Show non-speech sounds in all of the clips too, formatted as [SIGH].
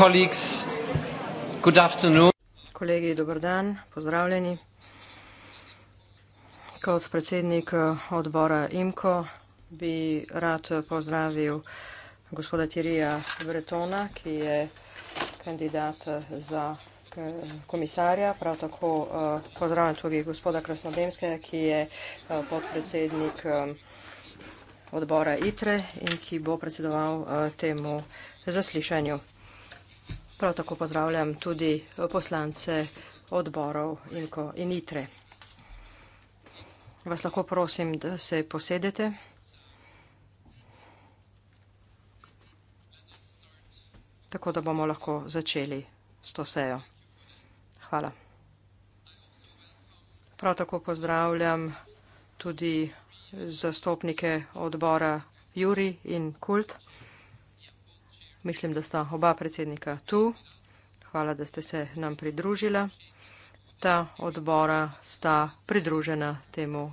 colleagues, good afternoon. Kolegi, dober dan, pozdravljeni. Kot predsednik eh, odbora IMKO bi rad eh, pozdravil eh, gospoda Tirija Bretona, ki je kandidat za komisarja. Prav tako pozdravljam tudi gospoda Krasnodemskega, ki je podpredsednik odbora ITRE in ki bo predsedoval temu zaslišanju. Prav tako pozdravljam tudi poslance odborov Inko in Itre. Vas lahko prosim, da se posedete. Tako da bomo lahko začeli s to sejo. Hvala. Prav tako pozdravljam tudi zastopnike odbora Juri in Kult. Mislim, da sta oba predsednika tu. Hvala, da ste se nam pridružila. Ta odbora sta pridružena temu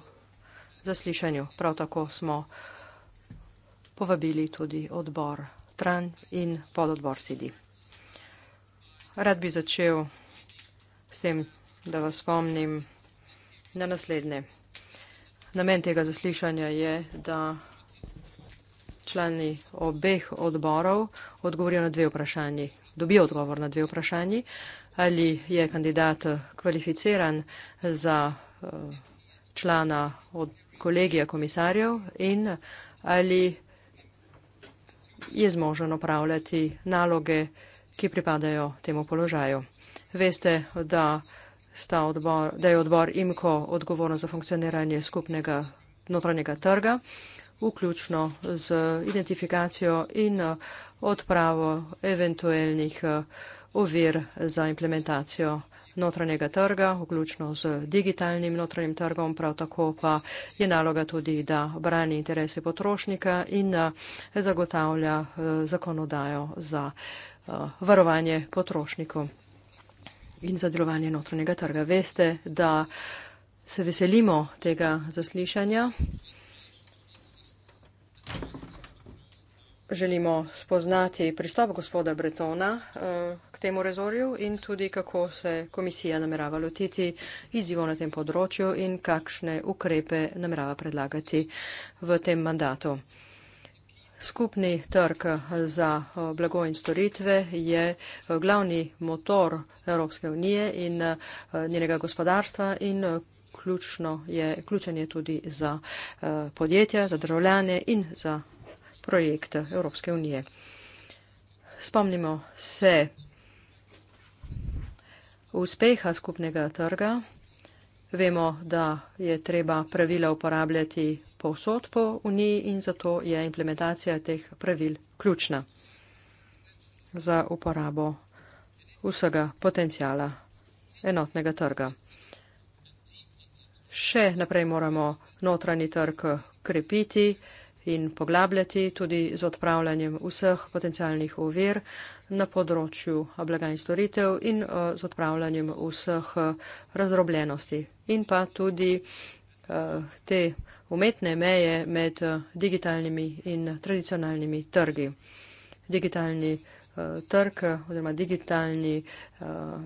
zaslišanju. Prav tako smo povabili tudi odbor Tran in pododbor Sidi. Rad bi začel s tem, da vas spomnim na naslednje. Namen tega zaslišanja je, da člani obeh odborov odgovorijo na dve vprašanji, dobijo odgovor na dve vprašanji, ali je kandidat kvalificiran za eh, člana od kolegija komisarjev in ali je zmožen opravljati naloge, ki pripadajo temu položaju. Veste, da, odbor, da je odbor IMKO odgovoren za funkcioniranje skupnega notranjega trga vključno z identifikacijo in uh, odpravo eventualnih uh, ovir za implementacijo notranjega trga, vključno z digitalnim notranjim trgom, prav tako pa je naloga tudi, da brani interese potrošnika in uh, zagotavlja zakonodajo za varovanje potrošnikov in zadelovanje notranjega trga. Veste, da se veselimo tega zaslišanja želimo spoznati pristop gospoda Bretona eh, k temu rezorju in tudi kako se komisija namerava lotiti izzivo na tem področju in kakšne ukrepe namerava predlagati v tem mandatu. Skupni trg za eh, blago in storitve je eh, glavni motor Evropske unije in njenega gospodarstva in ključno je, ključen je tudi za eh, podjetja, za državljane in za projekt Evropske unije. Spomnimo se uspeha skupnega trga. Vemo, da je treba pravila uporabljati povsod po uniji in zato je implementacija teh pravil ključna za uporabo vsega potencijala enotnega trga še naprej moramo notranji trg krepiti in poglabljati tudi z odpravljanjem vseh potencialnih ovir na področju blaga in storitev in eh, z odpravljanjem vseh eh, razdrobljenosti in pa tudi eh, te umetne meje med digitalnimi in tradicionalnimi trgi. Digitalni trg trg oziroma digitalni, eh,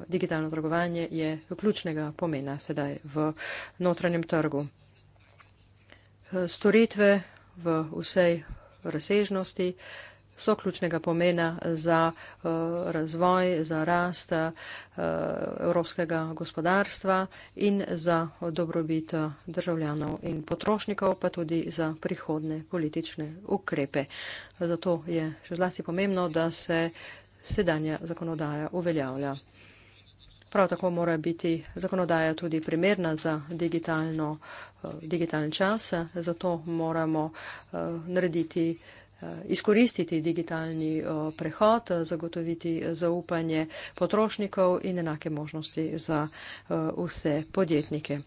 digitalno trgovanje je ključnega pomena sedaj v notranjem trgu. Eh, storitve v vsej razsežnosti, so ključnega pomena za uh, razvoj, za rast uh, evropskega gospodarstva in za dobrobit eh, državljanov in potrošnikov, pa tudi za prihodne politične ukrepe. Zato je še zlasti pomembno, da se sedanja zakonodaja uveljavlja. Prav tako mora biti zakonodaja tudi primerna za digitalni čas, zato moramo uh, narediti Eh, izkoristiti digitalni eh, prehod, eh, zagotoviti zaupanje potrošnikov in enake možnosti za vse podjetnike.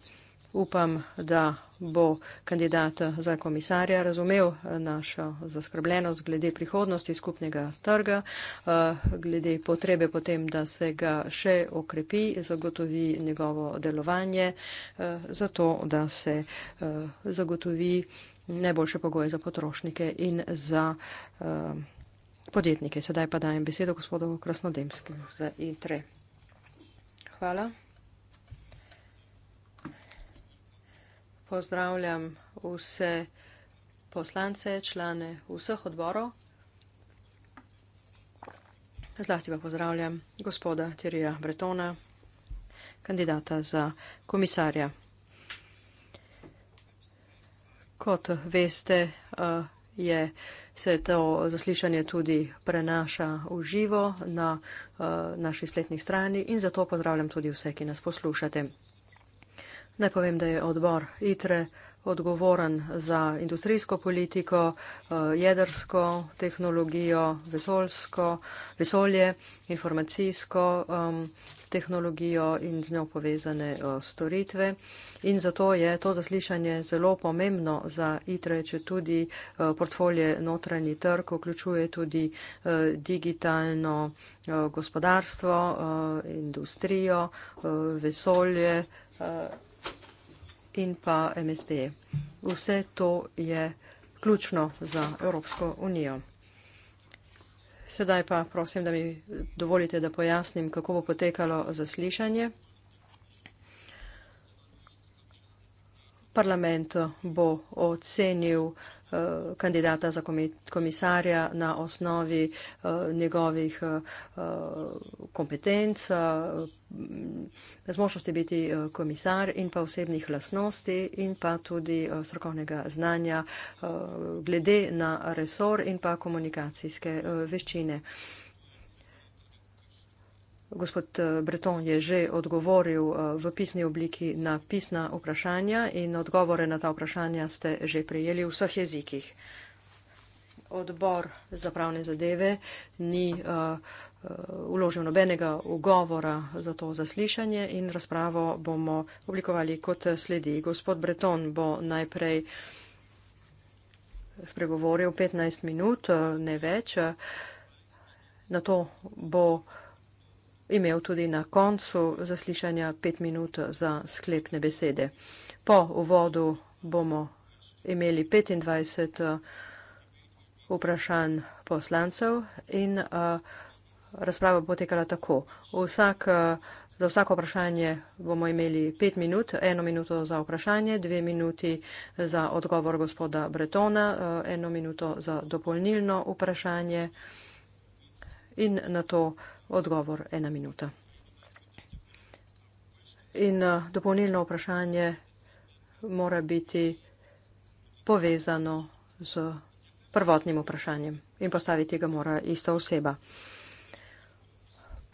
Upam, da bo kandidat za komisarja razumel našo zaskrbljenost glede prihodnosti skupnega trga, glede potrebe potem, da se ga še okrepi, zagotovi njegovo delovanje, zato da se zagotovi najboljše pogoje za potrošnike in za uh, podjetnike. Sedaj pa dajem besedo gospodu Krasnodemskemu za intre. Hvala. Pozdravljam vse poslance, člane vseh odborov. Zlasti pa pozdravljam gospoda Tirija Bretona, kandidata za komisarja. Kot veste, eh, je, se to zaslišanje tudi prenaša v živo na eh, naši spletni strani in zato pozdravljam tudi vse, ki nas poslušate. Naj povem, da je odbor ITRE odgovoren za industrijsko politiko, eh, jedrsko tehnologijo, vesolsko, vesolje, informacijsko um, tehnologijo in z njo povezane eh, storitve. In zato je to zaslišanje zelo pomembno za ITRE, če tudi eh, portfolje notranji trg vključuje tudi digitalno gospodarstvo, industrijo, vesolje in pa MSP. Vse to je ključno za Evropsko unijo. Sedaj pa prosim, da mi dovolite, da pojasnim, kako bo potekalo zaslišanje. Parlament bo ocenil eh, kandidata za komisarja na osnovi eh, njegovih eh, kompetenc, zmožnosti biti eh, komisar in pa osebnih lasnosti in pa tudi eh, strokovnega znanja eh, glede na resor in pa komunikacijske veščine. Gospod Breton je že odgovoril v pisni obliki na pisna vprašanja in odgovore na ta vprašanja ste že prijeli v vseh jezikih. Odbor za pravne zadeve ni uh, vložil nobenega ugovora za to zaslišanje in razpravo bomo oblikovali kot sledi. Gospod Breton bo najprej spregovoril 15 minut, ne več. Na to bo imel tudi na koncu zaslišanja 5 minut za sklepne besede. Po uvodu bomo imeli 25 vprašanj poslancev in uh, razprava potekala tako. Vsak, eh, za vsako vprašanje bomo imeli pet minut, eno minuto za vprašanje, dve minuti za odgovor gospoda Bretona, eh, eno minuto za dopolnilno vprašanje in na to odgovor ena minuta. In eh, dopolnilno vprašanje mora biti povezano z prvotnim vprašanjem in postaviti ga mora ista oseba.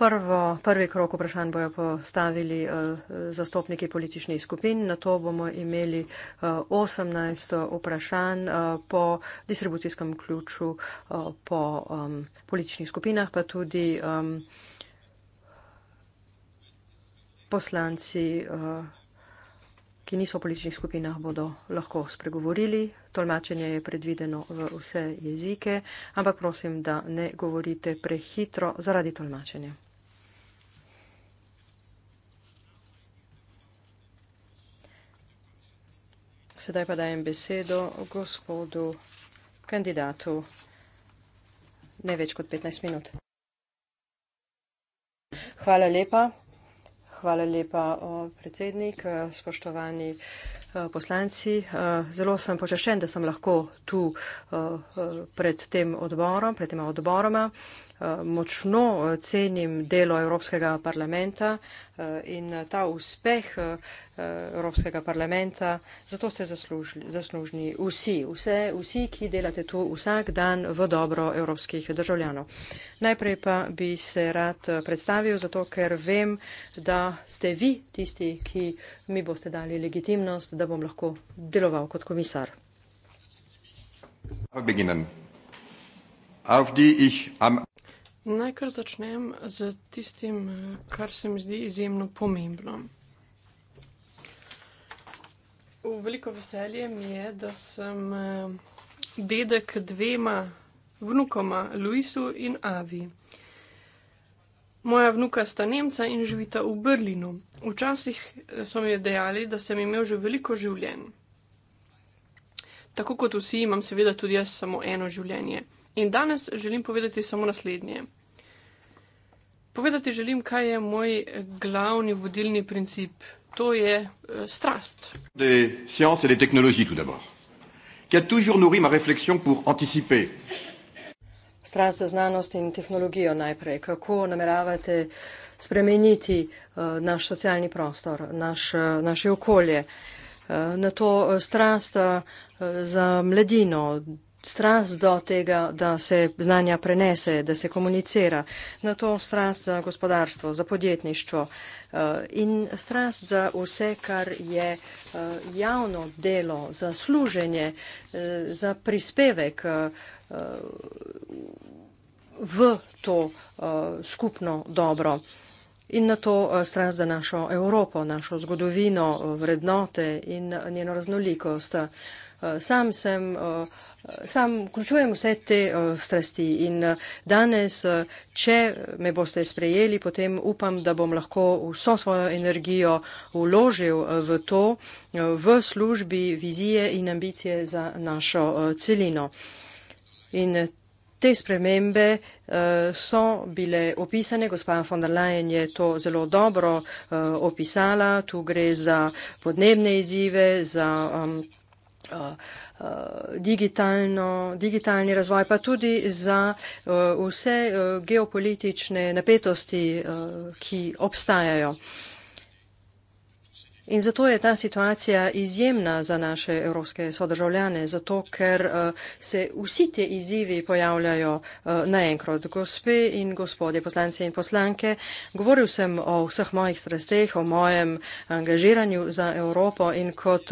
Prvo, prvi krok vprašanj bojo postavili uh, zastopniki političnih skupin, na to bomo imeli uh, eh, 18 vprašanj uh, po distribucijskem ključu, uh, po um, političnih skupinah, pa tudi um, poslanci, uh, ki niso v političnih skupinah, bodo lahko spregovorili. Tolmačenje je predvideno v vse jezike, ampak prosim, da ne govorite prehitro zaradi tolmačenja. Sedaj pa dajem besedo gospodu kandidatu. Ne več kot 15 minut. Hvala lepa. Hvala lepa, predsednik. Spoštovani. Eh, poslanci. Eh, zelo sem počašen, da sem lahko tu eh, pred tem odborom, pred tema odboroma. Močno cenim delo Evropskega parlamenta in ta uspeh Evropskega parlamenta, zato ste zaslužni vsi, vse, vsi, ki delate tu vsak dan v dobro evropskih državljanov. Najprej pa bi se rad predstavil, zato ker vem, da ste vi tisti, ki mi boste dali legitimnost, da bom lahko deloval kot komisar. Najkar začnem z tistim, kar se mi zdi izjemno pomembno. V veliko veselje mi je, da sem eh, dedek dvema vnukoma, Luisu in Avi. Moja vnuka sta Nemca in živita v Berlinu. Včasih eh, so mi dejali, da sem imel že veliko življenj. Tako kot vsi, imam seveda tudi jaz samo eno življenje. In danes želim povedati samo naslednje. Povedati želim, kaj je moj eh, glavni vodilni princip. To je uh, strast. Science et les technologies tout d'abord. Qui a toujours nourri ma réflexion pour anticiper strast za znanost in tehnologijo najprej. Kako nameravate spremeniti uh, naš socialni prostor, naš, uh, naše okolje? Uh, na to strast uh, za mladino, strast do tega, da se znanja prenese, da se komunicira, na to strast za gospodarstvo, za podjetništvo eh, in strast za vse, kar je eh, javno delo, za služenje, eh, za prispevek v to skupno dobro. In na to strast za našo Evropo, našo zgodovino, vrednote in njeno raznolikost sam sem, sam vključujem vse te strasti in e, danes, e, če me boste sprejeli, potem upam, da bom lahko vso svojo energijo uložil e, v to, v službi vizije in ambicije za našo celino. In Te spremembe uh, so bile opisane, gospa von der Leyen je to zelo dobro uh, opisala, tu gre za podnebne izzive, za. Um, Eh, eh, digitalno, digitalni razvoj, pa tudi za eh, vse geopolitične napetosti, ki obstajajo. In zato je ta situacija izjemna za naše evropske sodržavljane, zato ker eh, se vsi te izzivi pojavljajo eh, naenkrat. Gospe in gospodje, poslanci in poslanke, govoril sem o vseh mojih stresteh, o mojem eh, angažiranju za Evropo in kot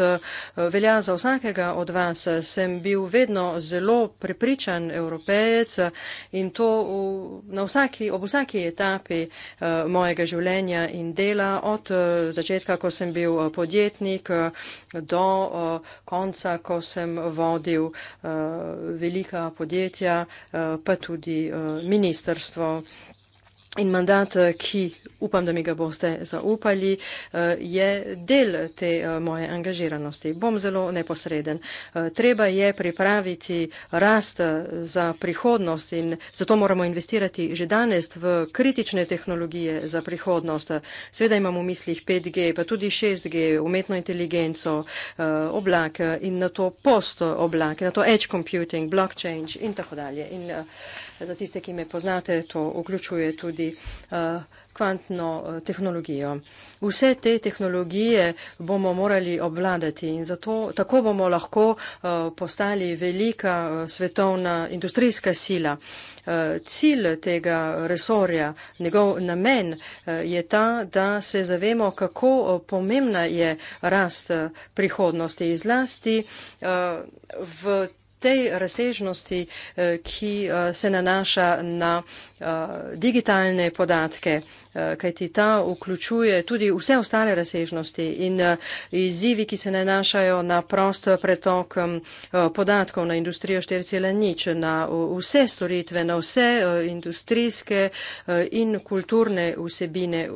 velja za vsakega od vas, sem bil vedno zelo prepričan evropejec in to v, vsaki, ob vsaki etapi mojega življenja in dela od začetka, ko sem bil bil eh, podjetnik eh, do eh, konca, ko sem vodil velika podjetja, pa tudi ministrstvo. In mandat, eh, ki upam, da mi ga boste zaupali, eh, je del te eh, moje angažiranosti. Bom zelo neposreden. Treba je pripraviti rast za prihodnost in zato moramo investirati že danes v kritične tehnologije za prihodnost. Sveda imam v mislih 5G, pa tudi 6G, umetno inteligenco, oblak in na to post oblak, na to edge computing, blockchain in tako dalje za tiste, ki me poznate, to vključuje tudi eh, kvantno eh, tehnologijo. Vse te tehnologije bomo morali obvladati in zato tako bomo lahko eh, postali velika svetovna industrijska sila. Cilj tega resorja, njegov namen je ta, da se zavemo, kako pomembna je rast prihodnosti. Zlasti v tej razsežnosti, eh, ki eh, se nanaša na eh, digitalne podatke, kajti ta vključuje tudi vse ostale razsežnosti in izzivi, ki se nanašajo na prost pretok podatkov, na industrijo 4.0, na vse storitve, na vse industrijske in kulturne vsebine.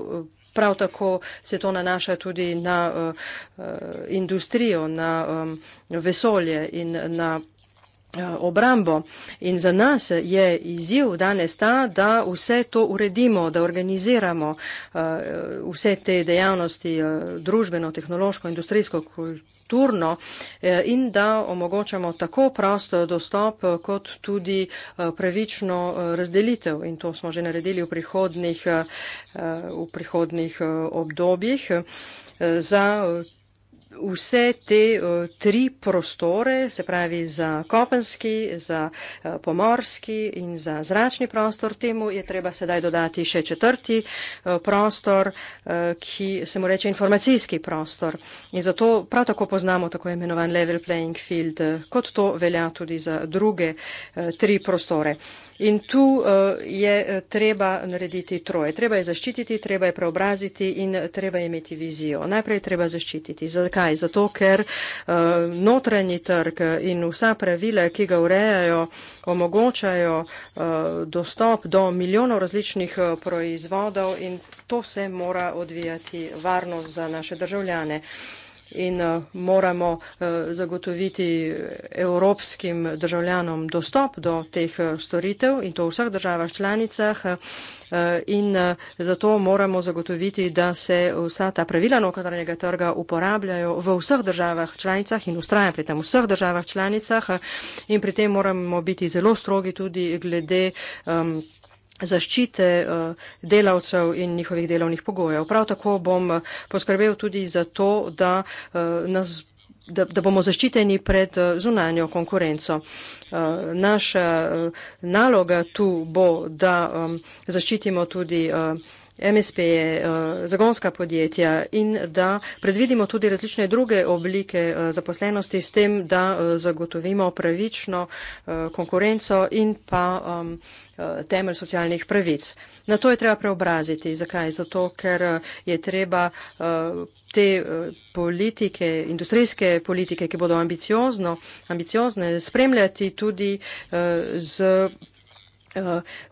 Prav tako se to nanaša tudi na uh, industrijo, na um, vesolje in na Eh, obrambo. In za nas je izziv danes ta, da vse to uredimo, da organiziramo eh, vse te dejavnosti eh, družbeno, tehnološko, industrijsko, kulturno in da omogočamo tako prosto dostop, kot tudi pravično razdelitev. In to smo že naredili v prihodnih, v prihodnih obdobjih za vse te uh, tri prostore, se pravi za kopenski, za uh, pomorski in za zračni prostor. Temu je treba sedaj dodati še četrti uh, prostor, uh, ki se mu reče informacijski prostor. In zato prav tako poznamo tako imenovan level playing field, uh, kot to velja tudi za druge uh, tri prostore. Uh, In tu uh, je eh, treba narediti troje. Treba je zaščititi, treba je preobraziti in treba je imeti vizijo. Najprej treba zaščititi. Zakaj? Zato, ker uh, notranji trg in vsa pravila, ki ga urejajo, omogočajo uh, dostop do milijonov različnih proizvodov in to se mora odvijati varno za naše državljane. Uh, in eh, moramo eh, zagotoviti eh, evropskim državljanom dostop do teh storitev in to v vseh državah članicah. In zato moramo zagotoviti, da se vsa ta pravila notranjega trga uporabljajo v vseh državah članicah in ustraja pri tem vseh državah članicah. In pri tem moramo biti zelo strogi tudi glede. Um, zaščite eh, delavcev in njihovih delovnih pogojev. Prav tako bom eh, poskrbel tudi za to, da, eh, nas, da, da bomo zaščiteni pred zunanjo konkurenco. Naša naloga tu bo, da zaščitimo tudi MSP-je, eh, zagonska podjetja in da predvidimo tudi različne druge oblike eh, zaposlenosti s tem, da eh, zagotovimo pravično konkurenco in pa um, temelj socialnih pravic. Na to je treba preobraziti. Zakaj? Zato, ker je treba te politike, industrijske politike, ki bodo ambiciozno, ambiciozne, spremljati tudi z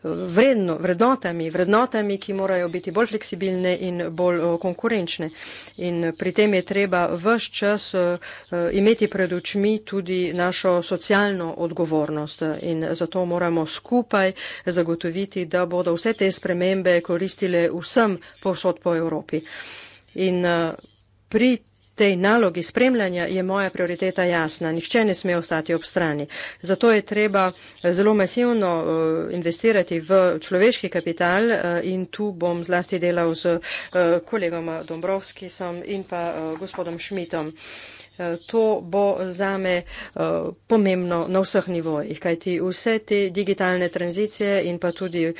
vredno, vrednotami, vrednotami, ki morajo biti bolj fleksibilne in bolj konkurenčne. In pri tem je treba vse čas imeti pred očmi tudi našo socialno odgovornost. In zato moramo skupaj zagotoviti, da bodo vse te spremembe koristile vsem posod po Evropi. In pri tej nalogi spremljanja je moja prioriteta jasna. Nihče ne sme ostati ob strani. Zato je treba eh, zelo masivno eh, investirati v človeški kapital eh, in tu bom zlasti delal z kolegoma Dombrovskisom in pa gospodom Šmitom. Eh, to bo zame eh, pomembno na vseh nivojih, kajti vse te digitalne tranzicije in pa tudi eh,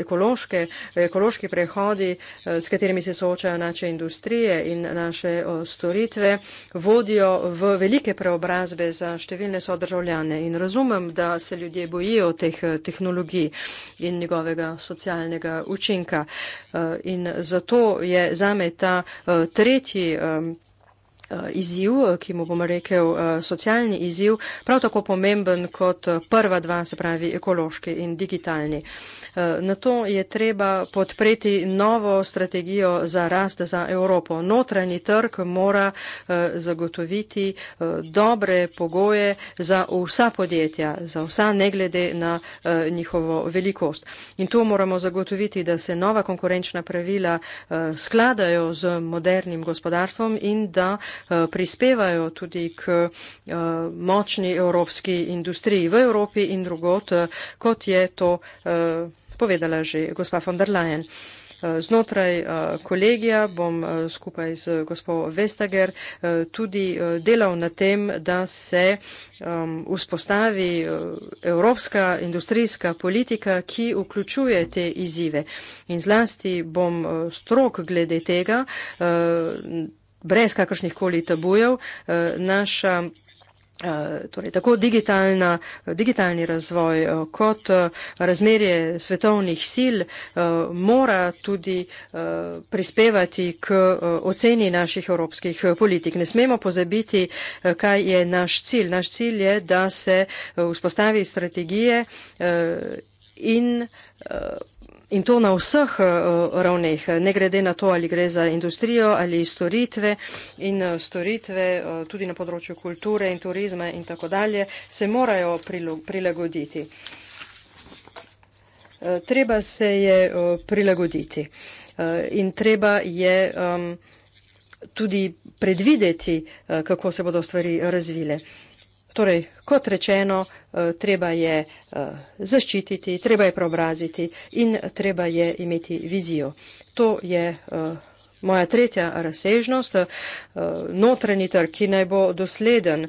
ekološke, ekološki prehodi, s katerimi se soočajo naše industrije in naše storitve, vodijo v velike preobrazbe za številne sodržavljane. In razumem, da se ljudje bojijo teh tehnologij in njegovega socialnega učinka. In zato je zame ta tretji. Eh, izziv, eh, ki mu bomo rekel eh, socialni izziv, prav tako pomemben kot prva dva, se pravi ekološki in digitalni. Eh, na to je treba podpreti novo strategijo za rast za Evropo. Notranji trg mora eh, zagotoviti eh, dobre pogoje za vsa podjetja, za vsa ne glede na njihovo velikost. In to moramo zagotoviti, da se nova konkurenčna pravila skladajo z modernim gospodarstvom in da prispevajo tudi k močni evropski industriji v Evropi in drugot, kot je to povedala že gospa von der Leyen. Eh, znotraj eh, kolegija bom eh, skupaj z gospo Vestager tudi delal na tem, da se ehm, vzpostavi evropska industrijska politika, ki vključuje te izzive. In zlasti bom strok glede tega, brez kakršnih koli tabujev, naša Eh, torej, tako digitalni razvoj eh, kot eh, razmerje svetovnih sil mora tudi prispevati k oceni naših evropskih politik. Ne smemo pozabiti, kaj je naš cilj. Naš cilj je, da se vzpostavi strategije in in to na vseh eh, ravneh, eh, ne glede na to, ali gre za industrijo ali storitve in eh, storitve tudi na področju kulture in turizma in tako dalje, se morajo prilagoditi. Treba se je prilagoditi in treba je ehm, tudi predvideti, kako se bodo stvari razvile. Torej, kot rečeno, eh, treba je eh, zaščititi, treba je preobraziti in treba je imeti vizijo. To je eh, moja tretja razsežnost, notranji trg, ki naj bo dosleden,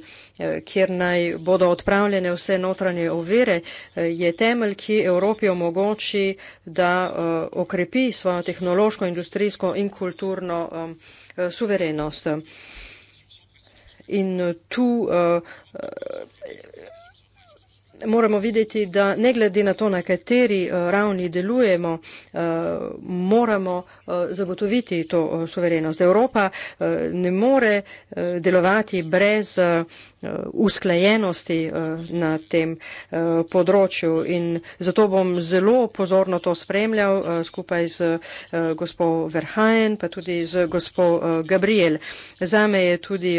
kjer naj bodo odpravljene vse notranje ovire, je temelj, ki Evropi omogoči, da okrepi svojo tehnološko, industrijsko in kulturno suverenost in eh, tu eh, moramo videti, da ne glede na to, na kateri eh, ravni delujemo, moramo zagotoviti to suverenost. Evropa ne more delovati brez Eh, usklajenosti eh, na tem eh, področju. In zato bom zelo pozorno to spremljal skupaj z gospo Verhajen, pa tudi z gospo Gabriel. Zame je tudi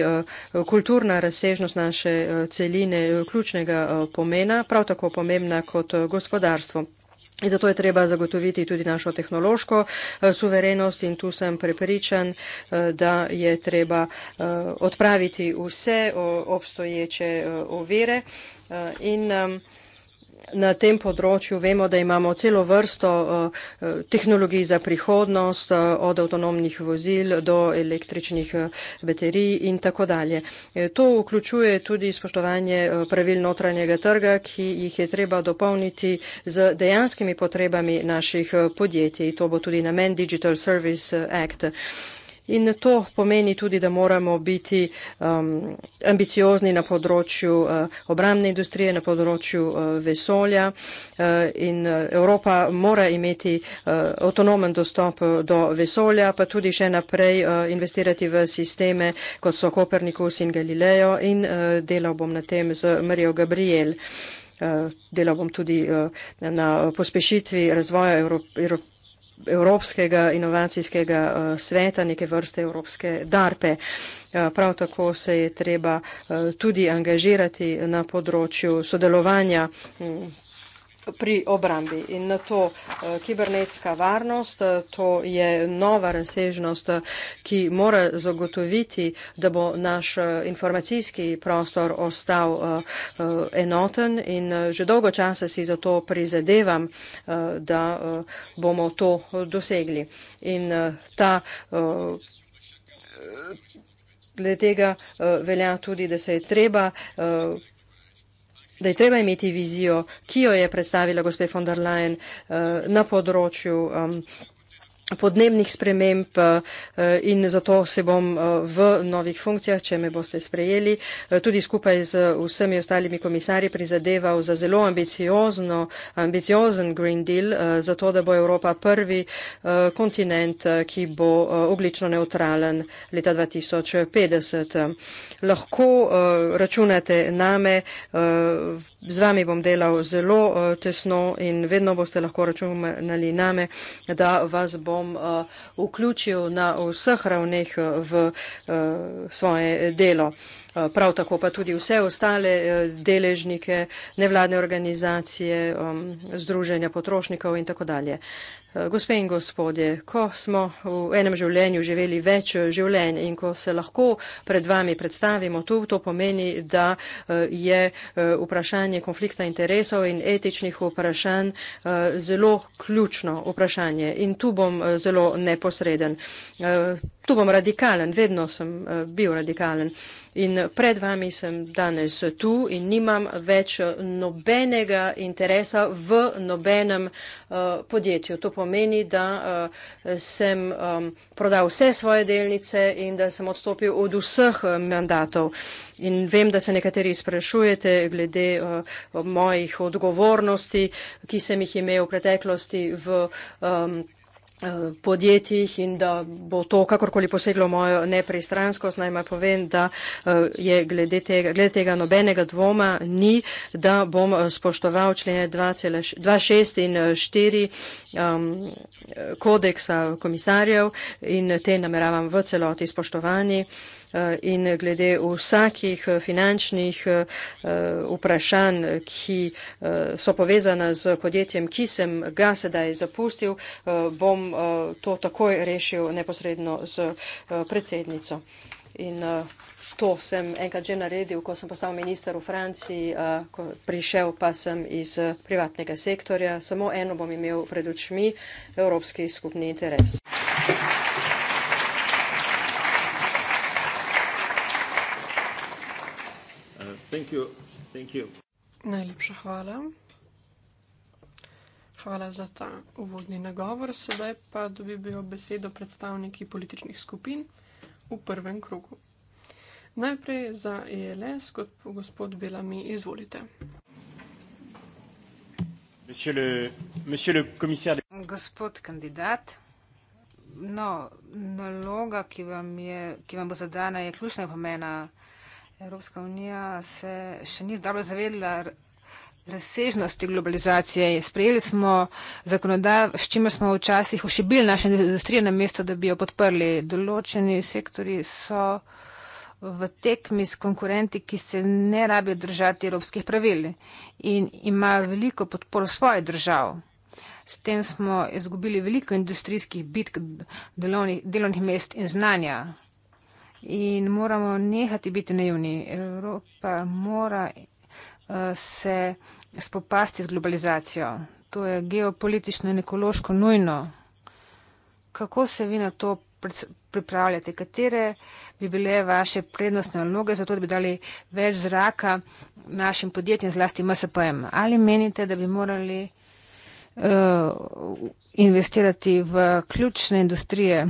kulturna razsežnost naše celine ključnega pomena, prav tako pomembna kot gospodarstvo. Zato je treba zagotoviti tudi našo tehnološko eh, suverenost in tu sem prepričan, eh, da je treba eh, odpraviti vse obstoječe ovire. In, um, na tem področju vemo, da imamo celo vrsto eh, eh, tehnologij za prihodnost, eh, od avtonomnih vozil do električnih baterij in tako dalje. To vključuje tudi spoštovanje pravil notranjega trga, ki jih je treba dopolniti z dejanskimi potrebami naših podjetij. To bo tudi namen Digital Service Act. In to pomeni tudi, da moramo biti um, ambiciozni na področju uh, obramne industrije, na področju uh, vesolja. Uh, in uh, Evropa mora imeti uh, avtonomen dostop uh, do vesolja, pa tudi še naprej uh, investirati v sisteme, kot so Kopernikus in Galileo. In uh, delal bom na tem z Marijo Gabriel. Uh, delal bom tudi uh, na pospešitvi razvoja Evrope. Evrop Evropskega inovacijskega eh, sveta, neke vrste Evropske darpe. Eh, prav tako se je treba eh, tudi angažirati na področju sodelovanja mm, pri obrambi. In na to eh, kibernetska varnost, eh, to je nova razsežnost, eh, ki mora zagotoviti, da bo naš informacijski prostor ostal enoten in že dolgo časa si zato prizadevam, da bomo to dosegli. In ta Glede tega velja tudi, da se je treba da je treba imeti vizijo, ki jo je predstavila gospe von der Leyen uh, na področju um, podnebnih sprememb eh, eh, in zato se bom eh, v novih funkcijah, če me boste sprejeli, tudi skupaj z vsemi ostalimi komisarji prizadeval za zelo ambiciozen Green Deal, zato da bo Evropa prvi kontinent, ki bo oglično neutralen leta 2050. Lahko računate name, z vami bom delal zelo tesno in vedno boste lahko računali name, da vas bom bom uh, vključil na vseh ravneh eh, v uh, svoje delo. Eh, prav tako pa tudi vse ostale eh, deležnike, nevladne organizacije, um, združenja potrošnikov in tako dalje. Eh, gospe in gospodje, ko smo v enem življenju živeli več življenj in ko se lahko pred vami predstavimo tu, to pomeni, da je vprašanje konflikta interesov in etičnih vprašanj zelo ključno vprašanje. In tu bom zelo neposreden. Tu bom radikalen, vedno sem bil radikalen. In pred vami sem danes tu in nimam več nobenega interesa v nobenem uh, podjetju. To pomeni, da uh, sem um, prodal vse svoje delnice in da sem odstopil od vseh mandatov. In vem, da se nekateri sprašujete glede uh, mojih odgovornosti, ki sem jih imel v preteklosti v. Um, Eh, podjetjih in da bo to kakorkoli poseglo mojo nepristranskost. Najma povem, da eh, je glede tega, glede tega nobenega dvoma ni, da bom eh, spoštoval člene 2.6 in 4 um, kodeksa komisarjev in te nameravam v celoti spoštovani. Uh, Eh, in glede vsakih eh, finančnih eh, vprašanj, ki so povezana z podjetjem, ki sem ga sedaj zapustil, bom to takoj rešil neposredno z predsednico. In to sem enkrat že naredil, ko sem postal minister v Franciji, prišel pa sem iz privatnega sektorja. Samo eno bom imel pred očmi, evropski skupni interes. Thank you. Thank you. Thank you. Najlepša hvala. Hvala za ta uvodni nagovor. Sedaj pa dobijo besedo predstavniki političnih skupin v prvem krogu. Najprej za ELS, kot po gospod Belami, izvolite. Monsieur le, monsieur le commissaire... Gospod kandidat, no, naloga, ki vam, je, ki vam bo zadana, je ključnega pomena. Evropska unija se še ni dobro zavedla razsežnosti globalizacije. Sprejeli smo zakonodajo, s čimer smo včasih ošibili naše industrije na mesto, da bi jo podprli. Določeni sektori so v tekmi s konkurenti, ki se ne rabijo držati evropskih pravil in imajo veliko podporo svojih držav. S tem smo izgubili veliko industrijskih bitk, delovnih, delovnih mest in znanja in moramo nehati biti naivni. Evropa mora eh, se spopasti z globalizacijo. To je geopolitično in ekološko nujno. Kako se vi na to pripravljate? Katere bi bile vaše prednostne naloge za to, da bi dali več zraka našim podjetjem, zlasti MSPM? Ali menite, da bi morali uh, investirati v ključne industrije,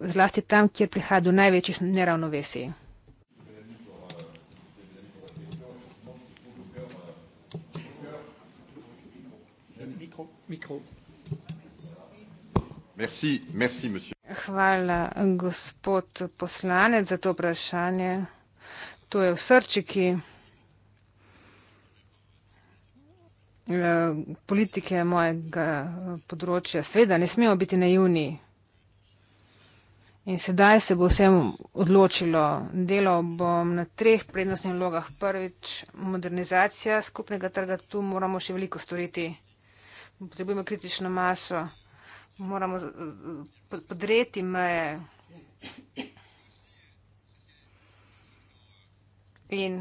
zlasti tam, kjer prihaja do največjih neravnovesij. Merci, merci, Hvala, gospod poslanec, za to vprašanje. To je v srčiki. Eh, politike mojega eh, področja, seveda ne smemo biti naivni. In sedaj se bo vsem odločilo. Delal bom na treh prednostnih vlogah. Prvič, modernizacija skupnega trga. Tu moramo še veliko storiti. Potrebujemo kritično maso. Moramo eh, podreti meje. In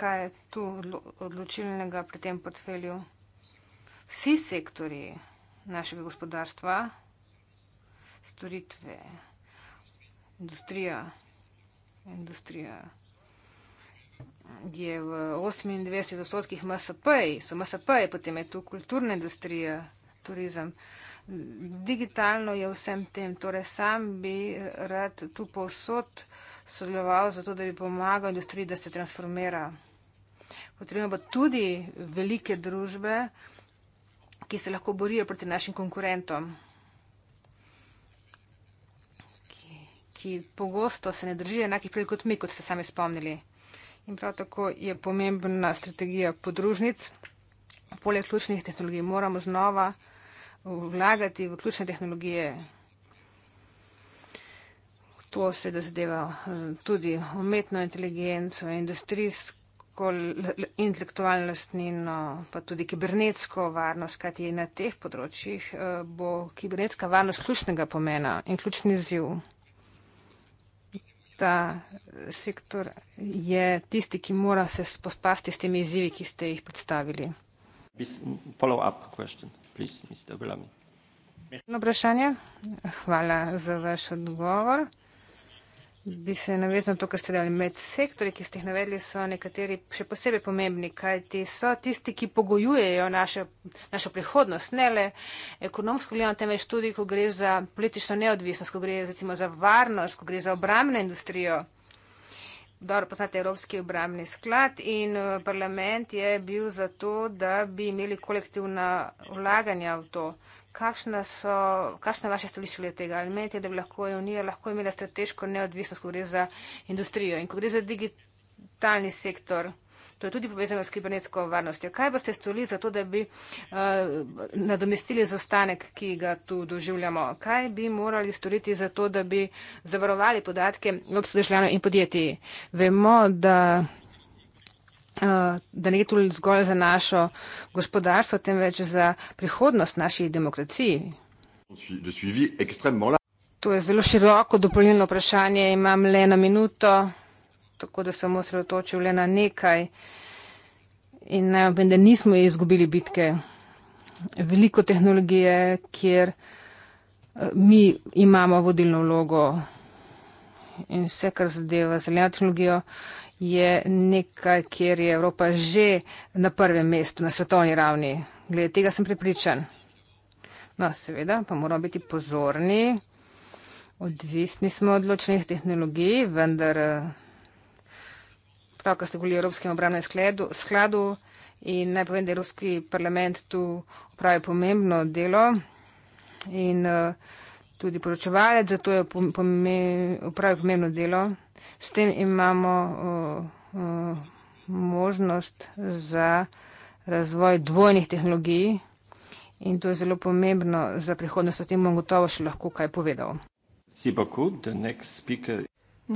kaj je tu odločilnega pri tem portfelju? Vsi sektori našega gospodarstva, storitve, industrija, industrija je v 98 odstotkih MSP, so MSP, potem je tu kulturna industrija, turizem. Digitalno je vsem tem, torej sam bi rad tu povsod uh, sodeloval za to, da bi pomagal industriji, da se transformira. Potrebno bo tudi velike družbe, ki se lahko borijo proti našim konkurentom, ki, ki pogosto se ne držijo enakih prilik kot mi, kot ste sami spomnili. In prav tako je pomembna strategija podružnic. Poleg ključnih tehnologij moramo znova vlagati v ključne tehnologije to se da zadeva eh, tudi umetno inteligenco, industrijsko intelektualno lastnino, pa tudi kibernetsko varnost, kajti na teh področjih eh, bo kibernetska varnost ključnega pomena in ključni ziv. Ta eh, sektor je tisti, ki mora se spopasti s temi izzivi, ki ste jih predstavili. Mm, na vprašanje. Hvala za vaš odgovor. Bi se navezal to, kar ste dali. Med sektori, ki ste jih navedli, so nekateri še posebej pomembni, kaj ti so tisti, ki pogojujejo naše, našo prihodnost, ne le ekonomsko gledano, temveč tudi, ko gre za politično neodvisnost, ko gre recimo za varnost, ko gre za obramno industrijo. Dobro, poznate Evropski obramni sklad in eh, parlament je bil za to, da bi imeli kolektivna vlaganja v to. Kakšno je vaše stališče glede tega? Ali menite, da bi lahko Unija lahko imela strateško neodvisnost, ko gre za industrijo in ko gre za digitalni sektor? To je tudi povezano s kibernetsko varnostjo. Kaj boste storili za to, da bi uh, nadomestili zaostanek, ki ga tu doživljamo? Kaj bi morali storiti za to, da bi zavarovali podatke obsodržljanov in podjetij? Vemo, da. Eh, da ne gre tu zgolj za našo gospodarstvo, temveč za prihodnost naši demokraciji. To je zelo široko dopolnilno vprašanje, imam le na minuto, tako da sem osredotočil le na nekaj in naj obem, da nismo izgubili bitke. Veliko tehnologije, kjer eh, mi imamo vodilno vlogo in vse, kar zadeva zeleno tehnologijo, je nekaj, kjer je Evropa že na prvem mestu, na svetovni ravni. Glede tega sem pripričan. No, seveda, pa moramo biti pozorni. Odvisni smo od ločnih tehnologij, vendar eh, pravkar ste govorili o Evropskem obramnem skledu, skladu in naj povem, da je Evropski parlament tu upravi pomembno delo in eh, tudi poročevalec, zato je upravi pomembno delo. S tem imamo uh, uh, možnost za razvoj dvojnih tehnologij in to je zelo pomembno za prihodnost. O tem bom gotovo še lahko kaj povedal. Si pa kud, the next speaker.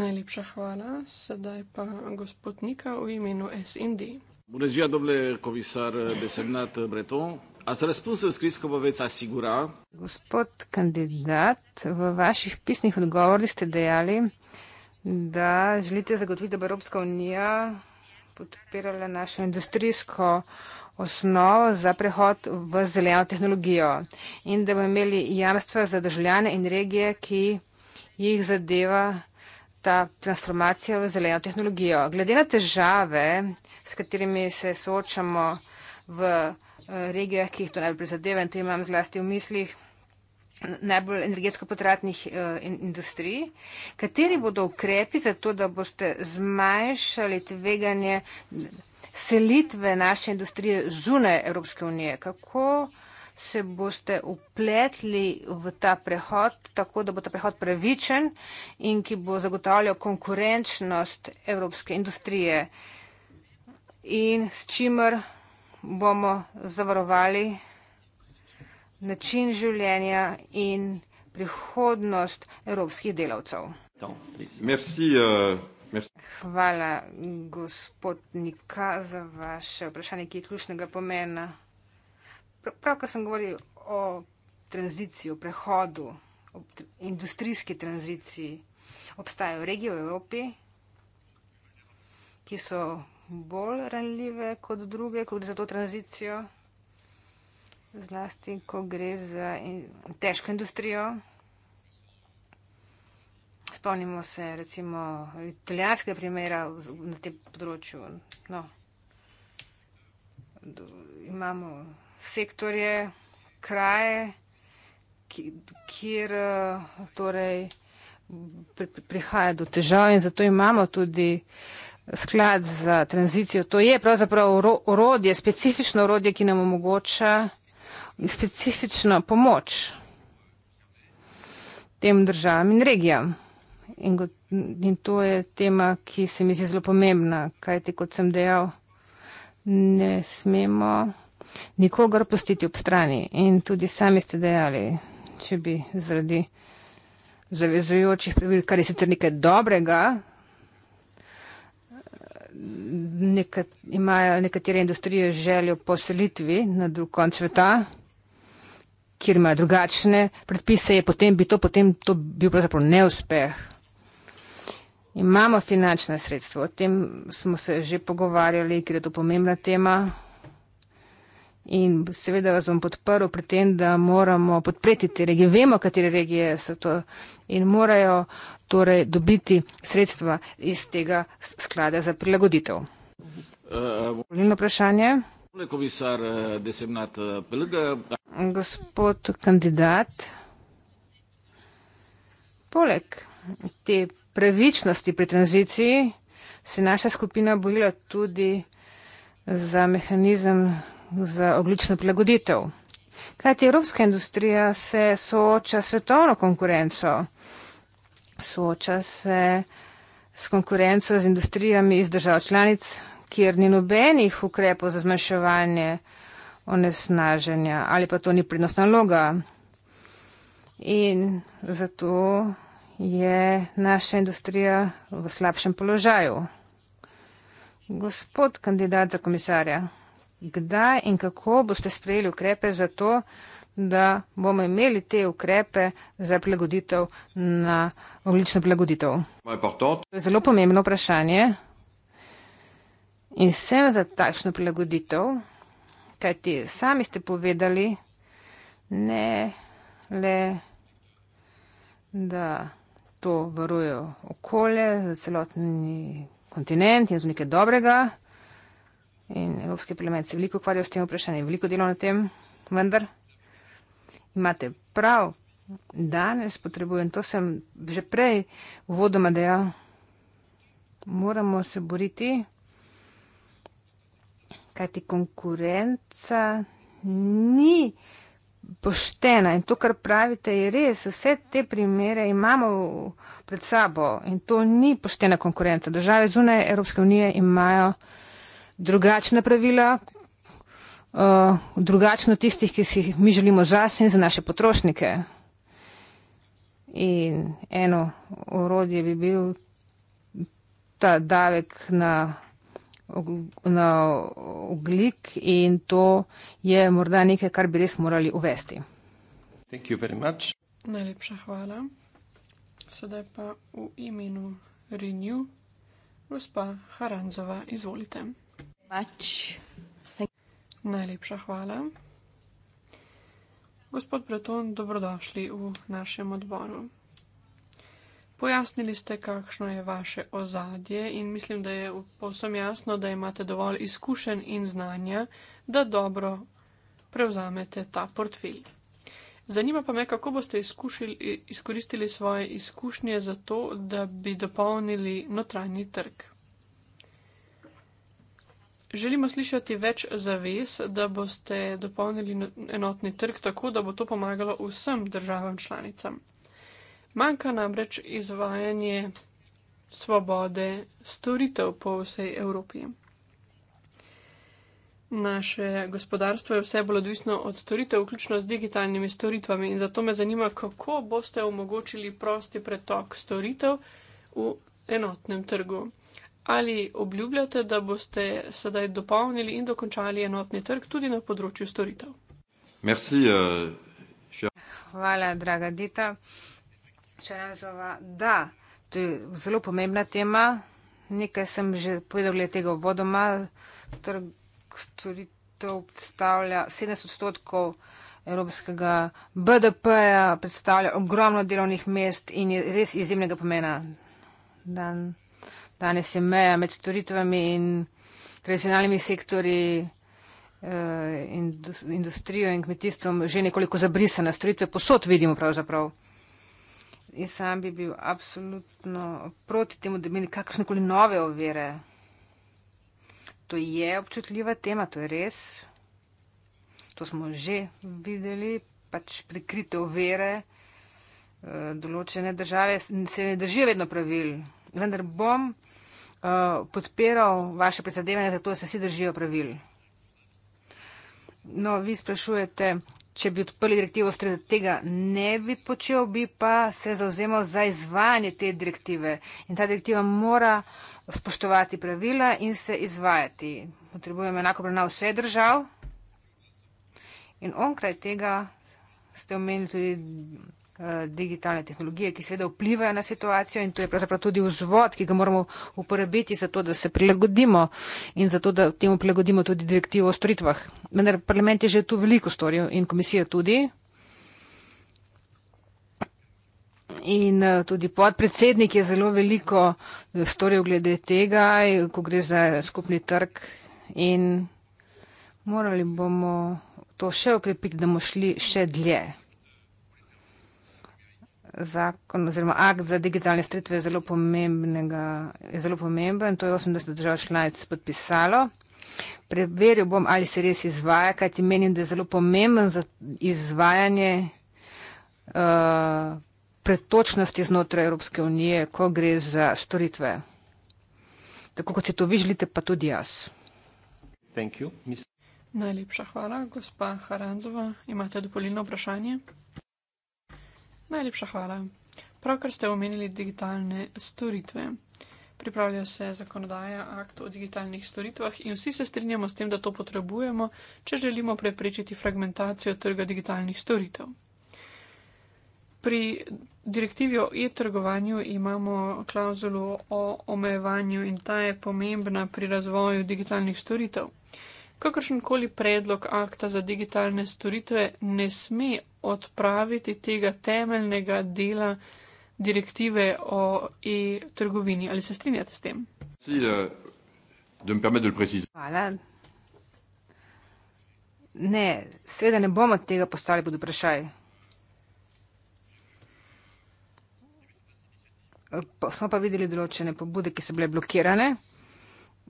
Najlepša hvala. Sedaj pa gospod Nika v imenu SND. Bonjour, doble komisar Besemnat Breton. A za razpust v skrisko bo več asigura? Gospod kandidat, v vaših pisnih odgovorih ste dejali, da želite zagotoviti, da bo Evropska unija podpirala našo industrijsko osnovo za prehod v zeleno tehnologijo in da bomo imeli jamstva za državljane in regije, ki jih zadeva ta transformacija v zeleno tehnologijo. Glede na težave, s katerimi se soočamo v eh, regijah, ki jih to najbolj prizadeva in to imam zlasti v mislih, najbolj energetsko potratnih eh, industrij, kateri bodo ukrepi za to, da boste zmanjšali tveganje selitve naše industrije zune Evropske unije? Kako se boste upletli v ta prehod, tako da bo ta prehod pravičen in ki bo zagotavljal konkurenčnost evropske industrije in s čimer bomo zavarovali način življenja in prihodnost evropskih delavcev. Merci, uh, merci. Hvala, gospod Nika, za vaše vprašanje, ki je ključnega pomena. Pravkar sem govoril o tranziciji, o prehodu, o industrijski tranziciji. Obstajajo regije v Evropi, ki so bolj ranljive kot druge, kot za to tranzicijo zlasti ko gre za in, težko industrijo. Spomnimo se recimo italijanskega primera na tem področju. No. Do, imamo sektorje, kraje, ki, kjer torej prihaja do težav in zato imamo tudi sklad za tranzicijo. To je pravzaprav orodje, specifično orodje, ki nam omogoča in specifično pomoč tem državam in regijam. In, in to je tema, ki se mi zdi zelo pomembna, kajti, kot sem dejal, ne smemo nikogar pustiti ob strani. In tudi sami ste dejali, če bi zaradi zavezujočih pravil, kar je sicer nekaj dobrega, nekat, imajo nekatere industrije željo poselitvi na drug konc sveta kjer imajo drugačne predpise, je potem bi to, potem to bil pravzaprav neuspeh. Imamo finančne sredstva, o tem smo se že pogovarjali, ker je to pomembna tema. In seveda vas bom podprl pri tem, da moramo podpreti te regije. Vemo, katere regije so to in morajo torej dobiti sredstva iz tega sklada za prilagoditev. Uh, Volilno vprašanje. Eh, eh, Gospod kandidat, poleg te pravičnosti pri tranziciji se naša skupina borila tudi za mehanizem za oglično prilagoditev. Kajti evropska industrija se sooča s svetovno konkurenco, sooča se s konkurenco z industrijami iz držav članic, kjer ni nobenih ukrepov za zmanjševanje onesnaženja ali pa to ni prednostna loga. In zato je naša industrija v slabšem položaju. Gospod kandidat za komisarja, kdaj in kako boste sprejeli ukrepe za to, da bomo imeli te ukrepe za prilagoditev na oglično prilagoditev? To je zelo pomembno vprašanje. In sem za takšno prilagoditev, kajti sami ste povedali, ne le, da to varuje okolje, za celotni kontinent in za nekaj dobrega. In Evropski parlament se veliko ukvarja s tem vprašanjem, veliko dela na tem, vendar imate prav, danes potrebujem, to sem že prej uvodoma dejal, moramo se boriti kajti konkurenca ni poštena in to, kar pravite, je res. Vse te primere imamo pred sabo in to ni poštena konkurenca. Države zunaj Evropske unije imajo drugačna pravila, uh, drugačno tistih, ki si jih mi želimo zase in za naše potrošnike. In eno orodje bi bil ta davek na na oglik in to je morda nekaj, kar bi res morali uvesti. Najlepša hvala. Sedaj pa v imenu Renew, gospa Haranzova, izvolite. Najlepša hvala. Gospod Breton, dobrodošli v našem odboru. Pojasnili ste, kakšno je vaše ozadje in mislim, da je povsem jasno, da imate dovolj izkušenj in znanja, da dobro prevzamete ta portfelj. Zanima pa me, kako boste izkušili, izkoristili svoje izkušnje za to, da bi dopolnili notranji trg. Želimo slišati več zavez, da boste dopolnili enotni trg tako, da bo to pomagalo vsem državam članicam. Manjka namreč izvajanje svobode storitev po vsej Evropi. Naše gospodarstvo je vse bolj odvisno od storitev, vključno z digitalnimi storitvami, in zato me zanima, kako boste omogočili prosti pretok storitev v enotnem trgu. Ali obljubljate, da boste sedaj dopolnili in dokončali enotni trg tudi na področju storitev? Merci, uh, še... Hvala, draga Dita. Uh, Čerenzova, da, to je zelo pomembna tema. Nekaj sem že povedal glede tega vodoma. Trg storitev predstavlja 70 odstotkov evropskega BDP-ja, predstavlja ogromno delovnih mest in je res izjemnega pomena. Dan, danes je meja med storitvami in tradicionalnimi sektori eh, industrijo in kmetijstvom že nekoliko zabrisana. Storitve posod vidimo pravzaprav. Prav in sam bi bil absolutno proti temu, da bi nekakšne koli nove ovire. To je občutljiva tema, to je res. To smo že videli, pač prikrite ovire. Eh, določene države se ne držijo vedno pravil, vendar bom uh, podpiral vaše prizadevanje za to, da se vsi držijo pravil. No, vi sprašujete, če bi odprli direktivo, tega ne bi počel, bi pa se zauzemal za izvajanje te direktive. In ta direktiva mora spoštovati pravila in se izvajati. Potrebujemo enako pravna vse držav. In onkraj tega ste omenili tudi Eh, digitalne tehnologije, ki seveda vplivajo na situacijo in to je pravzaprav tudi vzvod, ki ga moramo uporabiti za to, da se prilagodimo in za to, da temu prilagodimo tudi direktivo o storitvah. Vendar parlament je že tu veliko storil in komisija tudi. In eh, tudi podpredsednik je zelo veliko eh, storil glede tega, ko gre za skupni trg in morali bomo to še okrepiti, da bomo šli še dlje zakon oziroma akt za digitalne stritve je zelo, je zelo pomemben, to je 80 držav članic podpisalo. Preveril bom, ali se res izvaja, kajti menim, da je zelo pomemben za izvajanje uh, pretočnosti znotraj Evropske unije, ko gre za storitve. Tako kot si to vi želite, pa tudi jaz. Najlepša hvala, gospa Haranzova. Imate dopolnilno vprašanje? Najlepša hvala. Pravkar ste omenili digitalne storitve. Pripravlja se zakonodaja, akt o digitalnih storitvah in vsi se strinjamo s tem, da to potrebujemo, če želimo preprečiti fragmentacijo trga digitalnih storitev. Pri direktivi o e-trgovanju imamo klauzulo o omejevanju in ta je pomembna pri razvoju digitalnih storitev. Kakršen koli predlog akta za digitalne storitve ne sme odpraviti tega temeljnega dela direktive o e-trgovini. Ali se strinjate s tem? Si, uh, Hvala. Ne, seveda ne bomo tega postali pod vprašaj. Smo pa videli določene pobude, ki so bile blokirane uh,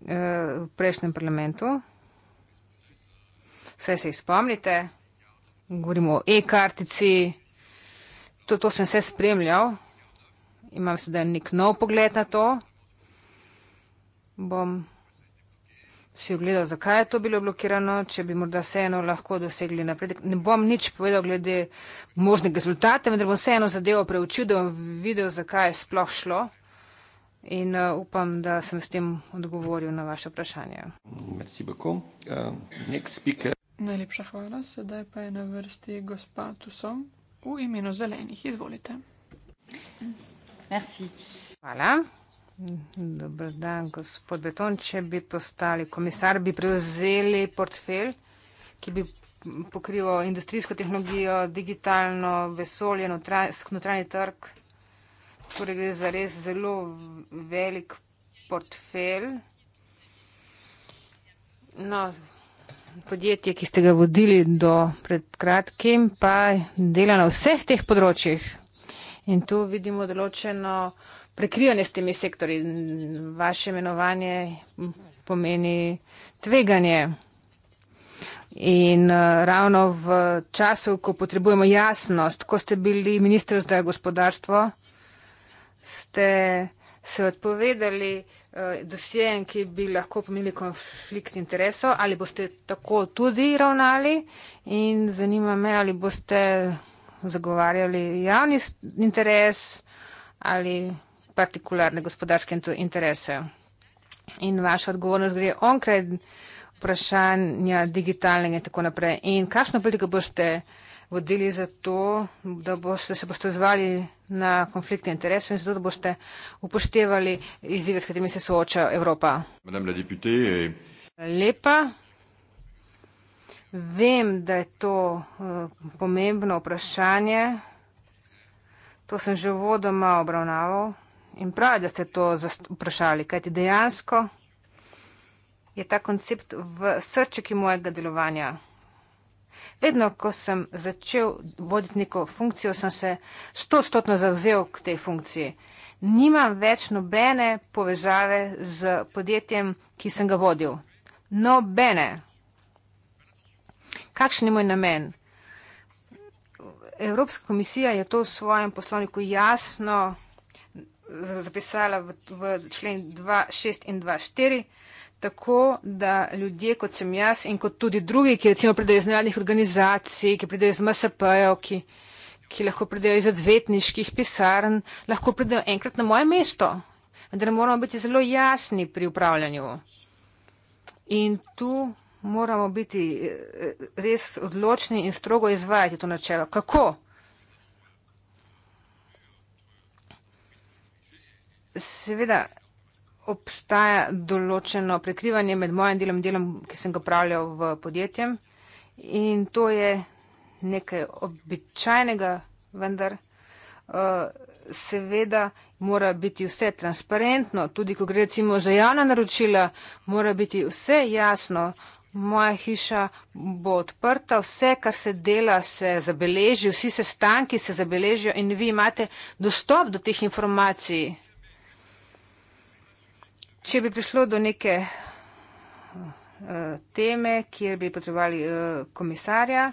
v prejšnjem parlamentu. Vse se jih spomnite, govorimo o e-kartici, to, to sem vse spremljal, imam sedaj nek nov pogled na to. Bom si ogledal, zakaj je to bilo blokirano, če bi morda vseeno lahko dosegli napredek. Ne bom nič povedal glede možnih rezultatov, vendar bom vseeno zadevo preučil, da bom videl, zakaj je sploh šlo. In uh, upam, da sem s tem odgovoril na vaše vprašanje. Merci beaucoup. Uh, next speaker. Najlepša hvala, sedaj pa je na vrsti gospa Tusom v imenu zelenih. Izvolite. Merci. Hvala. Dobr dan, gospod Beton. Če bi postali komisar, bi prevzeli portfelj, ki bi pokrival industrijsko tehnologijo, digitalno vesolje, notranj, notranji trg. Torej gre za res zelo velik portfelj. No, podjetje, ki ste ga vodili do pred kratkim, pa dela na vseh teh področjih. In tu vidimo določeno prekrivanje s temi sektori. Vaše imenovanje pomeni tveganje. In eh, ravno v času, ko potrebujemo jasnost, ko ste bili ministr za gospodarstvo, ste se odpovedali. Eh, dosjejem, ki bi lahko pomenili konflikt interesov, ali boste tako tudi ravnali in zanima me, ali boste zagovarjali javni interes ali partikularne gospodarske interese. In vaša odgovornost gre onkraj vprašanja digitalnega in tako naprej. In kakšno politiko boste vodili za to, da boste se postozvali na konflikte interesov in zato, da boste upoštevali izzive, s katerimi se sooča Evropa. Eh, Lepa. Vem, da je to uh, pomembno vprašanje. To sem že vodoma obravnaval in prav, da ste to vprašali, kajti dejansko je ta koncept v srčeki mojega delovanja. Vedno, ko sem začel voditi neko funkcijo, sem se stotno zauzel k tej funkciji. Nimam več nobene povezave z podjetjem, ki sem ga vodil. Nobene. Kakšen je moj namen? Evropska komisija je to v svojem poslovniku jasno zapisala v, v člen 2.6 in 2.4 tako, da ljudje kot sem jaz in kot tudi drugi, ki recimo pridejo iz nevladnih organizacij, ki pridejo iz MSP-jev, ki, ki lahko pridejo iz odvetniških pisarn, lahko pridejo enkrat na moje mesto. Vendar moramo biti zelo jasni pri upravljanju. In tu moramo biti eh, res odločni in strogo izvajati to načelo. Kako? Seveda, obstaja določeno prekrivanje med mojim delom, delom, ki sem ga upravljal v podjetjem in to je nekaj običajnega, vendar eh, seveda mora biti vse transparentno, tudi ko gre recimo za javna naročila, mora biti vse jasno, moja hiša bo odprta, vse, kar se dela, se zabeleži, vsi sestanki se zabeležijo in vi imate dostop do teh informacij če bi prišlo do neke eh, teme, kjer bi potrebovali eh, komisarja,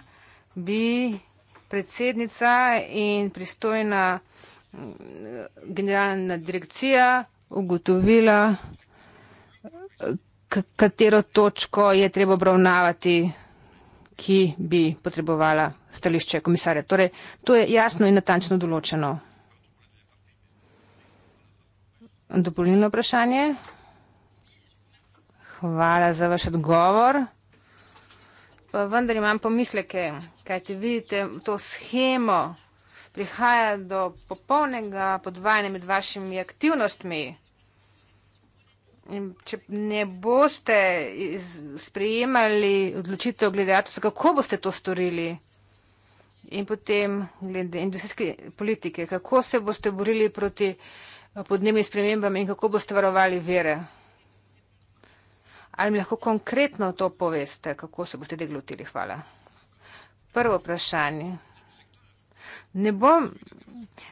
bi predsednica in pristojna mm, generalna direkcija ugotovila, eh, katero točko je treba obravnavati, ki bi potrebovala stališče komisarja. Torej, to je jasno in natančno določeno. Dopolnilno vprašanje. Hvala za vaš odgovor. Vendar imam pomisleke, kaj ti vidite, to schemo prihaja do popolnega podvajanja med vašimi aktivnostmi. In če ne boste iz, sprejemali odločitev glede atosa, kako boste to storili? In potem glede industrijske politike, kako se boste borili proti podnebnim spremembam in kako boste varovali vere? Ali mi lahko konkretno to poveste, kako se boste deglutili? Hvala. Prvo vprašanje. Ne bom,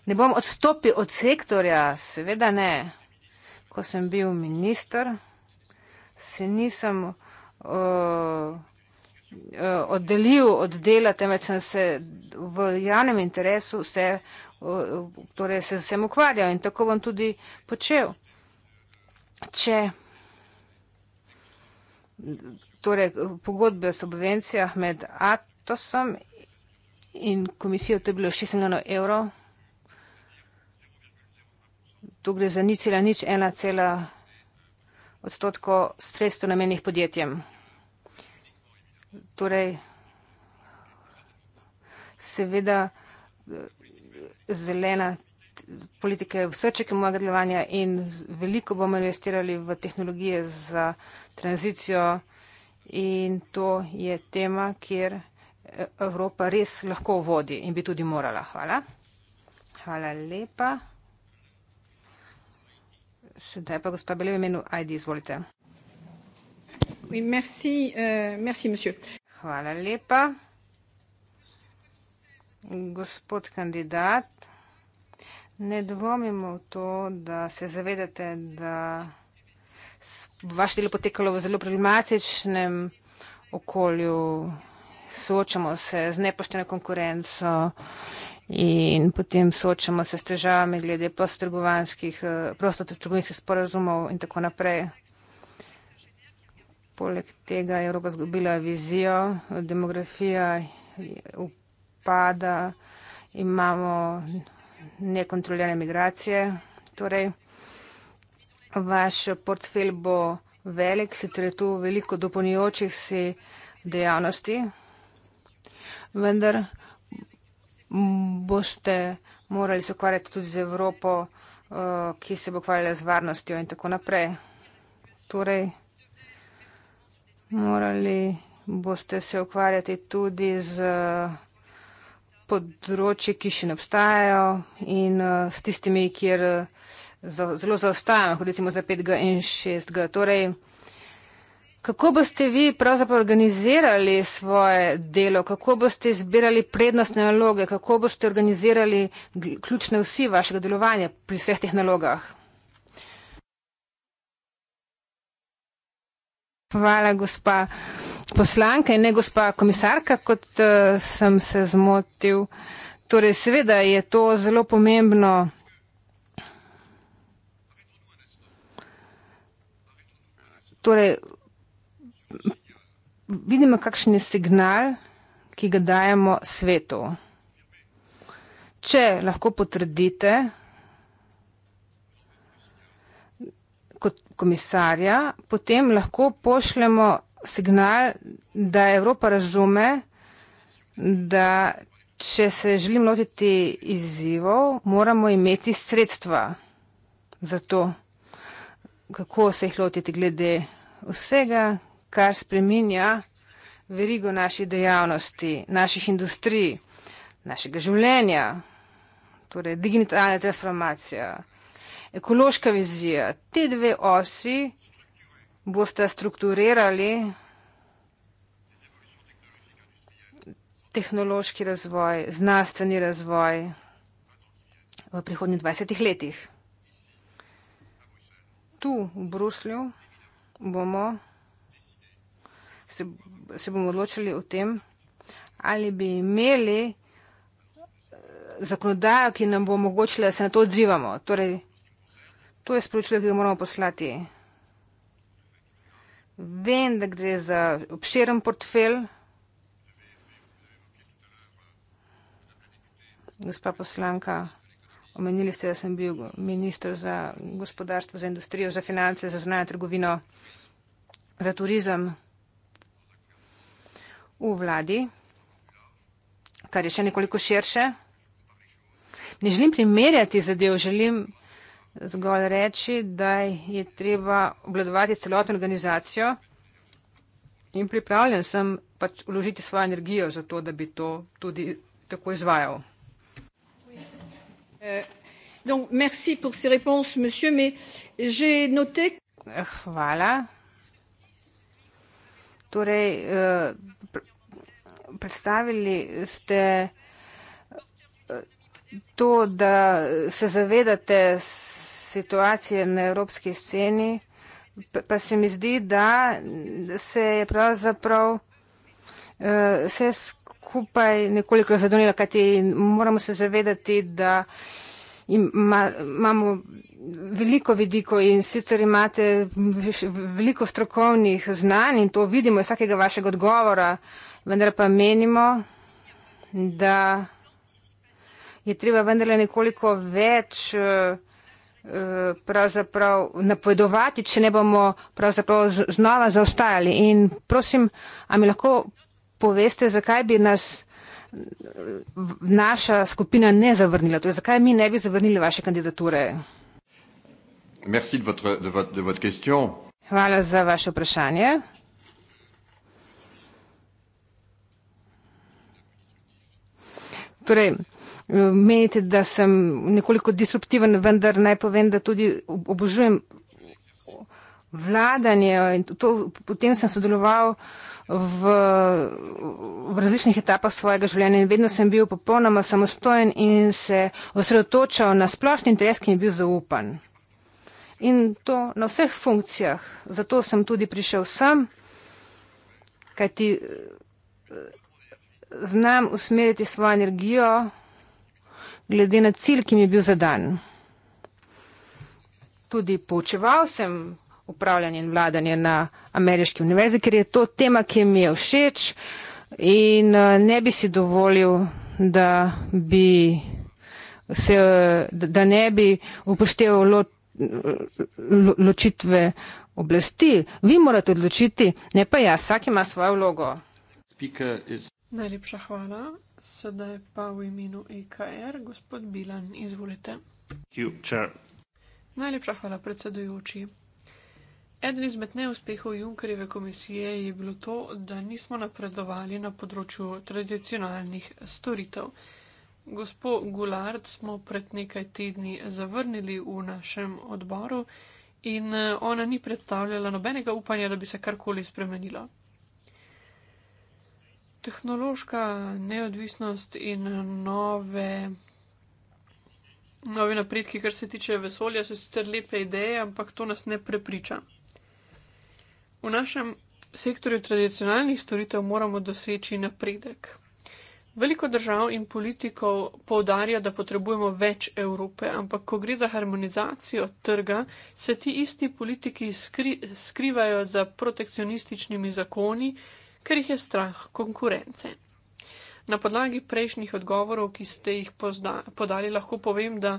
ne bom odstopil od sektorja, seveda ne. Ko sem bil minister, se nisem uh, uh, oddelil od dela, temveč sem se v javnem interesu vse, uh, torej se vsem ukvarjal in tako bom tudi počel. Če torej pogodbe o subvencijah med Atosom in komisijo, to je bilo 6 milijonov evrov. Tu gre za nič cela, nič ena cela odstotko sredstv namenjenih podjetjem. Torej, seveda zelena politika je v srček mojega delovanja in veliko bomo investirali v tehnologije za tranzicijo in to je tema, kjer Evropa res lahko vodi in bi tudi morala. Hvala. Hvala lepa. Sedaj pa gospa Bele v imenu ID, izvolite. Merci, uh, merci, Hvala lepa. Gospod kandidat, ne dvomimo v to, da se zavedate, da vaše delo potekalo v zelo problematičnem okolju, soočamo se z nepošteno konkurenco in potem soočamo se s težavami glede eh, prostotrgovinskih sporazumov in tako naprej. Poleg tega je Evropa zgubila vizijo, demografija upada, imamo nekontrolirane migracije. Torej, Vaš portfelj bo velik, sicer je tu veliko dopolnjujočih se dejavnosti, vendar boste morali se ukvarjati tudi z Evropo, eh, ki se bo ukvarjala z varnostjo in tako naprej. Torej, morali boste se ukvarjati tudi z področji, ki še ne obstajajo in eh, s tistimi, kjer zelo zaostajamo, kot recimo za 5G in 6G. Torej, kako boste vi pravzaprav organizirali svoje delo, kako boste izbirali prednostne naloge, kako boste organizirali ključne vsi vašega delovanja pri vseh teh nalogah? Hvala, gospa poslanka in ne gospa komisarka, kot uh, sem se zmotil. Torej, seveda je to zelo pomembno torej, vidimo, kakšen je signal, ki ga dajemo svetu. Če lahko potrdite kot komisarja, potem lahko pošljemo signal, da Evropa razume, da če se želim lotiti izzivov, moramo imeti sredstva za to kako se jih lotiti glede vsega, kar spreminja verigo naših dejavnosti, naših industrij, našega življenja, torej digitalna transformacija, ekološka vizija. Te dve osi boste strukturirali tehnološki razvoj, znanstveni razvoj v prihodnjih 20 letih tu v Bruslju bomo se, se bomo odločili o tem, ali bi imeli eh, zakonodajo, ki nam bo omogočila, da se na to odzivamo. Torej, to je sporočilo, ki ga moramo poslati. Vem, da gre za obširen portfel. Gospa poslanka, Omenili ste, da sem bil ministr za gospodarstvo, za industrijo, za finance, za znanje, trgovino, za turizem v vladi, kar je še nekoliko širše. Ne želim primerjati zadev, želim zgolj reči, da je treba obladovati celotno organizacijo in pripravljen sem pač vložiti svojo energijo za to, da bi to tudi tako izvajal. Euh, Hvala. Torej, eh, predstavili ste eh, to, da se zavedate situacije na evropski sceni, pa se mi zdi, da se je pravzaprav vse eh, skupaj skupaj nekoliko zadonila, kajti moramo se zavedati, da ima, imamo veliko vidiko in sicer imate veliko strokovnih znanj in to vidimo iz vsakega vašega odgovora, vendar pa menimo, da je treba vendarle nekoliko več eh, eh, pravzaprav napovedovati, če ne bomo pravzaprav znova zaostajali. In prosim, a mi lahko poveste, zakaj bi nas naša skupina ne zavrnila, torej zakaj mi ne bi zavrnili vaše kandidature? Hvala za vaše vprašanje. Torej, menite, da sem nekoliko disruptiven, vendar naj povem, da tudi obožujem vladanje in to, potem sem sodeloval v, v različnih etapah svojega življenja in vedno sem bil popolnoma samostojen in se osredotočal na splošni interes, ki mi je bil zaupan. In to na vseh funkcijah. Zato sem tudi prišel sem, kajti znam usmeriti svojo energijo glede na cilj, ki mi je bil zadan. Tudi počeval sem upravljanje in vladanje na ameriški univerzi, ker je to tema, ki mi je všeč in eh, ne bi si dovolil, da bi se, da ne bi upošteval lo, lo, ločitve oblasti. Vi morate odločiti, ne pa jaz, vsak ima svojo vlogo. Is... Najlepša hvala. Sedaj pa v imenu EKR, gospod Bilan, izvolite. Najlepša hvala, predsedujoči. Eden izmed neuspehov Junkerjeve komisije je bilo to, da nismo napredovali na področju tradicionalnih storitev. Gospo Gulard smo pred nekaj tedni zavrnili v našem odboru in eh, ona ni predstavljala nobenega upanja, da bi se karkoli spremenilo. Tehnološka neodvisnost in nove, nove napredki, kar se tiče vesolja, so sicer lepe ideje, ampak to nas ne prepriča. V našem sektorju tradicionalnih storitev moramo doseči napredek. Veliko držav in politikov poudarja, da potrebujemo več Evrope, ampak ko gre za harmonizacijo trga, se ti isti politiki skri, skrivajo za protekcionističnimi zakoni, ker jih je strah konkurence. Na podlagi prejšnjih odgovorov, ki ste jih pozna, podali, lahko povem, da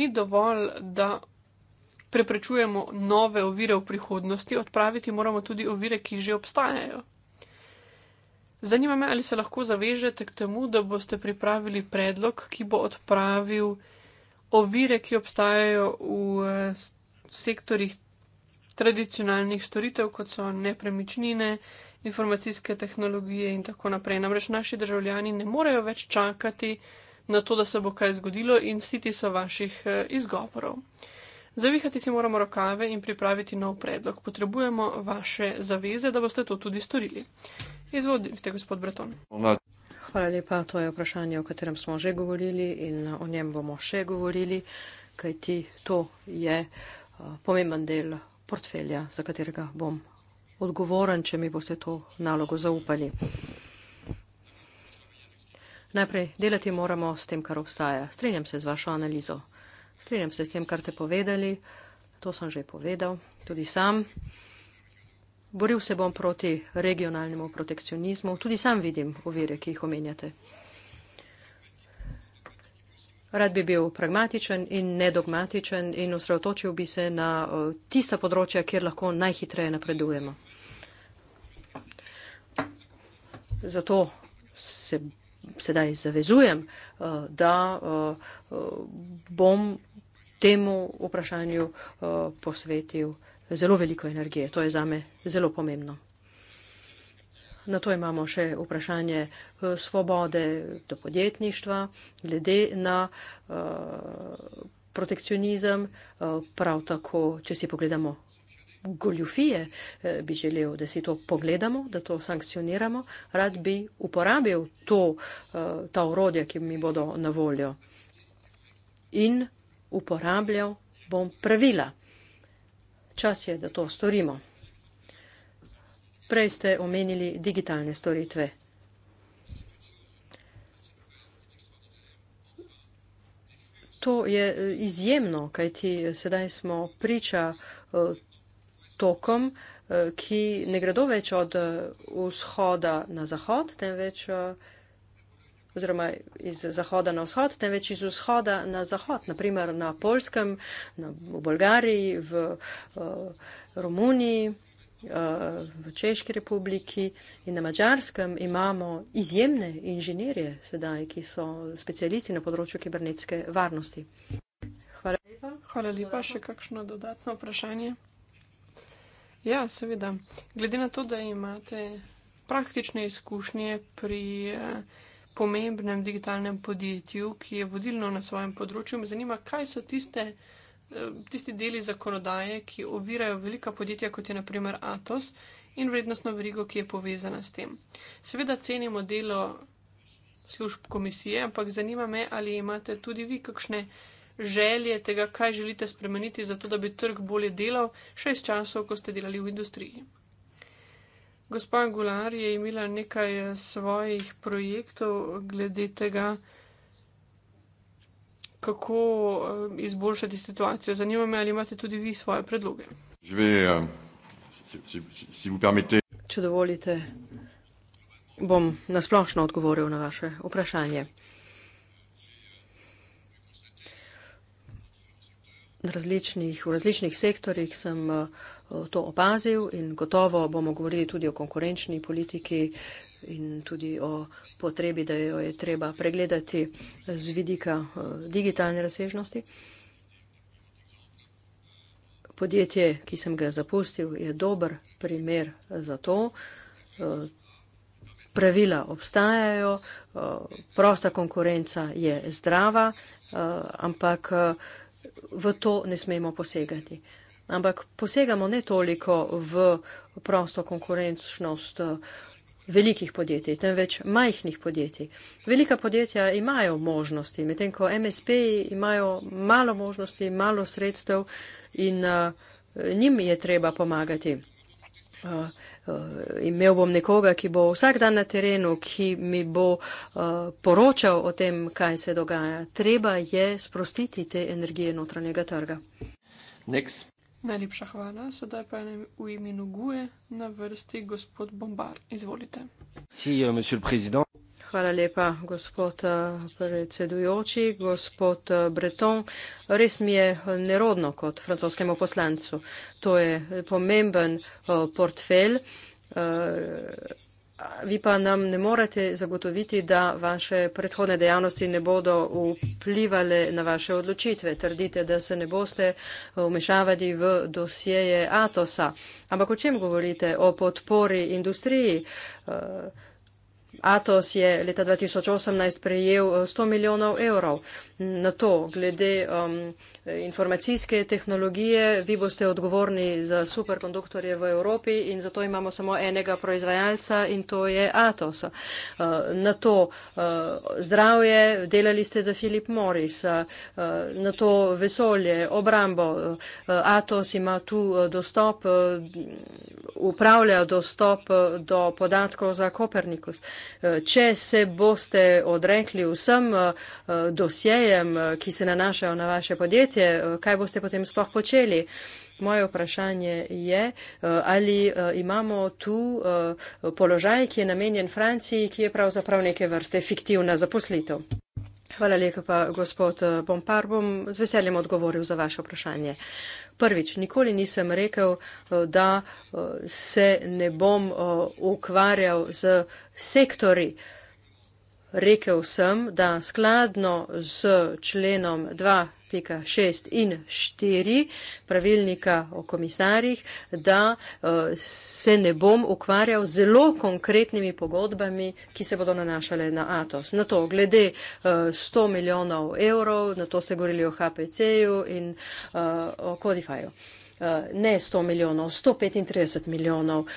ni dovolj, da preprečujemo nove ovire v prihodnosti, odpraviti moramo tudi ovire, ki že obstajajo. Zanima me, ali se lahko zavežete k temu, da boste pripravili predlog, ki bo odpravil ovire, ki obstajajo v sektorjih tradicionalnih storitev, kot so nepremičnine, informacijske tehnologije in tako naprej. Namreč naši državljani ne morejo več čakati na to, da se bo kaj zgodilo in siti so vaših eh, izgovorov. Zavihati si moramo rokave in pripraviti nov predlog. Potrebujemo vaše zaveze, da boste to tudi storili. Izvodite, gospod Breton. Hvala lepa. To je vprašanje, o katerem smo že govorili in o njem bomo še govorili, kajti to je eh, pomemben del portfelja, za katerega bom odgovoren, če mi boste to nalogo zaupali. Najprej delati moramo s tem, kar obstaja. Strenjam se z vašo analizo. Strinjam se s tem, kar ste povedali, to sem že povedal, tudi sam. Boril se bom proti regionalnemu protekcionizmu, tudi sam vidim ovire, ki jih omenjate. Rad bi bil pragmatičen in nedogmatičen in osredotočil bi se na eh, tista področja, kjer lahko najhitreje napredujemo. Zato se sedaj zavezujem, eh, da eh, bom temu vprašanju eh, posvetil zelo veliko energije. To je za me zelo pomembno. Na to imamo še vprašanje eh, svobode do podjetništva, glede na uh, protekcionizem, uh, prav tako, če si pogledamo goljufije, eh, bi želel, da si to pogledamo, da to sankcioniramo, rad bi uporabil to, uh, ta orodja, ki mi bodo na voljo in uporabljal bom pravila. Čas je, da to storimo. Prej ste omenili digitalne storitve. To je eh, izjemno, kajti sedaj smo priča eh, tokom, eh, ki ne gredo več od vzhoda na zahod, temveč oziroma iz zahoda na vzhod, temveč iz vzhoda na zahod, naprimer na Polskem, na, v Bolgariji, v, v, eh, v Romuniji, eh, v Češki republiki in na Mačarskem imamo izjemne inženirje sedaj, ki so specialisti na področju kibernetske varnosti. Hvala lepa. Hvala lepa, še kakšno dodatno vprašanje? Ja, seveda. Glede na to, da imate praktične izkušnje pri eh, pomembnem digitalnem podjetju, ki je vodilno na svojem področju, me zanima, kaj so tiste, eh, tisti deli zakonodaje, ki ovirajo velika podjetja, kot je naprimer Atos in vrednostno verigo, ki je povezana s tem. Seveda cenimo delo služb komisije, ampak zanima me, ali imate tudi vi kakšne želje tega, kaj želite spremeniti, zato da bi trg bolje delal, še iz časov, ko ste delali v industriji. Gospa Gular je imela nekaj eh, svojih projektov glede tega, kako eh, izboljšati situacijo. Zanima me, ali imate tudi vi svoje predloge. Euh, Če dovolite, bom nasplošno odgovoril na vaše vprašanje. Različnih, v različnih sektorjih sem uh, to opazil in gotovo bomo govorili tudi o konkurenčni politiki in tudi o potrebi, da jo je treba pregledati z vidika eh, digitalne razsežnosti. Podjetje, ki sem ga zapustil, je dober primer za to. Eh, pravila obstajajo, eh, prosta konkurenca je zdrava, ampak v to ne smemo posegati ampak posegamo ne toliko v prosto konkurenčnost eh, velikih podjetij, temveč majhnih podjetij. Velika podjetja imajo možnosti, medtem ko MSP imajo malo možnosti, malo sredstev in uh, njim je treba pomagati. Uh, uh, imel bom nekoga, ki bo vsak dan na terenu, ki mi bo uh, poročal o tem, kaj se dogaja. Treba je sprostiti te energije notranjega trga. Next. Najlepša hvala. Sedaj pa je v imenu Gue na vrsti gospod Bombar. Izvolite. Euh, hvala lepa, gospod eh, predsedujoči, gospod eh, Breton. Res mi je eh, nerodno kot francoskemu poslancu. To je pomemben portfelj vi pa nam ne morete zagotoviti, da vaše predhodne dejavnosti ne bodo vplivali na vaše odločitve. Trdite, da se ne boste vmešavati v dosjeje Atosa. Ampak o čem govorite? O podpori industriji? Uh, Atos je leta 2018 prejel 100 eh, milijonov evrov. Na to, glede um, informacijske tehnologije, vi boste odgovorni za superkonduktorje v Evropi in zato imamo samo enega proizvajalca in to je Atos. Uh, na to uh, zdravje delali ste za Filip Morris, uh, na to vesolje, obrambo. Uh, Atos ima tu dostop, uh, upravlja dostop uh, do podatkov za Kopernikus. Uh, če se boste odrekli vsem eh, dosjejem, eh, ki se nanašajo na vaše podjetje, eh, kaj boste potem sploh počeli? Moje vprašanje je, ali imamo tu položaj, ki je namenjen Franciji, ki je pravzaprav neke vrste fiktivna zaposlitev. Hvala lepa, gospod Bompar, bom z veseljem odgovoril za vaše vprašanje. Prvič, nikoli nisem rekel, eh, da eh, se ne bom eh, ukvarjal z sektori. Rekel sem, da skladno z členom 2. 4.6 in 4 pravilnika o komisarjih, da eh, se ne bom ukvarjal zelo konkretnimi pogodbami, ki se bodo nanašale na Atos. Na to, glede 100 eh, milijonov evrov, na to ste govorili o HPC-ju in eh, o Codifyju. Ne 100 milijonov, 135 milijonov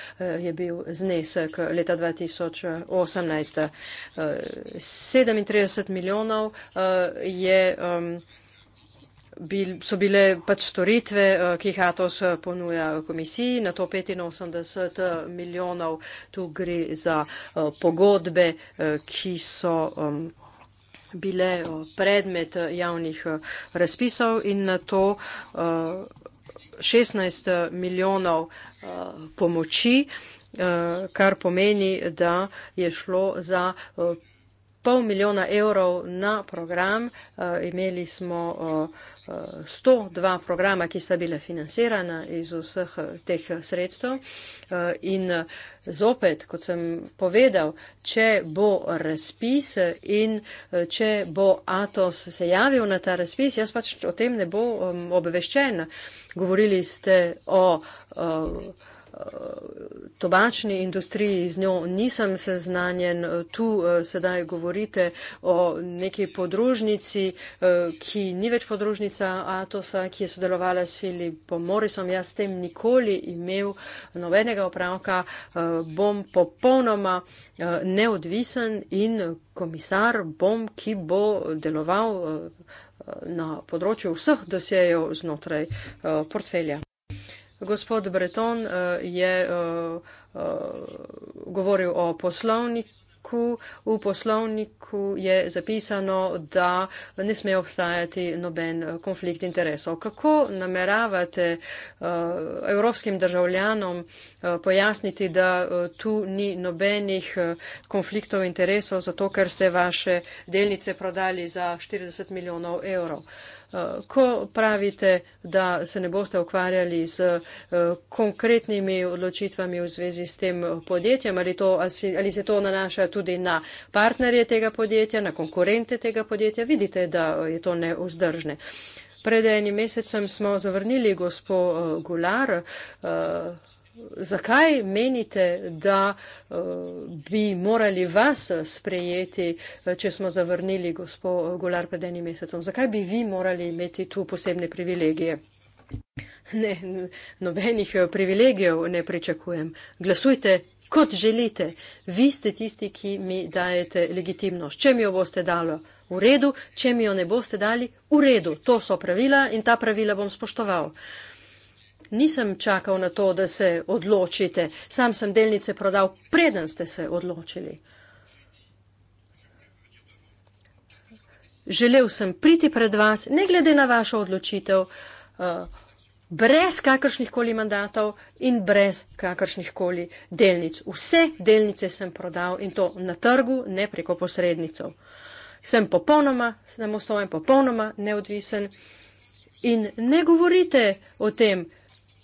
je bil znesek leta 2018. 37 milijonov je bil, so bile pač storitve, eh, ki jih Atos eh, ponuja komisiji, na to 85 milijonov tu gre za eh, pogodbe, ki so um, bile predmet javnih razpisov in na to 16 milijonov pomoči, kar pomeni, da je šlo za pol milijona evrov na program. Imeli smo 102 programa, ki sta bila financirana iz vseh eh, teh eh, sredstev. Eh, in zopet, kot sem povedal, če bo razpis in če bo Atos se javil na ta razpis, jaz pač o tem ne bo obveščen. Govorili ste o tobačni industriji, z njo nisem seznanjen. Tu eh, sedaj govorite o neki podružnici, eh, ki ni več podružnica Atosa, ki je sodelovala s Filipom Morisom. Jaz s tem nikoli imel nobenega opravka. Eh, bom popolnoma neodvisen in komisar bom, ki bo deloval na področju vseh dosjejev znotraj portfelja. Gospod Breton eh, je eh, eh, govoril o poslovniku. V poslovniku je zapisano, da ne sme obstajati noben konflikt interesov. Kako nameravate evropskim državljanom pojasniti, da tu ni nobenih konfliktov interesov, zato ker ste vaše delnice prodali za 40 milijonov evrov? Eh, ko pravite, da se ne boste ukvarjali z eh, konkretnimi odločitvami v zvezi s tem podjetjem, ali, to, ali, si, ali se to nanaša tudi na partnerje tega podjetja, na konkurente tega podjetja, vidite, da eh, je to neuzdržne. Pred enim mesecem smo zavrnili gospod Gular, zakaj menite, da eh, bi morali vas sprejeti, eh, če smo zavrnili gospod eh, Golar pred enim mesecem? Zakaj bi vi morali imeti tu posebne privilegije? Ne, nobenih privilegijev ne pričakujem. Glasujte. Kot želite, vi ste tisti, ki mi dajete legitimnost. Če mi jo boste dali, v redu, če mi jo ne boste dali, v redu. To so pravila in ta pravila bom spoštoval. Uh, nisem čakal na to, da se odločite. Sam sem delnice prodal, preden ste se odločili. Želel sem priti pred vas, ne glede na vašo odločitev, eh, brez kakršnih koli mandatov in brez kakršnih koli delnic. Vse delnice sem prodal in to na trgu, ne preko posrednicov. Sem popolnoma samostojen, popolnoma neodvisen. In ne govorite o tem,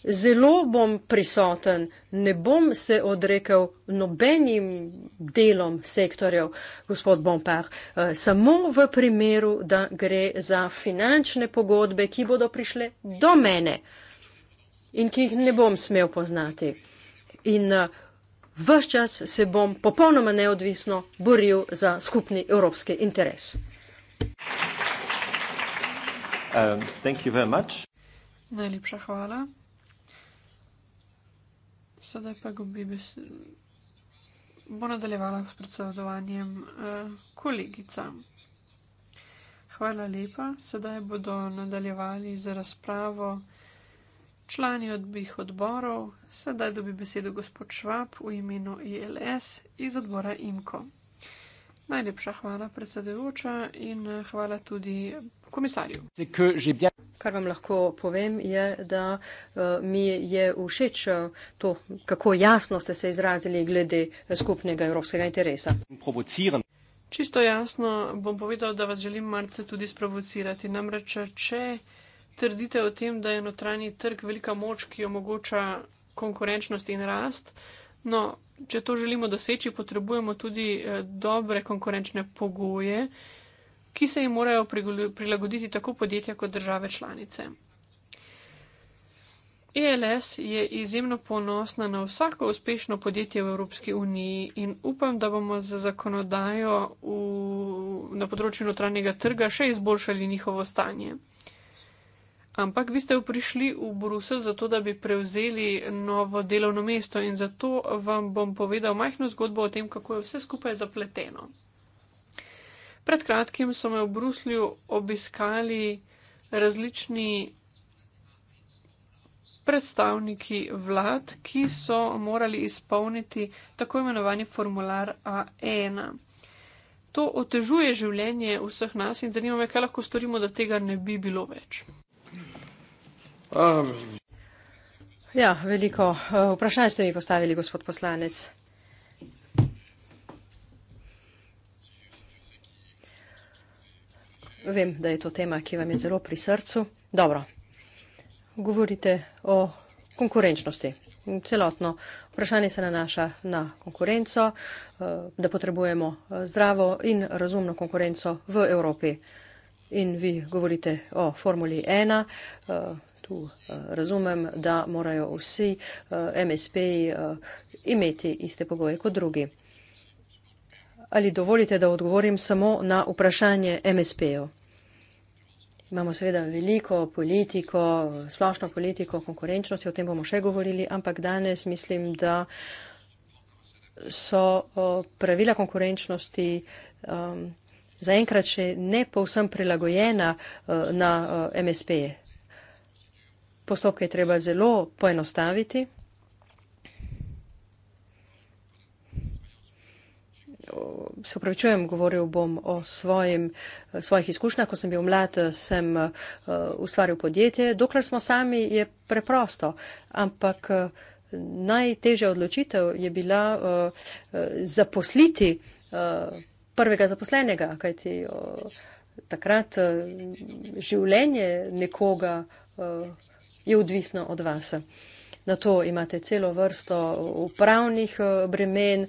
zelo bom prisoten, ne bom se odrekel nobenim delom sektorjev, gospod Bompar, eh, samo v primeru, da gre za finančne pogodbe, ki bodo prišle do mene in ki jih ne bom smel poznati. In eh, vse čas se bom popolnoma neodvisno boril za skupni evropski interes. Um, Najlepša hvala. Sedaj pa gobi besedo. Bo nadaljevala s predsedovanjem uh, kolegica. Hvala lepa. Sedaj bodo nadaljevali z razpravo člani odbih odborov. Sedaj dobi besedo gospod Švab v imenu ILS iz odbora IMKO. Najlepša hvala predsedujoča in eh, hvala tudi komisarju. Kar vam lahko povem, je, da eh, mi je všeč eh, to, kako jasno ste se izrazili glede eh, skupnega evropskega interesa. Čisto jasno bom povedal, da vas želim malce tudi sprovocirati. Namreč, če trdite o tem, da je notranji trg velika moč, ki omogoča konkurenčnost in rast, no, če to želimo doseči, potrebujemo tudi dobre konkurenčne pogoje ki se jim morajo prilagoditi tako podjetja kot države članice. ELS je izjemno ponosna na vsako uspešno podjetje v Evropski uniji in upam, da bomo z zakonodajo v, na področju notranjega trga še izboljšali njihovo stanje. Ampak vi ste prišli v Bruselj zato, da bi prevzeli novo delovno mesto in zato vam bom povedal majhno zgodbo o tem, kako je vse skupaj zapleteno. Pred kratkim so me v Bruslju obiskali različni predstavniki vlad, ki so morali izpolniti tako imenovani formular A1. To otežuje življenje vseh nas in zanima me, kaj lahko storimo, da tega ne bi bilo več. Um. Ja, veliko eh, vprašanj ste mi postavili, gospod poslanec. Vem, da je to tema, ki vam je zelo pri srcu. Dobro, govorite o konkurenčnosti. Celotno vprašanje se nanaša na konkurenco, eh, da potrebujemo eh, zdravo in razumno konkurenco v Evropi. In vi govorite o Formuli 1. Eh, tu razumem, da morajo vsi MSP imeti iste pogoje kot drugi ali dovolite, da odgovorim samo na vprašanje MSP-jev. Imamo seveda veliko politiko, splošno politiko konkurenčnosti, o tem bomo še govorili, ampak danes mislim, da so pravila konkurenčnosti um, zaenkrat še ne povsem prilagojena uh, na uh, MSP. Postopke je treba zelo poenostaviti. se upravičujem, govoril bom o svojim, svojih izkušnjah, ko sem bil mlad, sem eh, ustvaril podjetje. Dokler smo sami, je preprosto, ampak eh, najtežja odločitev je bila eh, zaposliti prvega zaposlenega, kajti takrat življenje nekoga je odvisno od vas. Na to imate celo vrsto upravnih bremen,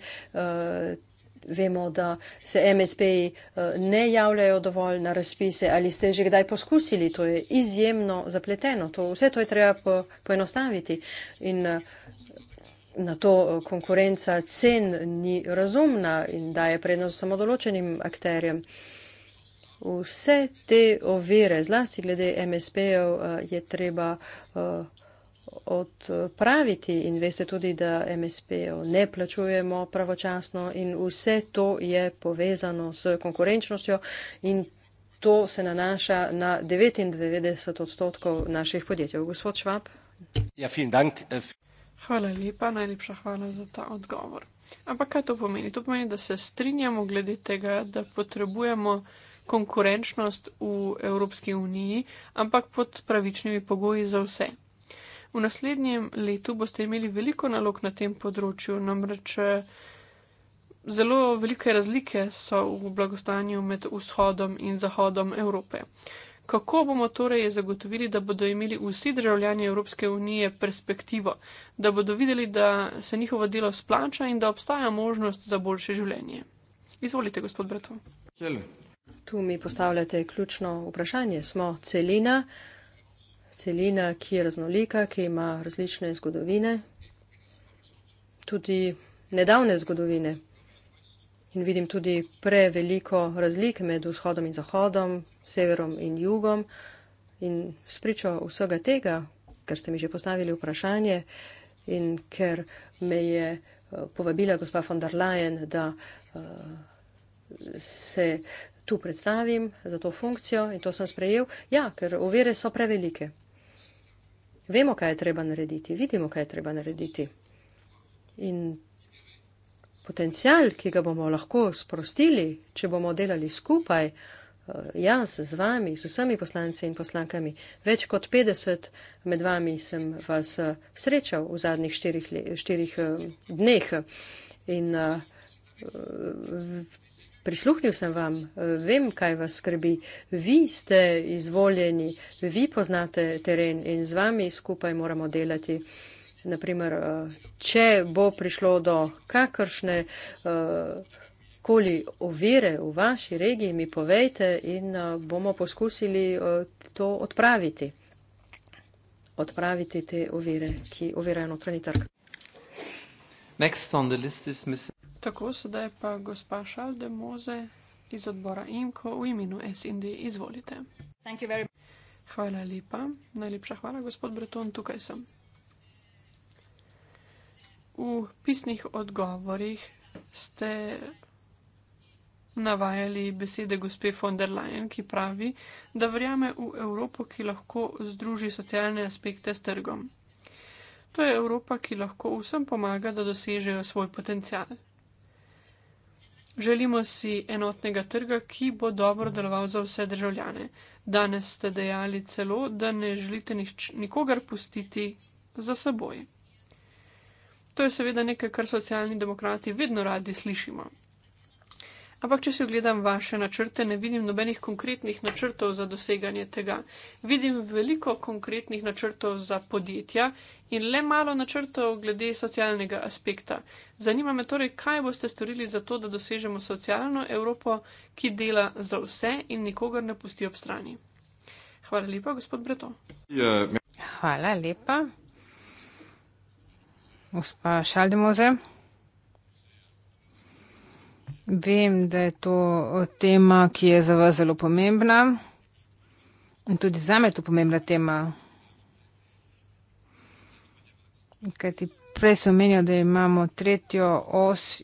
Vemo, da se MSP eh, ne javljajo dovolj na razpise. Ali ste že kdaj poskusili? To je izjemno zapleteno. To, vse to je treba po, poenostaviti. In eh, na to eh, konkurenca cen ni razumna in daje prednost samo določenim akterjem. Vse te ovire, zlasti glede MSP-ev, je treba odpraviti in veste tudi, da MSP-jev ne plačujemo pravočasno in vse to je povezano s konkurenčnostjo in to se nanaša na 99 odstotkov naših podjetij. Gospod Švab. Ja, dank. Hvala lepa, najlepša hvala za ta odgovor. Ampak kaj to pomeni? To pomeni, da se strinjamo glede tega, da potrebujemo konkurenčnost v Evropski uniji, ampak pod pravičnimi pogoji za vse. V naslednjem letu boste imeli veliko nalog na tem področju, namreč eh, zelo velike razlike so v blagostanju med vzhodom in zahodom Evrope. Kako bomo torej zagotovili, da bodo imeli vsi državljani Evropske unije perspektivo, da bodo videli, da se njihovo delo splača in da obstaja možnost za boljše življenje? Izvolite, gospod Breton. Tu mi postavljate ključno vprašanje. Smo celina celina, ki je raznolika, ki ima različne zgodovine, tudi nedavne zgodovine. In vidim tudi preveliko razlik med vzhodom in zahodom, severom in jugom. In spričo vsega tega, ker ste mi že postavili vprašanje in ker me je eh, povabila gospa von der Leyen, da eh, se tu predstavim za to funkcijo in to sem sprejel, ja, ker ovire so prevelike. Vemo, kaj je treba narediti, vidimo, kaj je treba narediti. In potencial, ki ga bomo lahko sprostili, če bomo delali skupaj, eh, jaz z vami, z vsemi poslanci in poslankami, več kot 50 med vami sem vas eh, srečal v zadnjih štirih, štirih eh, dneh. In prisluhnil sem vam, eh, vem, kaj vas skrbi. Vi ste izvoljeni, vi poznate teren in z vami skupaj moramo delati. Naprimer, eh, če bo prišlo do kakršne eh, koli ovire v vaši regiji, mi povejte in bomo poskusili to odpraviti. Odpraviti te ovire, ki ovirajo notranji trg. Next on the list is Mr. Tako, sedaj pa gospa Šalde Moze iz odbora IMKO v imenu SND. Izvolite. Hvala lepa. Najlepša hvala, gospod Breton, tukaj sem. V pisnih odgovorih ste navajali besede gospe von der Leyen, ki pravi, da verjame v Evropo, ki lahko združi socialne aspekte s trgom. To je Evropa, ki lahko vsem pomaga, da dosežejo svoj potencial. Želimo si enotnega trga, ki bo dobro deloval za vse državljane. Danes ste dejali celo, da ne želite nič, nikogar pustiti za seboj. To je seveda nekaj, kar socialni demokrati vedno radi slišimo. Ampak, če si ogledam vaše načrte, ne vidim nobenih konkretnih načrtov za doseganje tega. Vidim veliko konkretnih načrtov za podjetja in le malo načrtov glede socialnega aspekta. Zanima me torej, kaj boste storili za to, da dosežemo socialno Evropo, ki dela za vse in nikogar ne pusti ob strani. Hvala lepa, gospod Breto. Hvala lepa. Gospa Šaldemoze. Vem, da je to tema, ki je za vas zelo pomembna. In tudi za me je to pomembna tema. Kaj ti prej sem omenil, da imamo tretjo os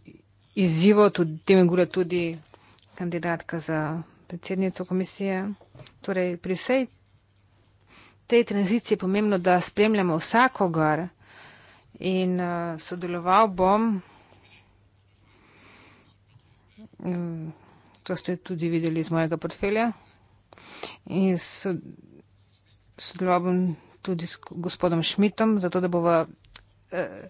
izzivo, tudi tem gre tudi kandidatka za predsednico komisije. Torej, pri vsej tej tranziciji je pomembno, da spremljamo vsakogar in uh, sodeloval bom to ste tudi videli iz mojega portfelja. In sodeloval bom tudi s gospodom Šmitom, zato da bova eh,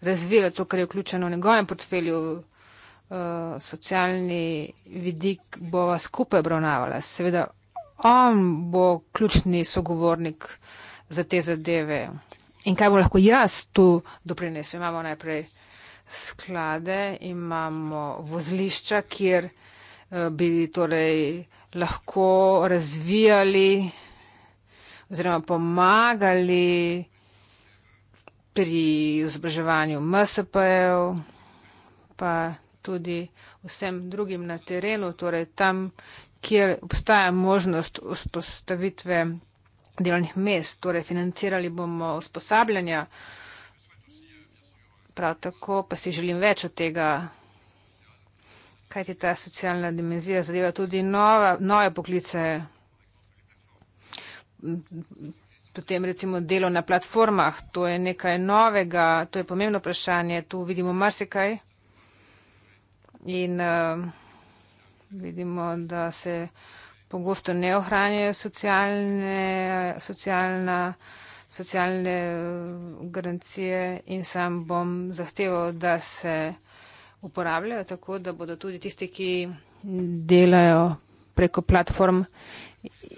razvila to, kar je vključeno v njegovem portfelju, eh, socialni vidik bova skupaj obravnavala. Seveda, on bo ključni sogovornik za te zadeve. In kaj bo lahko jaz tu doprinesel? Imamo najprej uh, sklade, imamo vozlišča, kjer eh, bi torej lahko razvijali oziroma pomagali pri izobraževanju MSP-jev, pa tudi vsem drugim na terenu, torej tam, kjer obstaja možnost vzpostavitve delovnih mest, torej financirali bomo usposabljanja prav tako pa si želim več od tega, kajti ta socialna dimenzija zadeva tudi nova, nove poklice. Potem recimo delo na platformah, to je nekaj novega, to je pomembno vprašanje, tu vidimo marsikaj in uh, vidimo, da se pogosto ne ohranjajo socialne, socialna socialne eh, garancije in sam bom zahteval, da se uporabljajo tako, da bodo tudi tisti, ki delajo preko platform,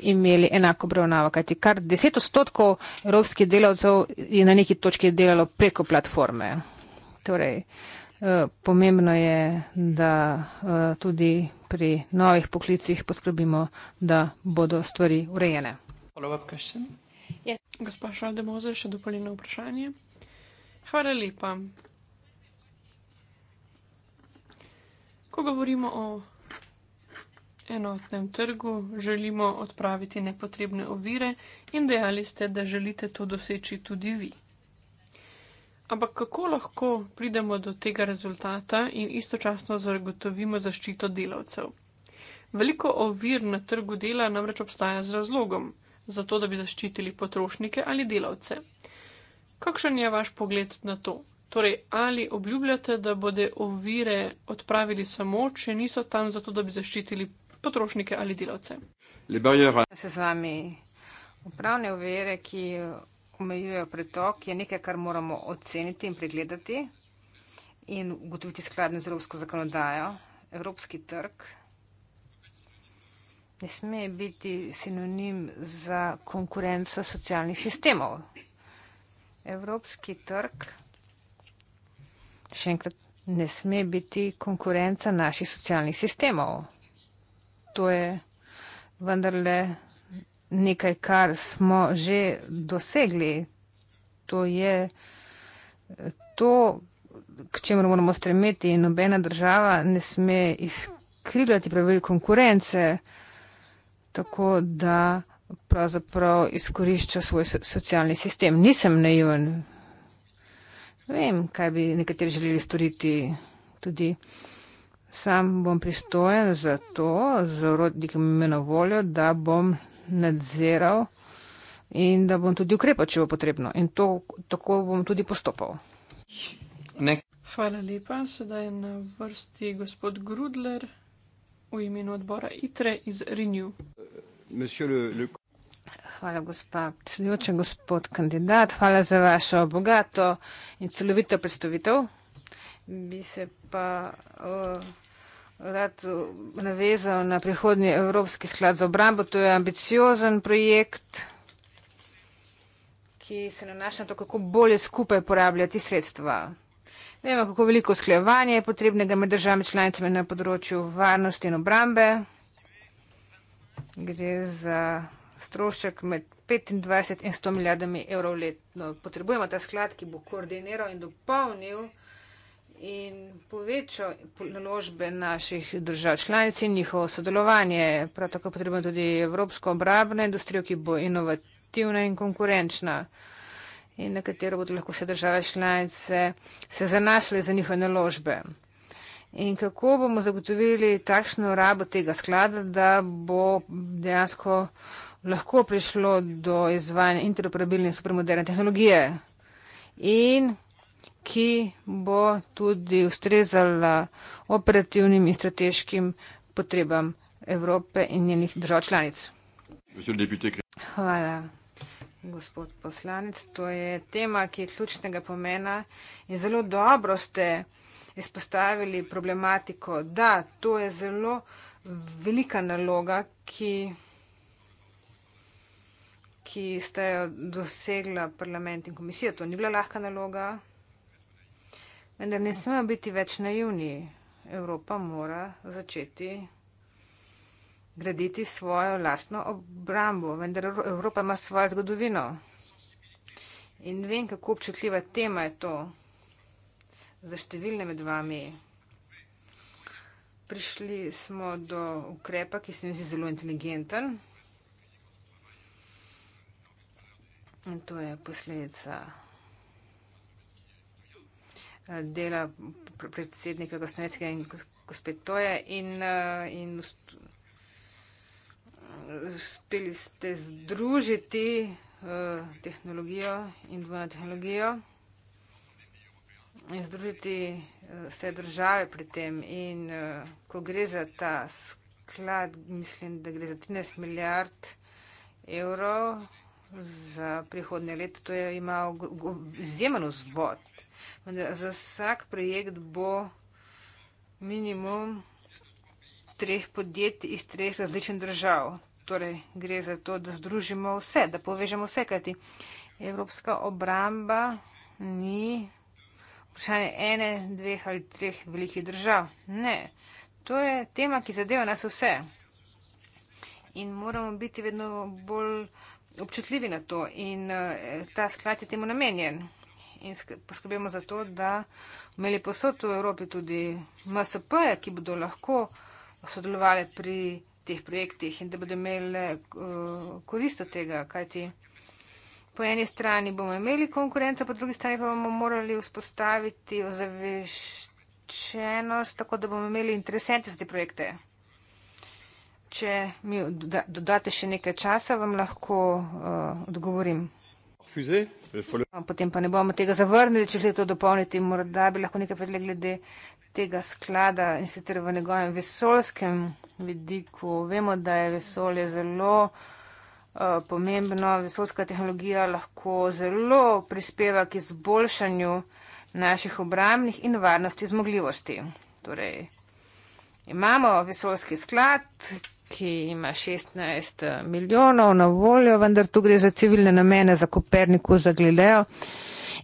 imeli enako obravnavo. Kajti kar 10 odstotkov evropskih delavcev je na neki točki delalo preko platforme. Torej, eh, pomembno je, da eh, tudi pri novih poklicih poskrbimo, da bodo stvari urejene. Follow-up question. Yes. Gospa Šaldemoze, še dopolnjeno vprašanje. Hvala lepa. Ko govorimo o enotnem trgu, želimo odpraviti nepotrebne ovire in dejali ste, da želite to doseči tudi vi. Ampak kako lahko pridemo do tega rezultata in istočasno zagotovimo zaščito delavcev? Veliko ovir na trgu dela namreč obstaja z razlogom, zato da bi zaščitili potrošnike ali delavce. Kakšen je vaš pogled na to? Torej, ali obljubljate, da bodo ovire odpravili samo, če niso tam zato, da bi zaščitili potrošnike ali delavce? Da ja, se z vami upravne ovire, ki omejujejo pretok, je nekaj, kar moramo oceniti in pregledati in ugotoviti skladno z evropsko zakonodajo, evropski trg, ne sme biti sinonim za konkurenco socialnih sistemov. Evropski trg še enkrat ne sme biti konkurenca naših socialnih sistemov. To je vendarle nekaj, kar smo že dosegli. To je to, k čemu moramo stremeti in nobena država ne sme izkrivljati pravil konkurence tako da pravzaprav izkorišča svoj socialni sistem. Nisem naivan. Vem, kaj bi nekateri želeli storiti tudi. Sam bom pristojen za to, za urodnik, ki mi je na voljo, da bom nadziral in da bom tudi ukrepal, če bo potrebno. In to, tako bom tudi postopal. Ne. Hvala lepa. Sedaj je na vrsti gospod Grudler v imenu odbora ITRE iz RINU. Uh, Monsieur le, le... Hvala, gospa predsedujoča, gospod kandidat. Hvala za vašo bogato in celovito predstavitev. Bi se pa uh, rad navezal na prihodnji Evropski sklad za obrambo. To je ambiciozen projekt, ki se nanaša na to, kako bolje skupaj porabljati sredstva. Vemo, kako veliko sklejevanja je potrebnega med državami članicami na področju varnosti in obrambe gre za strošek med 25 in 100 milijardami evrov letno. Potrebujemo ta sklad, ki bo koordiniral in dopolnil in povečal naložbe naših držav članic in njihovo sodelovanje. Prav tako potrebujemo tudi evropsko obrabno industrijo, ki bo inovativna in konkurenčna in na katero bodo lahko vse države članice se zanašali za njihove naložbe in kako bomo zagotovili takšno rabo tega sklada, da bo dejansko lahko prišlo do izvajanja interoperabilne supermoderne tehnologije in ki bo tudi ustrezala operativnim in strateškim potrebam Evrope in njenih držav članic. Hvala. Gospod poslanec, to je tema, ki je ključnega pomena in zelo dobro ste izpostavili problematiko, da to je zelo velika naloga, ki, ki sta jo dosegla parlament in komisija. To ni bila lahka naloga, vendar ne smemo biti več naivni. Evropa mora začeti graditi svojo lastno obrambo, vendar Evropa ima svojo zgodovino. In vem, kako občutljiva tema je to za številne med vami. Prišli smo do ukrepa, ki se mi zdi zelo inteligenten. In to je posledica eh, dela predsednika Gostnovetskega in gospod Toje. In, eh, in uspeli ste združiti eh, tehnologijo in dvojno tehnologijo in združiti vse eh, države pri tem. In eh, ko gre za ta sklad, mislim, da gre za 13 milijard evrov za prihodnje leto, to je imel izjemen vzvod. Za vsak projekt bo minimum treh podjetij iz treh različnih držav. Torej, gre za to, da združimo vse, da povežemo vse, kajti Evropska obramba ni vprašanje ene, dveh ali treh velikih držav. Ne, to je tema, ki zadeva nas vse. In moramo biti vedno bolj občutljivi na to. In eh, ta sklad je temu namenjen. In poskrbimo za to, da imeli posod v Evropi tudi MSP-je, ki bodo lahko sodelovali pri teh projektih in da bodo imeli uh, eh, korist od tega, kajti Po eni strani bomo imeli konkurenco, po drugi strani pa bomo morali vzpostaviti ozaveščenost, tako da bomo imeli interesente za te projekte. Če mi dodate še nekaj časa, vam lahko uh, odgovorim. No, potem pa ne bomo tega zavrnili, če želite to dopolniti. Morda bi lahko nekaj predlegli glede tega sklada in sicer v njegovem vesolskem vidiku. Vemo, da je vesolje zelo. Uh, Eh, pomembno. Vesolska tehnologija lahko zelo prispeva k izboljšanju naših obramnih in varnosti zmogljivosti. Torej, imamo vesolski sklad, ki ima 16 eh, milijonov na voljo, vendar tu gre za civilne namene, za Koperniku, za Glileo.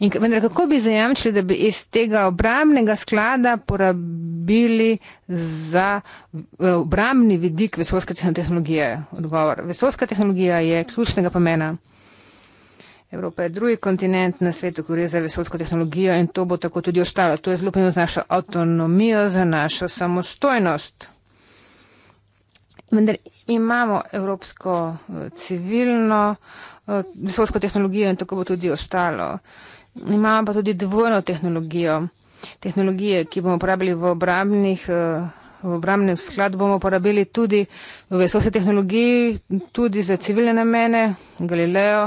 In vendar, kako bi zajamčili, da bi iz tega obramnega sklada porabili za eh, obramni vidik vesolske tehnologije? Odgovor. Vesolska tehnologija je ključnega pomena. Evropa je drugi kontinent na svetu, ki gre za vesolsko tehnologijo in to bo tako tudi ostalo. To je zelo pomembno za našo avtonomijo, za našo samostojnost. Vendar imamo evropsko eh, civilno eh, vesolsko tehnologijo in tako bo tudi ostalo. Uh, Imamo pa tudi dvojno tehnologijo. Tehnologije, ki bomo uporabili v obramnih. Eh, v obramnem skladu bomo uporabili tudi v vesolski tehnologiji, tudi za civilne namene, Galileo.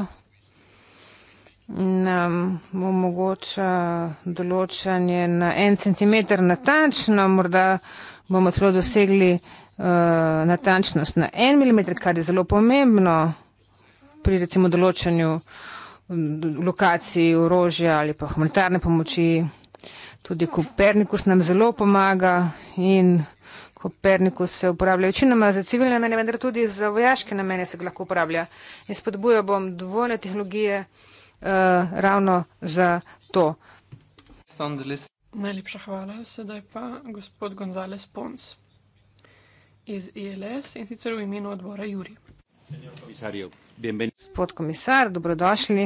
Nam omogoča določanje na en centimeter natančno, morda bomo celo dosegli uh, natančnost na en milimeter, kar je zelo pomembno pri recimo določanju uh, lokaciji orožja ali pa humanitarne pomoči. Tudi Kopernikus nam zelo pomaga in Kopernikus se uporablja večinoma za civilne namene, vendar tudi za vojaške namene se ga lahko uporablja. In spodbujal bom dvojne tehnologije uh, ravno za to. Najlepša hvala. Sedaj pa gospod Gonzales Pons iz ILS in sicer v imenu odbora Juri. Gospod komisar, dobrodošli,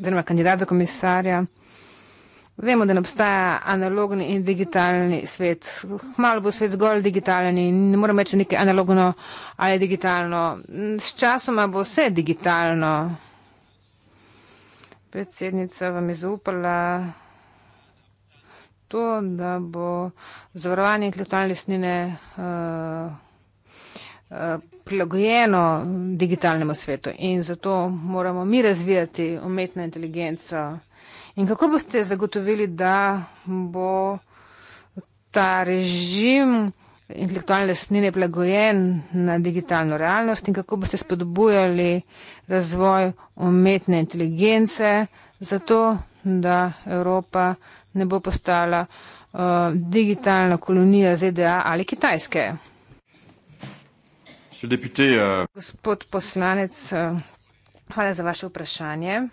oziroma kandidat za komisarja. Vemo, da ne obstaja analogni in digitalni svet. Hmalo bo svet zgolj digitalen in ne moremo reči nekaj analogno ali digitalno. S časoma bo vse digitalno. Predsednica vam je zaupala to, da bo zavarovanje intelektualne snine. Uh, eh, prilagojeno digitalnemu svetu in zato moramo mi razvijati umetno inteligenco. In kako boste zagotovili, da bo ta režim intelektualne snine prilagojen na digitalno realnost in kako boste spodbujali razvoj umetne inteligence zato, da Evropa ne bo postala uh, digitalna kolonija ZDA ali Kitajske? Deputé, uh... Gospod poslanec, uh, hvala za vaše vprašanje.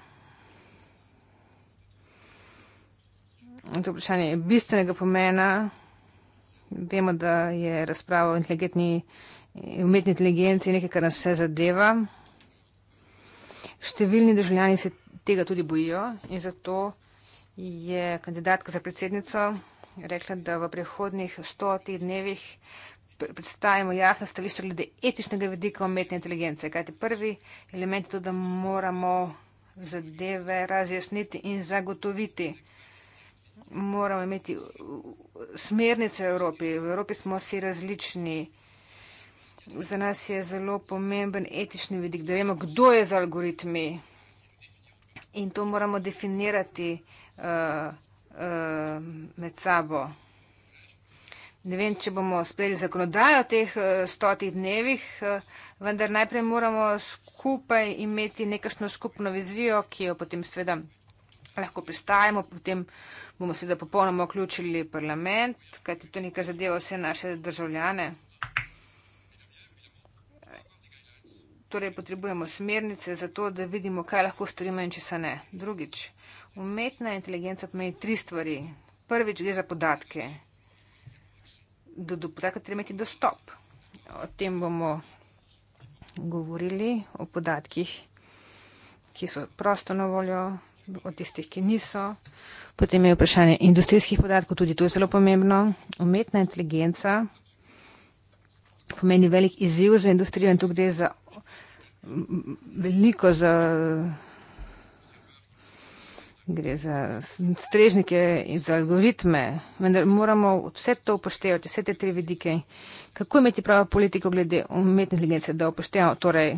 To vprašanje je bistvenega pomena. Vemo, da je razprava o inteligentni, umetni inteligenci nekaj, kar nas vse zadeva. Številni državljani se tega tudi bojijo in zato je kandidatka za predsednico rekla, da v prihodnih stotih dnevih predstavimo jasno stališče glede etičnega vidika umetne inteligence. Kajti prvi element je to, da moramo zadeve razjasniti in zagotoviti. Moramo imeti smernice v Evropi. V Evropi smo vsi različni. Za nas je zelo pomemben etični vidik, da vemo, kdo je za algoritmi. In to moramo definirati uh, uh, med sabo. Ne vem, če bomo sprejeli zakonodajo o teh eh, stotih dnevih, eh, vendar najprej moramo skupaj imeti nekašno skupno vizijo, ki jo potem sveda lahko pristajamo, potem bomo sveda popolnoma vključili parlament, kajti to nekaj zadeva vse naše državljane. Torej potrebujemo smernice za to, da vidimo, kaj lahko storimo in če se ne. Drugič, umetna inteligenca pomeni tri stvari. Prvič gre za podatke do, do podatka treba imeti dostop. O tem bomo govorili, o podatkih, ki so prosto na voljo, o tistih, ki niso. Potem je vprašanje industrijskih podatkov, tudi to je zelo pomembno. Umetna inteligenca pomeni velik izziv za industrijo in tu gre za veliko za gre za strežnike in za algoritme, vendar moramo vse to upoštevati, vse te tri vidike. Kako imeti pravo politiko glede umetne inteligence, da upoštevamo torej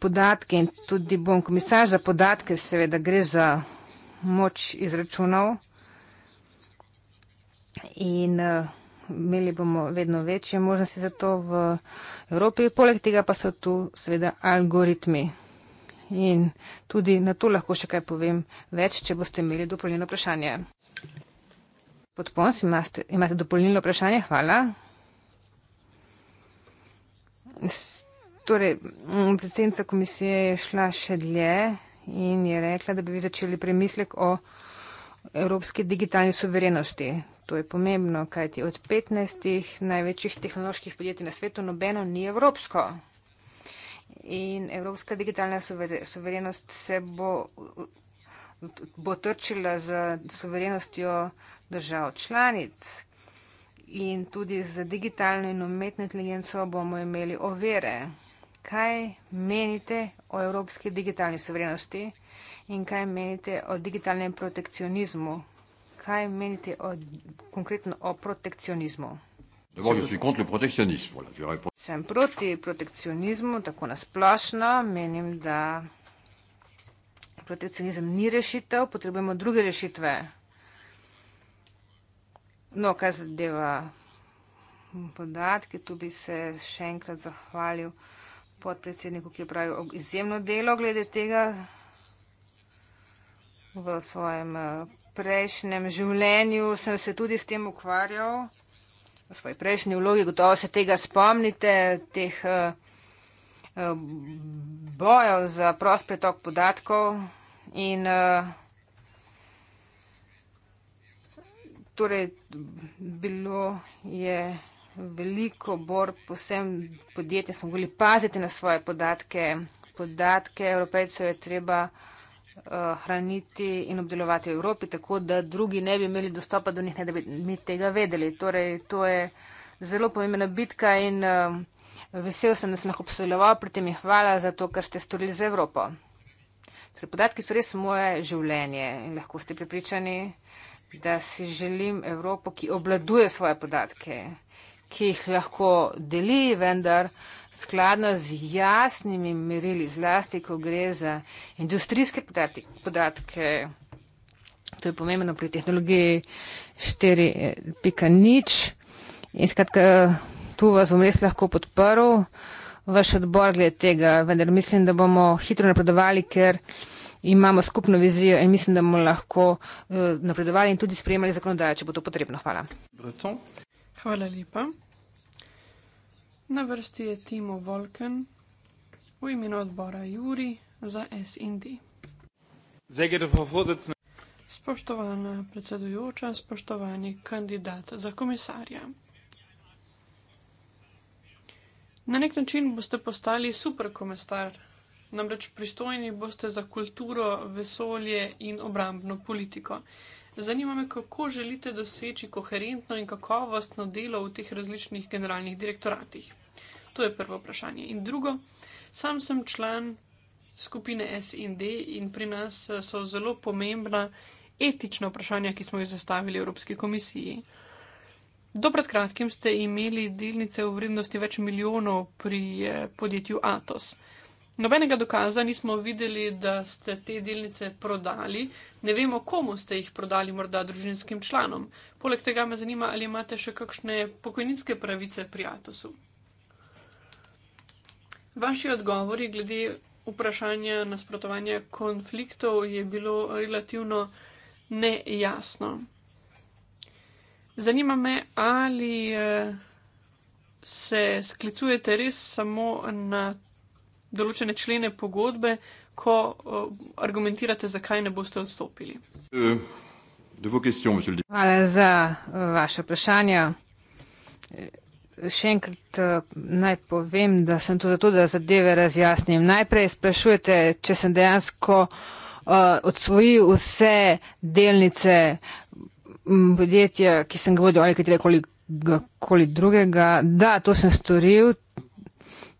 podatke in tudi bom komisar za podatke, seveda gre za moč izračunov in uh, imeli bomo vedno večje možnosti za to v Evropi, poleg tega pa so tu seveda algoritmi. In tudi na to lahko še kaj povem več, če boste imeli dopolnjeno vprašanje. Podpons imate, imate dopolnjeno vprašanje, hvala. Torej, predsednica komisije je šla še dlje in je rekla, da bi vi začeli premislek o evropski digitalni suverenosti. To je pomembno, kajti od 15 največjih tehnoloških podjetij na svetu nobeno ni evropsko in evropska digitalna soverenost se bo, bo trčila z soverenostjo držav članic. In tudi z digitalno in umetno inteligenco bomo imeli ovire. Kaj menite o evropski digitalni soverenosti in kaj menite o digitalnem protekcionizmu? Kaj menite o, konkretno o protekcionizmu? Sem proti protekcionizmu, tako nasplošno. Menim, da protekcionizem ni rešitev, potrebujemo druge rešitve. No, kar zadeva podatke, tu bi se še enkrat zahvalil podpredsedniku, ki je pravil izjemno delo glede tega v svojem eh, prejšnjem življenju. Sem se tudi s tem ukvarjal v svoji prejšnji vlogi, gotovo se tega spomnite, teh eh, eh, bojev za prost pretok podatkov in eh, torej bilo je veliko bor posem podjetja, smo mogli paziti na svoje podatke, podatke evropejcev je treba vsega, Eh, hraniti in obdelovati v Evropi, tako da drugi ne bi imeli dostopa do njih, ne da bi mi tega vedeli. Torej, to je zelo pomembna bitka in eh, vesel sem, da sem lahko posiljeval pri tem in hvala za to, kar ste storili za Evropo. Torej, podatki so res moje življenje in lahko ste pripričani, da si želim Evropo, ki obladuje svoje podatke ki jih lahko deli, vendar skladno z jasnimi merili, zlasti, ko gre za industrijske podatke, to je pomembno pri tehnologiji 4.0. In skratka, tu vas bom res lahko podprl, vaš odbor glede tega, vendar mislim, da bomo hitro napredovali, ker imamo skupno vizijo in mislim, da bomo lahko eh, napredovali in tudi sprejemali zakonodajo, če bo to potrebno. Hvala. Breton. Hvala lepa. Na vrsti je Timo Volken v imenu odbora Juri za SND. Spoštovana predsedujoča, spoštovani kandidat za komisarja. Na nek način boste postali super komisar, namreč pristojni boste za kulturo, vesolje in obrambno politiko. Zanima me, kako želite doseči koherentno in kakovostno delo v teh različnih generalnih direktoratih? To je prvo vprašanje. In drugo, sam sem član skupine SND in pri nas eh, so zelo pomembna etična vprašanja, ki smo jih zastavili Evropski komisiji. Do pred kratkim ste imeli delnice v vrednosti več milijonov pri eh, podjetju Atos. Nobenega dokaza nismo videli, da ste te delnice prodali, ne vemo, komu ste jih prodali, morda družinskim članom. Poleg tega me zanima, ali imate še kakšne pokojninske pravice pri Atosu. Vaši odgovori glede vprašanja nasprotovanja konfliktov je bilo relativno nejasno. Zanima me, ali eh, se sklicujete res samo na določene člene pogodbe, ko eh, argumentirate, zakaj ne boste odstopili? Euh, Hvala za eh, vaše vprašanje. Eh, še enkrat naj povem, da sem tu zato, da zadeve razjasnim. Najprej sprašujete, če sem dejansko odsvojil vse delnice podjetja, ki sem ga vodil ali katerekoli drugega. Da, to sem storil,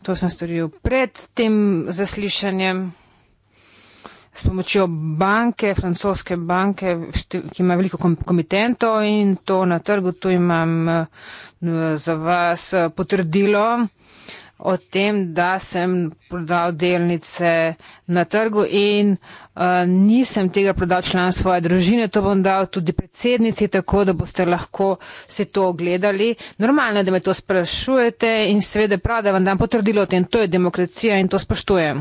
To sem storil pred tem zaslišanjem s pomočjo banke, francoske banke, ki ima veliko komitentov in to na trgu, tu imam eh, za vas eh, potrdilo o tem, da sem prodal delnice na trgu in uh, nisem tega prodal član svoje družine, to bom dal tudi predsednici, tako da boste lahko si to ogledali. Normalno je, da me to sprašujete in seveda prav, da vam dam potrdilo o tem, to je demokracija in to spoštujem.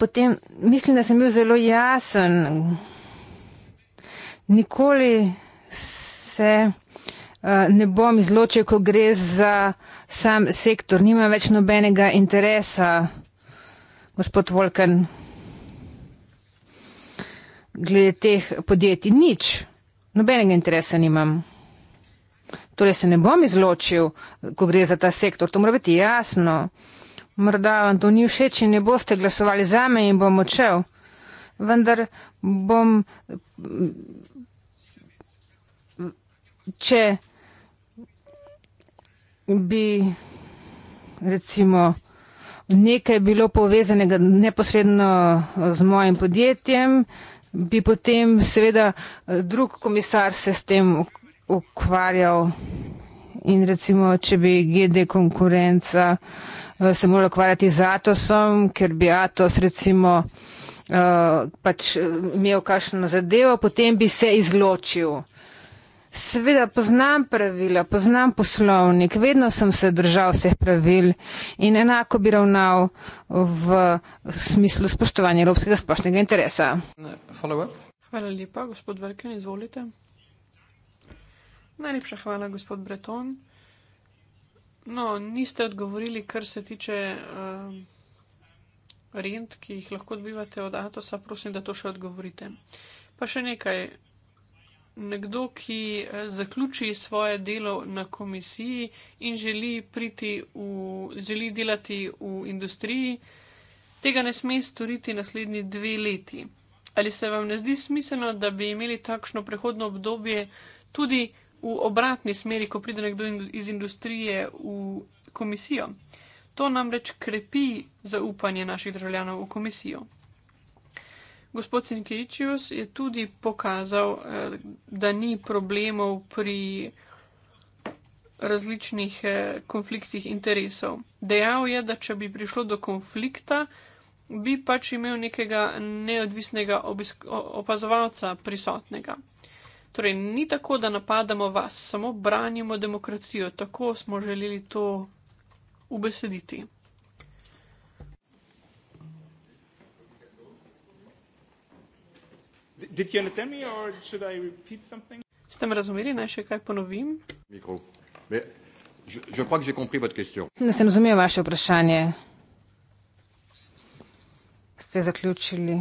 Potem mislim, da sem bil zelo jasen. Nikoli se uh, ne bom izločil, ko gre za uh, sam sektor nima več nobenega interesa, gospod Volken, glede teh podjetij. Nič, nobenega interesa nimam. Torej se ne bom izločil, ko gre za ta sektor, to mora biti jasno. Morda vam to ni všeč in ne boste glasovali za me in bom odšel. Vendar bom. Če bi recimo nekaj bilo povezanega neposredno eh, z mojim podjetjem, bi potem seveda eh, drug komisar se s tem ukvarjal. In recimo, če bi GD konkurenca eh, se morala ukvarjati z Atosom, ker bi Atos recimo pač imel kakšno zadevo, potem bi se izločil. Seveda poznam pravila, poznam poslovnik, vedno sem se držal vseh pravil in enako bi ravnal v smislu spoštovanja evropskega splošnega interesa. Hvala, hvala lepa, gospod Verken, izvolite. Najlepša hvala, gospod Breton. No, niste odgovorili, kar se tiče uh, rent, ki jih lahko dobivate od Atosa, prosim, da to še odgovorite. Pa še nekaj nekdo, ki eh, zaključi svoje delo na komisiji in želi, v, želi delati v industriji, tega ne sme storiti naslednji dve leti. Ali se vam ne zdi smiselno, da bi imeli takšno prehodno obdobje tudi v obratni smeri, ko pride nekdo iz industrije v komisijo? To namreč krepi zaupanje naših državljanov v komisijo. Gospod Sinkejčius je tudi pokazal, eh, da ni problemov pri različnih eh, konfliktih interesov. Dejal je, da če bi prišlo do konflikta, bi pač imel nekega neodvisnega opazovalca prisotnega. Torej, ni tako, da napadamo vas, samo branimo demokracijo, tako smo želeli to ubesediti. Ste me razumeli, naj še kaj ponovim? Ne sem razumel vaše vprašanje. Ste zaključili?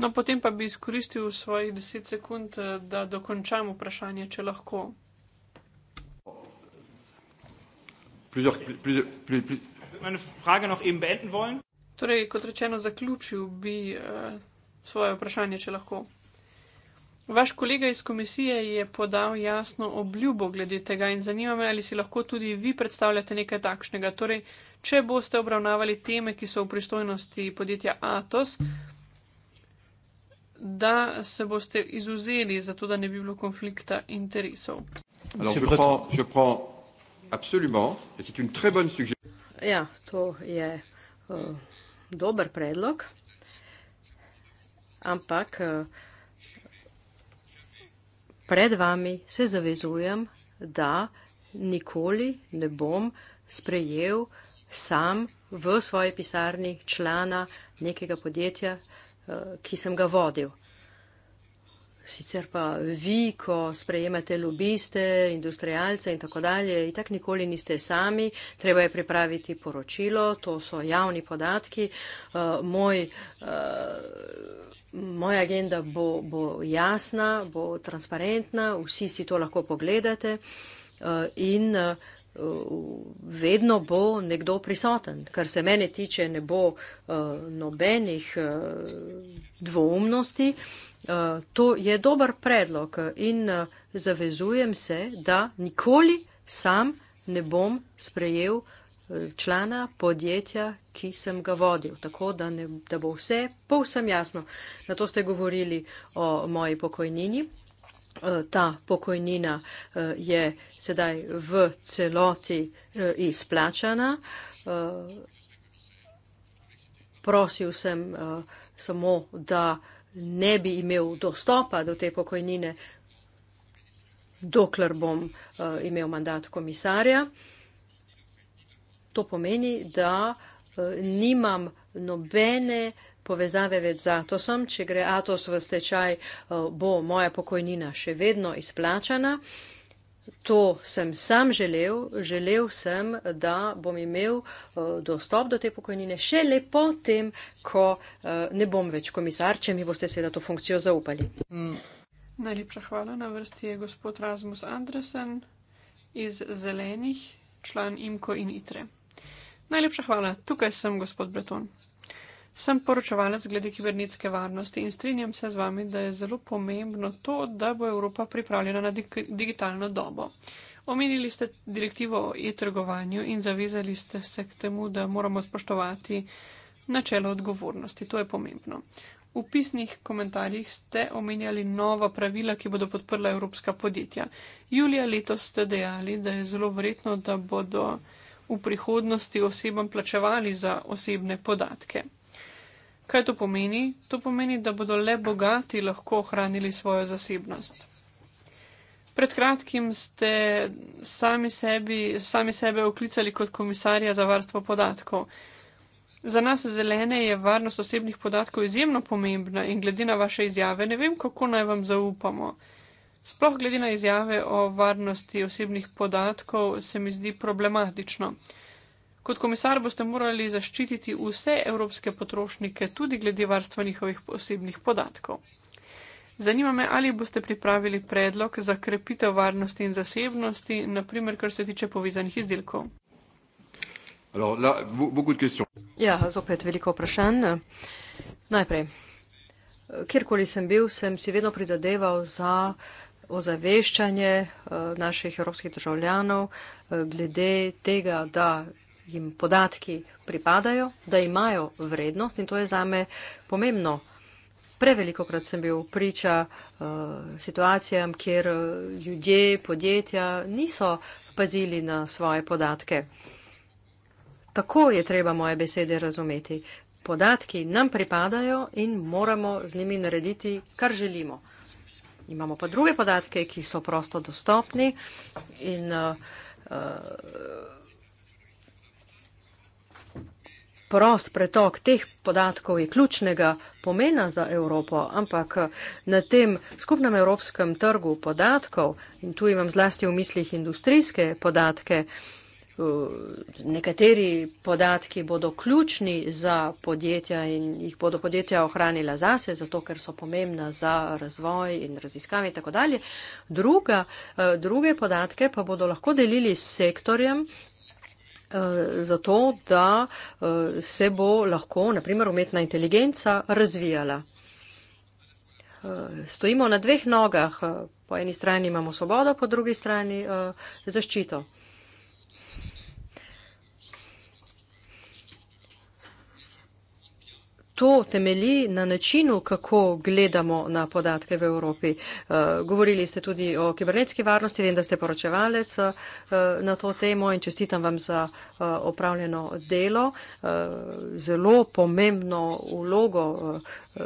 No, potem pa bi izkoristil svojih deset sekund, eh, da dokončam vprašanje, če lahko. Plusieurs, plusieurs, plusieurs. Meine Frage noch eben beenden wollen? Torej, kot rečeno, zaključil bi uh, svoje vprašanje, če lahko. Vaš kolega iz komisije je podal jasno obljubo glede tega in zanima me, ali si lahko tudi vi predstavljate nekaj takšnega. Torej, če boste obravnavali teme, ki so v pristojnosti podjetja Atos, da se boste izuzeli, zato da ne bi bilo konflikta interesov. Alors, je prend, je prend ja, to je. Uh dober predlog. Ampak, pred vami se zavezujem, da nikoli ne bom sprejel sam v svoji pisarni člana nekega podjetja, eh, ki sem ga vodil. Sicer pa vi, ko sprejemate lobiste, industrialce in tako dalje, itak nikoli niste sami, treba je pripraviti poročilo, to so javni podatki. Uh, moj, uh, moja agenda bo, bo jasna, bo transparentna, vsi si to lahko pogledate uh, in uh, vedno bo nekdo prisoten. Kar se mene tiče, ne bo uh, nobenih uh, dvoumnosti. Uh, Eh, to je dober predlog in eh, zavezujem se, da nikoli sam ne bom sprejel eh, člana podjetja, ki sem ga vodil. Tako da, ne, da bo vse povsem jasno. Na to ste govorili o moji pokojnini. Ta pokojnina je sedaj v celoti izplačana. Prosil sem samo, da ne bi imel dostopa do te pokojnine, dokler bom eh, imel mandat komisarja. To pomeni, da eh, nimam nobene povezave več z Atosom. Če gre Atos v stečaj, eh, bo moja pokojnina še vedno izplačana. To sem sam želel, želel sem, da bom imel eh, dostop do te pokojnine še lepo tem, ko eh, ne bom več komisar, če mi boste seveda to funkcijo zaupali. Mm. Najlepša hvala. Na vrsti je gospod Rasmus Andresen iz Zelenih, član IMKO in ITRE. Najlepša hvala. Tukaj sem gospod Breton. Sem poročevalec glede kibernetske varnosti in strinjam se z vami, da je zelo pomembno to, da bo Evropa pripravljena na digitalno dobo. Omenili ste direktivo o e-trgovanju in zavezali ste se k temu, da moramo spoštovati načelo odgovornosti. To je pomembno. V pisnih komentarjih ste omenjali nova pravila, ki bodo podprla evropska podjetja. Julija letos ste dejali, da je zelo verjetno, da bodo v prihodnosti osebam plačevali za osebne podatke. Kaj to pomeni? To pomeni, da bodo le bogati lahko ohranili svojo zasebnost. Pred kratkim ste sami, sebi, sami sebe oklicali kot komisarja za varstvo podatkov. Za nas zelene je varnost osebnih podatkov izjemno pomembna in glede na vaše izjave ne vem, kako naj vam zaupamo. Sploh glede na izjave o varnosti osebnih podatkov se mi zdi problematično. Kot komisar boste morali zaščititi vse evropske potrošnike, tudi glede varstva njihovih osebnih podatkov. Zanima me, ali boste pripravili predlog za krepitev varnosti in zasebnosti, naprimer, kar se tiče povezanih izdelkov. Ja, zopet veliko vprašanj. Najprej, kjerkoli sem bil, sem si vedno prizadeval za ozaveščanje eh, naših evropskih državljanov eh, glede tega, da jim podatki pripadajo, da imajo vrednost in to je zame pomembno. Preveliko krat sem bil priča uh, situacijam, kjer eh, ljudje, podjetja niso pazili na svoje podatke. Tako je treba moje besede razumeti. Podatki nam pripadajo in moramo z njimi narediti, kar želimo. Imamo pa druge podatke, ki so prosto dostopni in uh, uh, prost pretok teh podatkov je ključnega pomena za Evropo, ampak na tem skupnem evropskem trgu podatkov, in tu imam zlasti v mislih industrijske podatke, nekateri podatki bodo ključni za podjetja in jih bodo podjetja ohranila zase, zato ker so pomembna za razvoj in raziskave in tako dalje. Druga, eh, druge podatke pa bodo lahko delili s sektorjem, Eh, zato, da eh, se bo lahko, naprimer, umetna inteligenca razvijala. Eh, stojimo na dveh nogah, po eni strani imamo svobodo, po drugi strani zaščito. to temelji na načinu, kako gledamo na podatke v Evropi. Eh, govorili ste tudi o kibernetski varnosti, vem, da ste poročevalec eh, na to temo in čestitam vam za eh, opravljeno delo. Zelo pomembno vlogo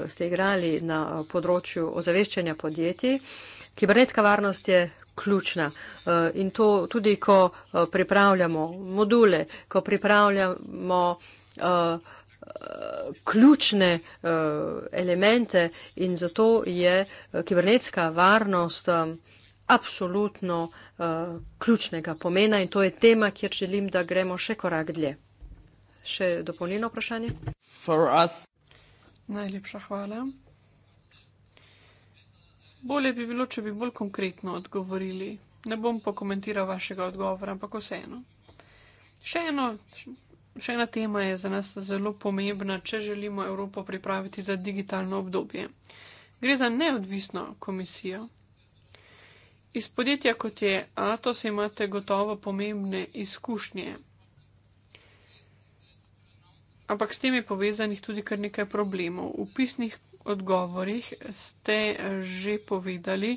ste igrali na področju ozaveščanja podjetij. Kibernetska varnost je ključna in to tudi, ko pripravljamo module, ko pripravljamo. Uh, ključne eh, elemente in zato je eh, kibernetska varnost eh, absolutno ključnega pomena in to je tema, kjer želim, da gremo še korak dlje. Še dopolnilno vprašanje? Najlepša hvala. Bolje bi bilo, če bi bolj konkretno odgovorili. Ne bom pokomentiral vašega odgovora, ampak vseeno. Še eno, Še ena tema je za nas zelo pomembna, če želimo Evropo pripraviti za digitalno obdobje. Gre za neodvisno komisijo. Iz podjetja kot je Atos imate gotovo pomembne izkušnje. Ampak s tem je povezanih tudi kar nekaj problemov. V pisnih odgovorih ste že povedali,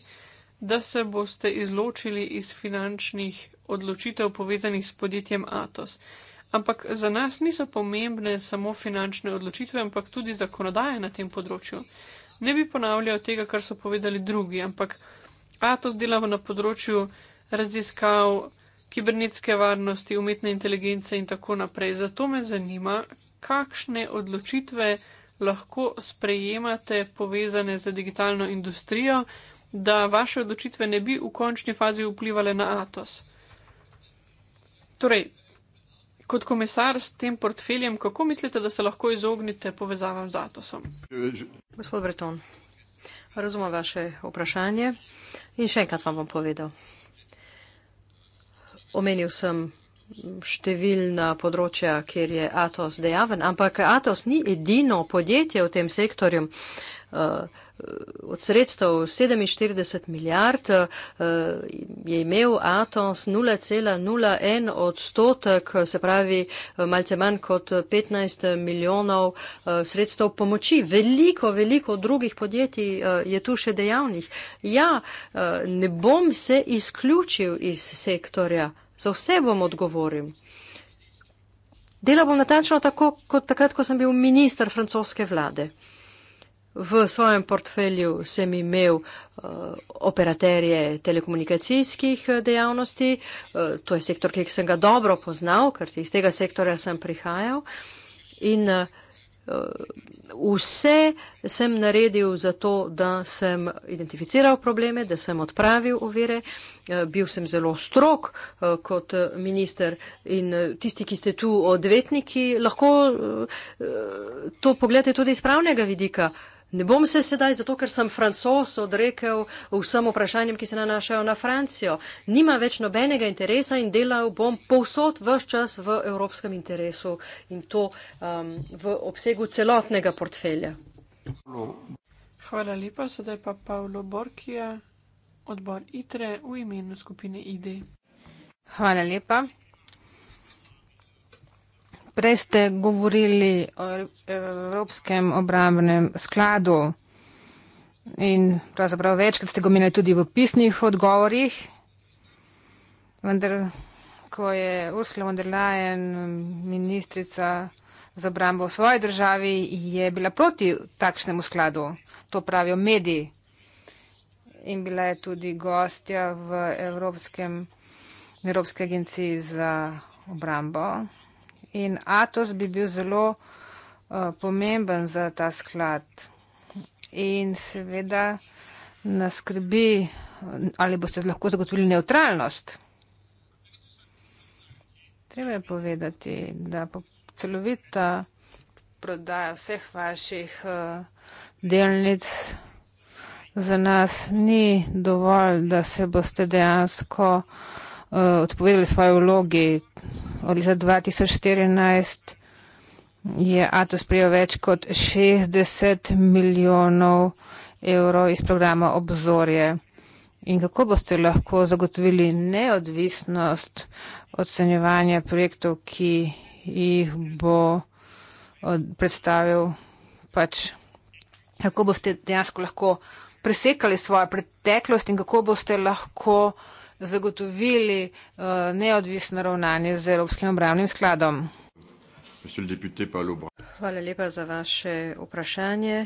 da se boste izločili iz finančnih odločitev povezanih s podjetjem Atos. Ampak za nas niso pomembne samo finančne odločitve, ampak tudi zakonodaje na tem področju. Ne bi ponavljal tega, kar so povedali drugi, ampak Atos dela na področju raziskav kibernetske varnosti, umetne inteligence in tako naprej. Zato me zanima, kakšne odločitve lahko sprejemate povezane z digitalno industrijo, da vaše odločitve ne bi v končni fazi vplivali na Atos. Torej, kot komisar s tem portfeljem, kako mislite, da se lahko izognite povezavam z Atosom? Gospod Breton, razumem vaše vprašanje in še enkrat vam bom povedal. Omenil sem številna področja, kjer je Atos dejaven, ampak Atos ni edino podjetje v tem sektorju. Eh, od sredstev 47 milijard eh, je imel Atos 0,01 odstotek, se pravi malce manj kot 15 milijonov eh, sredstev pomoči. Veliko, veliko drugih podjetij je tu še dejavnih. Ja, ne bom se izključil iz sektorja za vse bom odgovoril. Delal bom natančno tako, kot takrat, ko sem bil minister francoske vlade. V svojem portfelju sem imel uh, operaterje telekomunikacijskih uh, dejavnosti, uh, to je sektor, ki sem ga dobro poznal, ker iz tega sektorja sem prihajal. In, uh, vse sem naredil za to, da sem identificiral probleme, da sem odpravil ovire. Eh, bil sem zelo strok eh, kot minister in eh, tisti, ki ste tu odvetniki, lahko to pogledate tudi iz pravnega vidika. Ne bom se sedaj, zato ker sem francos odrekel vsem vprašanjem, ki se nanašajo na Francijo. Nima več nobenega interesa in delal bom povsod vse čas v evropskem interesu in to um, v obsegu celotnega portfelja. Hvala lepa, sedaj pa Paolo Borkija, odbor ITRE v imenu skupine ID. Hvala lepa. Prej ste govorili o Evropskem obrambnem skladu in pravzaprav večkrat ste ga omenjali tudi v pisnih odgovorih, vendar ko je Ursula von der Leyen, ministrica za obrambo v svoji državi, je bila proti takšnemu skladu, to pravijo mediji. In bila je tudi gostja v Evropskem, Evropske agenciji za obrambo in Atos bi bil zelo uh, pomemben za ta sklad. In seveda nas skrbi, ali boste lahko zagotovili neutralnost. Treba je povedati, da celovita prodaja vseh vaših uh, delnic za nas ni dovolj, da se boste dejansko uh, odpovedali svoje vlogi od leta 2014 je Atos prijel več kot 60 milijonov evrov iz programa Obzorje. In kako boste lahko zagotovili neodvisnost ocenjevanja projektov, ki jih bo eh, predstavil pač? Kako boste dejansko lahko presekali svojo preteklost in kako boste lahko uh, zagotovili uh, neodvisno ravnanje z Evropskim obravnim skladom. Hvala lepa za vaše vprašanje.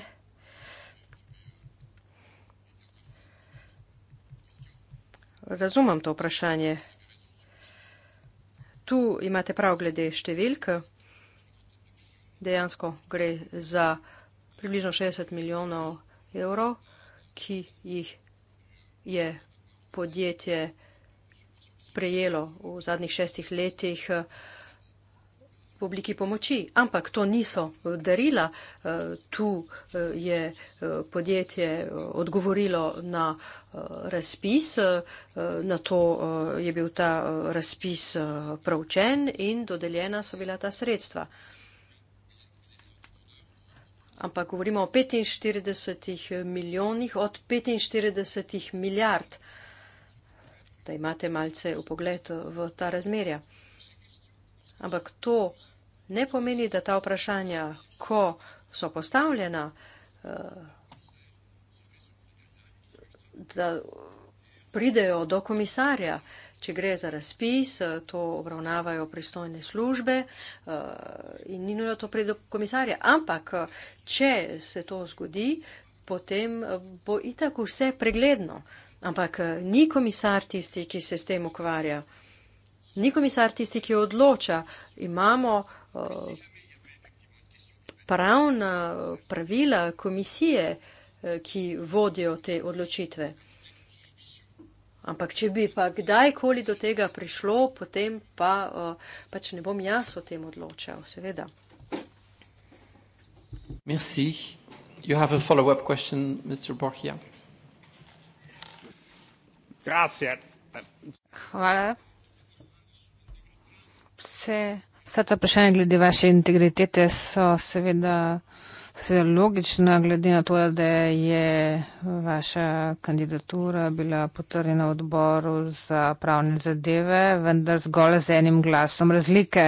Razumem to vprašanje. Tu imate prav glede številka. Dejansko gre za približno 60 milijonov evrov, ki jih je podjetje prejelo v zadnjih šestih letih eh, v obliki pomoči. Ampak to niso eh, darila. Eh, tu je podjetje odgovorilo na razpis, na to je bil ta razpis pravčen in dodeljena so bila ta sredstva. Ampak govorimo o 45 milijonih od 45 milijard da imate malce v pogled v ta razmerja. Ampak to ne pomeni, da ta vprašanja, ko so postavljena, eh, da pridejo do komisarja, če gre za razpis, eh, to obravnavajo pristojne službe eh, in ni nujno to pride do komisarja. Ampak, če se to zgodi, potem bo itak vse pregledno. Ampak eh, ni komisar tisti, ki se s tem ukvarja. Ni komisar tisti, ki odloča. Imamo uh, pravna eh, pravila komisije, ki vodijo te odločitve. Ampak, če bi pa kdajkoli do tega prišlo, potem pa, uh, pač ne bom jaz o tem odločal, seveda. Merci. You have a follow-up question, Mr. Borchia. Yeah. Grazie. Hvala. Vse, vse to vprašanje glede vaše integritete so seveda zelo logična, glede na to, da je vaša kandidatura bila potrjena v odboru za pravne zadeve, vendar zgolj z enim glasom razlike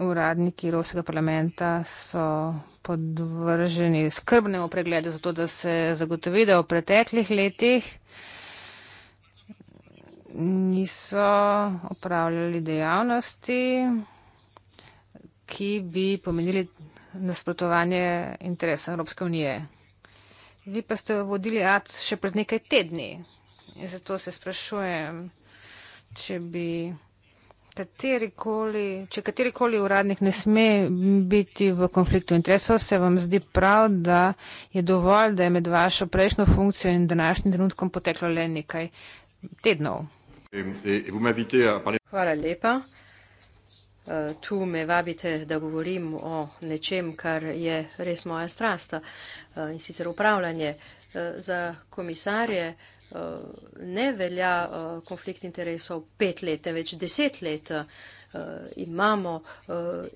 uradniki Evropskega parlamenta so podvrženi skrbnemu pregledu za to, da se zagotovi, da v preteklih letih niso opravljali dejavnosti, ki bi pomenili nasprotovanje interesa Evropske unije. Vi pa ste vodili AC še pred nekaj tedni in zato se sprašujem, če bi Katerikoli, če katerikoli uradnik ne sme biti v konfliktu interesov, se vam zdi prav, da je dovolj, da je med vašo prejšnjo funkcijo in današnjim trenutkom poteklo le nekaj tednov. Hvala lepa. E, tu me vabite, da govorim o nečem, kar je res moja strasta e, in sicer upravljanje e, za komisarje. Eh, ne velja eh, konflikt interesov pet let, temveč deset let eh, imamo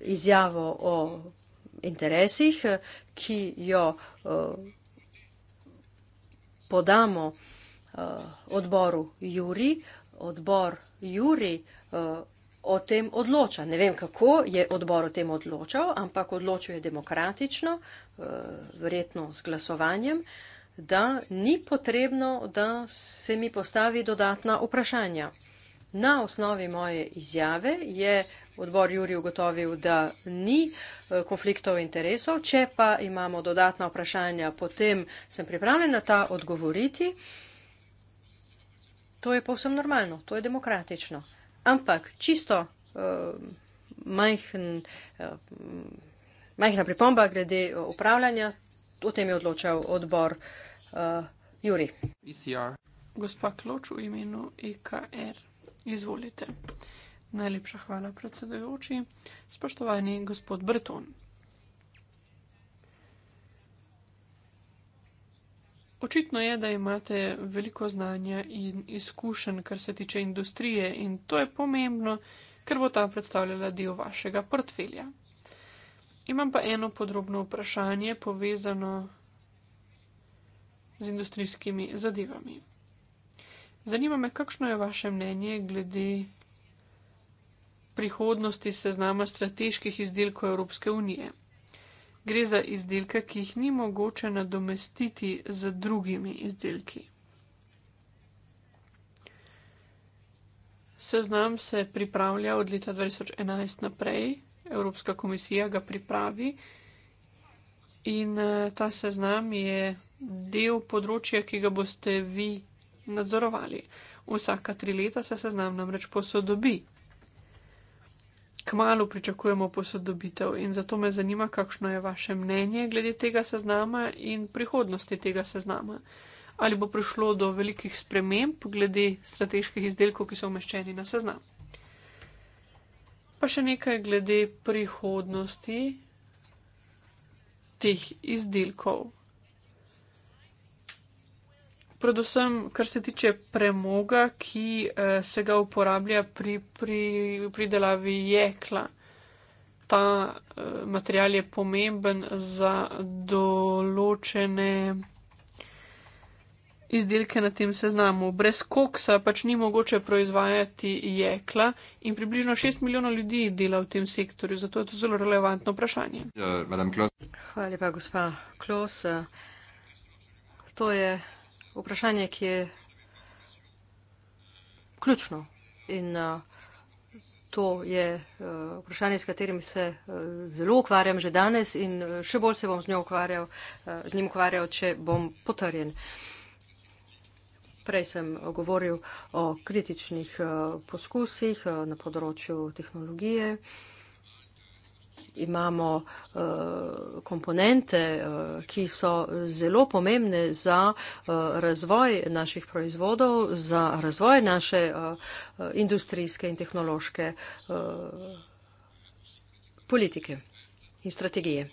izjavo o interesih, ki jo podamo odboru Juri. Odbor Juri o tem odloča. Ne vem, kako je odbor o tem odločal, ampak odločuje demokratično, verjetno s glasovanjem da ni potrebno, da se mi postavi dodatna vprašanja. Na osnovi moje izjave je odbor Juri ugotovil, da ni eh, konfliktov interesov. Če pa imamo dodatna vprašanja, potem sem pripravljen na ta odgovoriti. To je povsem normalno, to je demokratično. Ampak čisto uh, eh, majhn, uh, eh, majhna pripomba glede upravljanja, o tem je odločal odbor uh, Uh, Juri. PCR. E Gospa Kloč v imenu EKR. Izvolite. Najlepša hvala, predsedujoči. Spoštovani gospod Breton. Očitno je, da imate veliko znanja in izkušenj, kar se tiče industrije in to je pomembno, ker bo ta predstavljala del vašega portfelja. Imam pa eno podrobno vprašanje povezano z industrijskimi zadevami. Zanima me, kakšno je vaše mnenje glede prihodnosti seznama strateških izdelkov Evropske unije. Gre za izdelke, ki jih ni mogoče nadomestiti z drugimi izdelki. Seznam se pripravlja od leta 2011 naprej, Evropska komisija ga pripravi in eh, ta seznam je del področja, ki ga boste vi nadzorovali. Vsaka tri leta se seznam namreč posodobi. Kmalo pričakujemo posodobitev in zato me zanima, kakšno je vaše mnenje glede tega seznama in prihodnosti tega seznama. Ali bo prišlo do velikih sprememb glede strateških izdelkov, ki so umeščeni na seznam. Pa še nekaj glede prihodnosti teh izdelkov predvsem kar se tiče premoga, ki eh, se ga uporablja pri pridelavi pri jekla. Ta eh, material je pomemben za določene izdelke na tem seznamu. Brez koksa pač ni mogoče proizvajati jekla in približno 6 milijonov ljudi dela v tem sektorju, zato je to zelo relevantno vprašanje. Ja, Hvala lepa, gospa Klos. To je vprašanje, ki je ključno in uh, to je uh, vprašanje, s katerim se uh, zelo ukvarjam že danes in še bolj se bom z, ukvarjal, z njim ukvarjal, če bom potrjen. Prej sem govoril o kritičnih poskusih na področju tehnologije imamo uh, komponente, uh, ki so zelo pomembne za uh, razvoj naših proizvodov, za razvoj naše uh, industrijske in tehnološke uh, politike in strategije.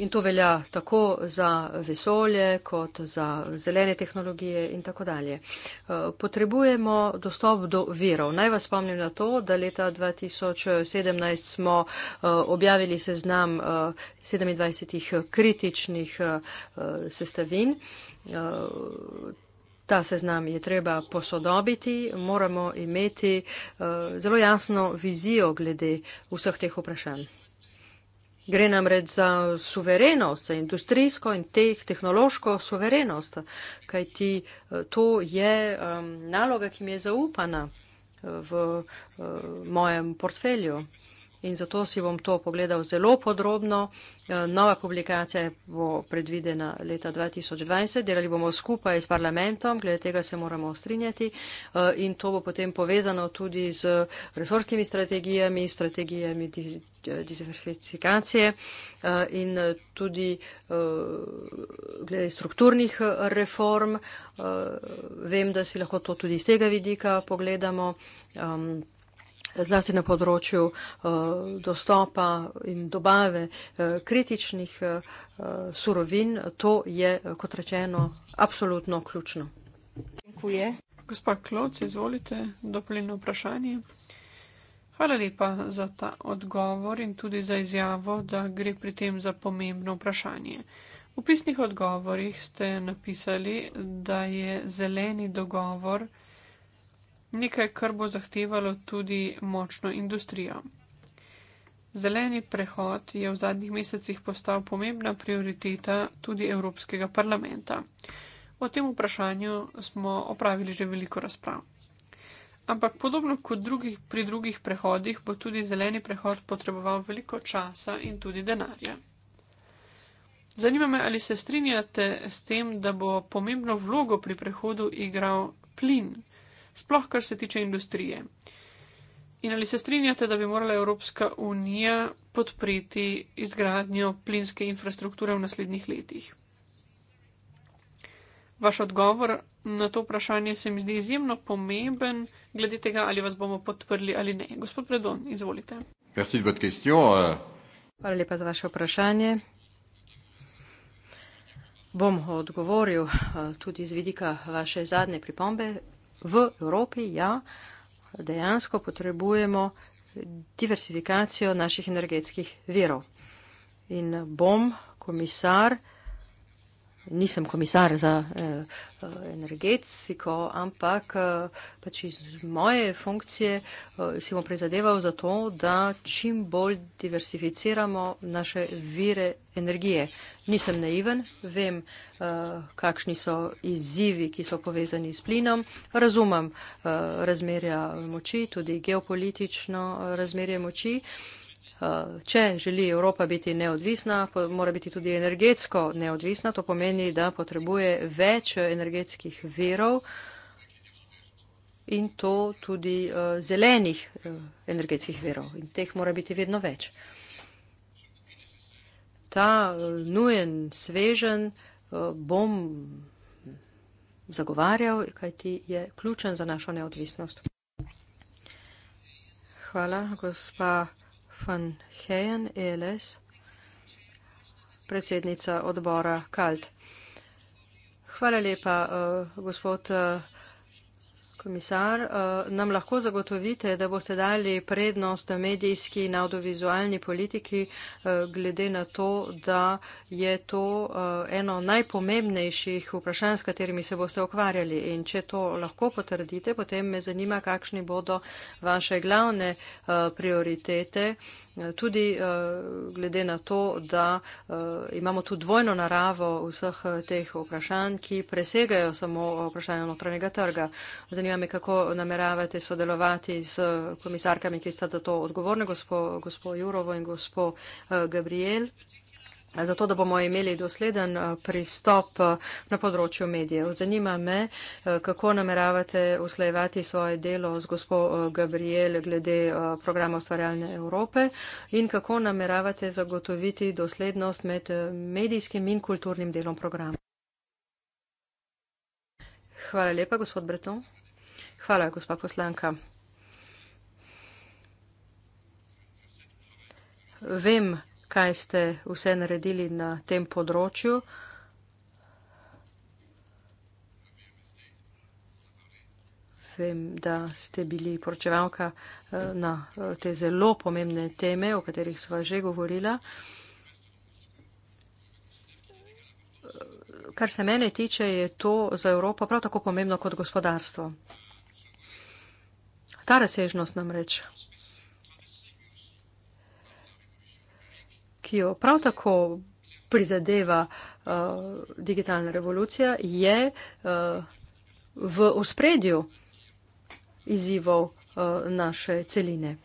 In to velja tako za vesolje, kot za zelene tehnologije in tako dalje. Eh, potrebujemo dostop do virov. Naj vas spomnim na to, da leta 2017 smo eh, objavili seznam 27 eh, kritičnih sestavin. Ta seznam je treba posodobiti, moramo imeti zelo jasno vizijo glede vseh teh vprašanj. Gre namreč za suverenost, za industrijsko in teh, tehnološko suverenost, kajti eh, to je um, naloga, ki mi je zaupana eh, v uh, mojem portfelju in zato si bom to pogledal zelo podrobno. Eh, nova publikacija bo predvidena leta 2020, delali bomo skupaj s parlamentom, glede tega se moramo ostrinjati eh, in to bo potem povezano tudi z resortnimi strategijami, strategijami dizerfikacije eh, in tudi glede strukturnih reform. Vem, da si lahko to tudi iz tega vidika pogledamo. Ehm, zlasti na področju eh, dostopa in dobave eh, kritičnih eh, surovin. To je, kot rečeno, absolutno ključno. Dziękuję. Gospa Kloc, izvolite, dopoljeno vprašanje. Hvala lepa za ta odgovor in tudi za izjavo, da gre pri tem za pomembno vprašanje. V pisnih odgovorih ste napisali, da je zeleni dogovor nekaj, kar bo zahtevalo tudi močno industrijo. Zeleni prehod je v zadnjih mesecih postal pomembna prioriteta tudi Evropskega parlamenta. O tem vprašanju smo opravili že veliko razprav. Ampak podobno kot drugih, pri drugih prehodih bo tudi zeleni prehod potreboval veliko časa in tudi denarja. Zanima me, ali se strinjate s tem, da bo pomembno vlogo pri prehodu igral plin sploh kar se tiče industrije. In ali se strinjate, da bi morala Evropska unija podpreti izgradnjo plinske infrastrukture v naslednjih letih? Vaš odgovor na to vprašanje se mi zdi izjemno pomemben, glede tega, ali vas bomo podprli ali ne. Gospod Predon, izvolite. Euh. Hvala lepa za vaše vprašanje. Bom odgovoril eh, tudi z vidika vaše zadnje pripombe, v Evropi, ja, dejansko potrebujemo diversifikacijo naših energetskih virov. In bom komisar, nisem komisar za eh, eh, energetiko, ampak eh, pač iz moje funkcije eh, si bom prizadeval za to, da čim bolj diversificiramo naše vire energije. Nisem naiven, vem, eh, kakšni so izzivi, ki so povezani s plinom, razumem eh, razmerja moči, tudi geopolitično eh, razmerje moči. Eh, Eh, če želi Evropa biti neodvisna, mora biti tudi energetsko neodvisna. To pomeni, da potrebuje več energetskih verov in to tudi eh, zelenih eh, energetskih verov. In teh mora biti vedno več. Ta nujen svežen bom zagovarjal, kajti je ključen za našo neodvisnost. Hvala, gospa van Hejen, ELS, predsednica odbora KALT. Hvala lepa, eh, gospod Hrvatski. Eh, Komisar, eh, nam lahko zagotovite, da boste dali prednost medijski in audiovizualni politiki, eh, glede na to, da je to eh, eno najpomembnejših vprašanj, s katerimi se boste ukvarjali. In če to lahko potrdite, potem me zanima, kakšni bodo vaše glavne prioritete tudi eh, glede na to, da eh, imamo tu dvojno naravo vseh eh, teh vprašanj, ki presegajo samo vprašanje notranjega trga. Zanima me, kako nameravate sodelovati s komisarkami, ki sta za to odgovorni, gospod gospo Jurovo in gospod Gabriel zato, da bomo imeli dosleden eh, pristop eh, na področju medijev. Zanima me, eh, kako nameravate uslejevati svoje delo z gospo Gabriel glede programa ustvarjalne Evrope in kako nameravate zagotoviti doslednost med medijskim in kulturnim delom programa. Hvala lepa, gospod Breton. Hvala, gospa poslanka. Vem, kaj ste vse naredili na tem področju. Vem, da ste bili poročevalka eh, na eh, te zelo pomembne teme, o katerih sva že govorila. Kar se mene tiče, je to za Evropo prav tako pomembno kot gospodarstvo. Ta razsežnost namreč ki jo prav tako prizadeva uh, digitalna revolucija, je uh, v ospredju izzivov uh, naše celine.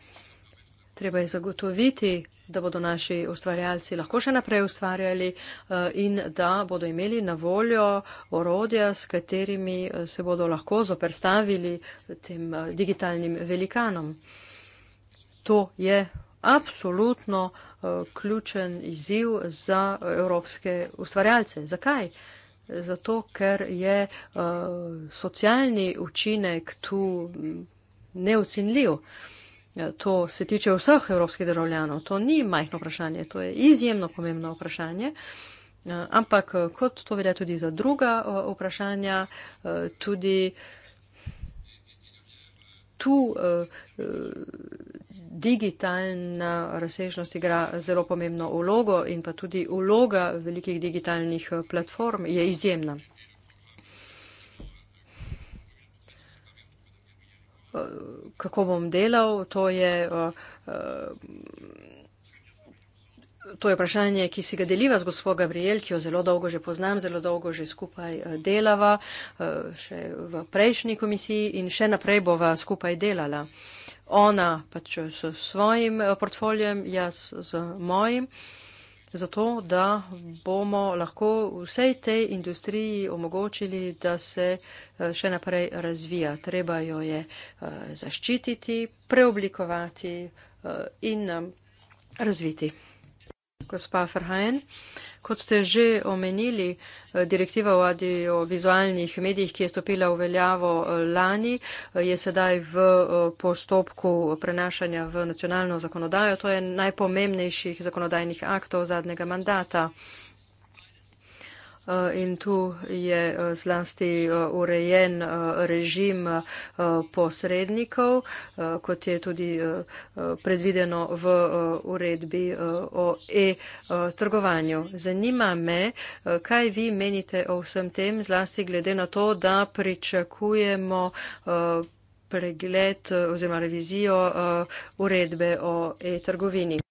Treba je zagotoviti, da bodo naši ustvarjalci lahko še naprej ustvarjali uh, in da bodo imeli na voljo orodja, s katerimi uh, se bodo lahko zoprstavili tem uh, digitalnim velikanom. To je absolutno uh, Eh, ključen izziv za eh, evropske ustvarjalce. Zakaj? Zato, ker je eh, socialni učinek tu mm, neocenljiv. Ja, to se tiče vseh evropskih državljanov. To ni majhno vprašanje, to je izjemno pomembno vprašanje. Ampak, kot to velja tudi za druga vprašanja, tudi tu digitalna razsežnost igra zelo pomembno vlogo in pa tudi vloga velikih digitalnih eh, platform je izjemna. Eh, kako bom delal, to je, eh, to je vprašanje, ki si ga deliva z gospod Gabriel, ki jo zelo dolgo že poznam, zelo dolgo že skupaj delava, še v prejšnji komisiji in še naprej bova skupaj delala ona pač s svojim eh, portfoljem, jaz z mojim, zato da bomo lahko vsej tej industriji omogočili, da se eh, še naprej razvija. Treba jo je eh, zaščititi, preoblikovati in razviti. Gospa Ferhajen, kot ste že omenili, eh, direktiva o audiovizualnih medijih, ki je stopila v veljavo eh, lani, eh, je sedaj v postopku prenašanja v nacionalno zakonodajo. To je najpomembnejših zakonodajnih aktov zadnjega mandata. Eh, in tu je eh, zlasti eh, urejen režim posrednikov, kot je tudi predvideno v uredbi o e-trgovanju. Zanima me, kaj vi menite o vsem tem, zlasti glede na to, da pričakujemo pregled oziroma revizijo uredbe o e-trgovini.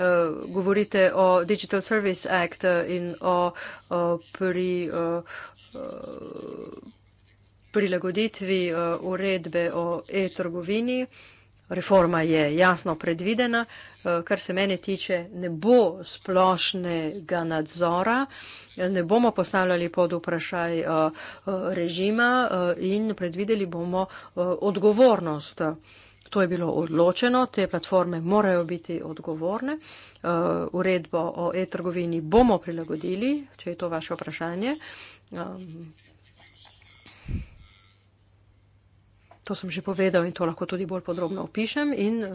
Eh, govorite o Digital Service Act eh, in o, o pri, eh, prilagoditvi uredbe o e-trgovini. Reforma je jasno predvidena, kar se mene tiče, ne bo splošnega nadzora, ne bomo postavljali pod vprašaj režima in predvideli bomo odgovornost. To je bilo odločeno, te platforme morajo biti odgovorne. Eh, uredbo o e-trgovini bomo prilagodili, če je to vaše vprašanje. Eh, to sem že povedal in to lahko tudi bolj podrobno opišem in eh,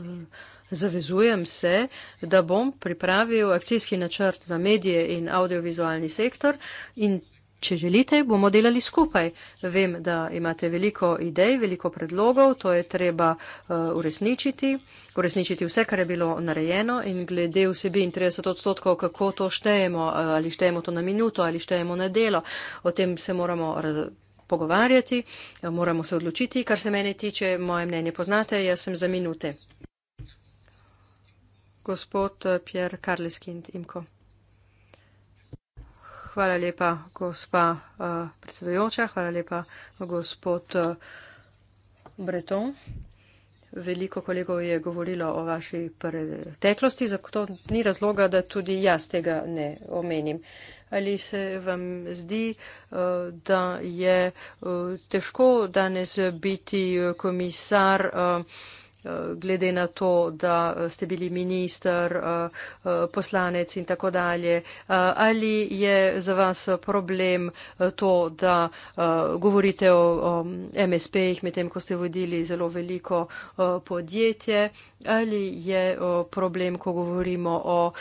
zavezujem se, da bom pripravil akcijski načrt za medije in audiovizualni sektor in Če želite, bomo delali skupaj. Vem, da imate veliko idej, veliko predlogov, to je treba uh, uresničiti, uresničiti vse, kar je bilo narejeno in glede vsebin 30 odstotkov, kako to štejemo, eh, ali štejemo to na minuto, ali štejemo na delo, o tem se moramo raz pogovarjati, eh, moramo se odločiti, kar se meni tiče, moje mnenje poznate, jaz sem za minute. Gospod Pierre Karleskind, imko. Hvala lepa, gospa uh, predsedujoča, hvala lepa, gospod uh, Breton. Veliko kolegov je govorilo o vaši preteklosti, zato ni razloga, da tudi jaz tega ne omenim. Ali se vam zdi, eh, da je težko danes biti komisar glede na to, da eh, ste bili minister, eh, eh, poslanec in tako dalje. Ali je za vas problem to, da govorite o MSP-jih, medtem ko ste vodili zelo veliko podjetje? Ali je problem, ko govorimo o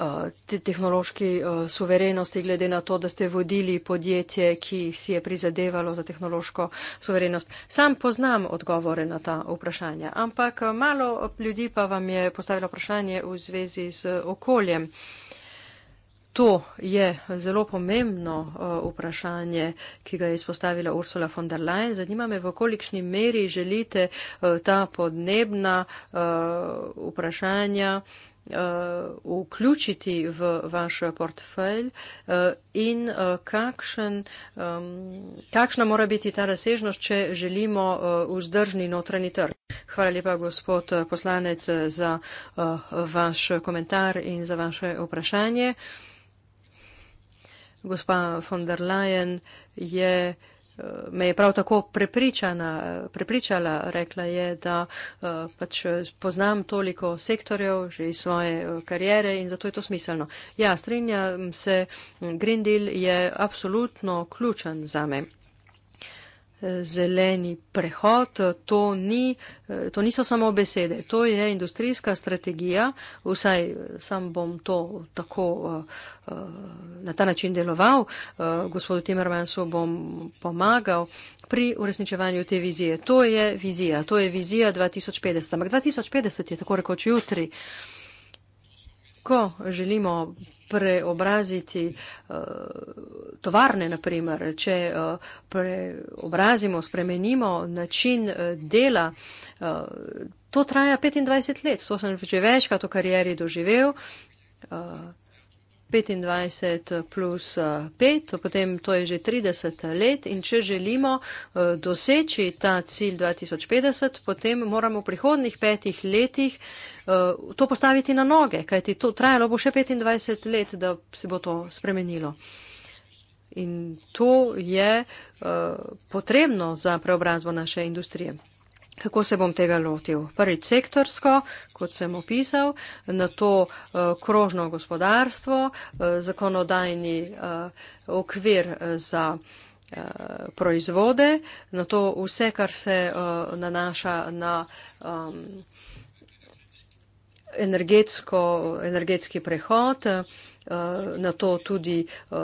Eh, te tehnološki eh, suverenosti, glede na to, da ste vodili podjetje, ki si je prizadevalo za tehnološko suverenost. Sam poznam odgovore na ta vprašanja, ampak eh, malo ljudi pa vam je postavilo vprašanje v zvezi z okoljem. To je zelo pomembno vprašanje, ki ga je izpostavila Ursula von der Leyen. Zanima me, v kolikšni meri želite ta podnebna vprašanja Eh, vključiti v vaš portfelj eh, in eh, kakšen, kakšna mora biti ta razsežnost, če želimo vzdržni notranji trg. Hvala lepa, gospod poslanec, za vaš komentar in za vaše vprašanje. Gospa von der Leyen je. Eh, me je prav tako eh, prepričala, rekla je, da eh, pač poznam toliko sektorjev že iz svoje karijere in zato je to smiselno. Ja, strinjam se, hm, Green Deal je absolutno ključen za me zeleni prehod, to, ni, to niso samo besede, to je industrijska strategija, vsaj sam bom to tako eh, na ta način deloval, eh, gospodu Timmermansu bom pomagal pri uresničevanju te vizije. To je vizija, to je vizija 2050, ampak 2050 je tako rekoč jutri. Ko želimo preobraziti eh, tovarne, naprimer, če eh, preobrazimo, spremenimo način eh, dela. To traja 25 let, to sem že večkrat v karieri doživel. 25 eh, plus 5, eh, potem to je že 30 eh, let in če želimo doseči ta cilj 2050, potem moramo v prihodnih petih letih to postaviti na noge, kajti to trajalo bo še 25 let, da se bo to spremenilo. In to je potrebno za preobrazbo naše industrije kako se bom tega lotil. Prvič sektorsko, kot sem opisal, na to uh, eh, krožno gospodarstvo, uh, zakonodajni uh, okvir za proizvode, na to vse, kar se uh, nanaša na um, energetsko, energetski prehod, uh, Eh, na to tudi eh,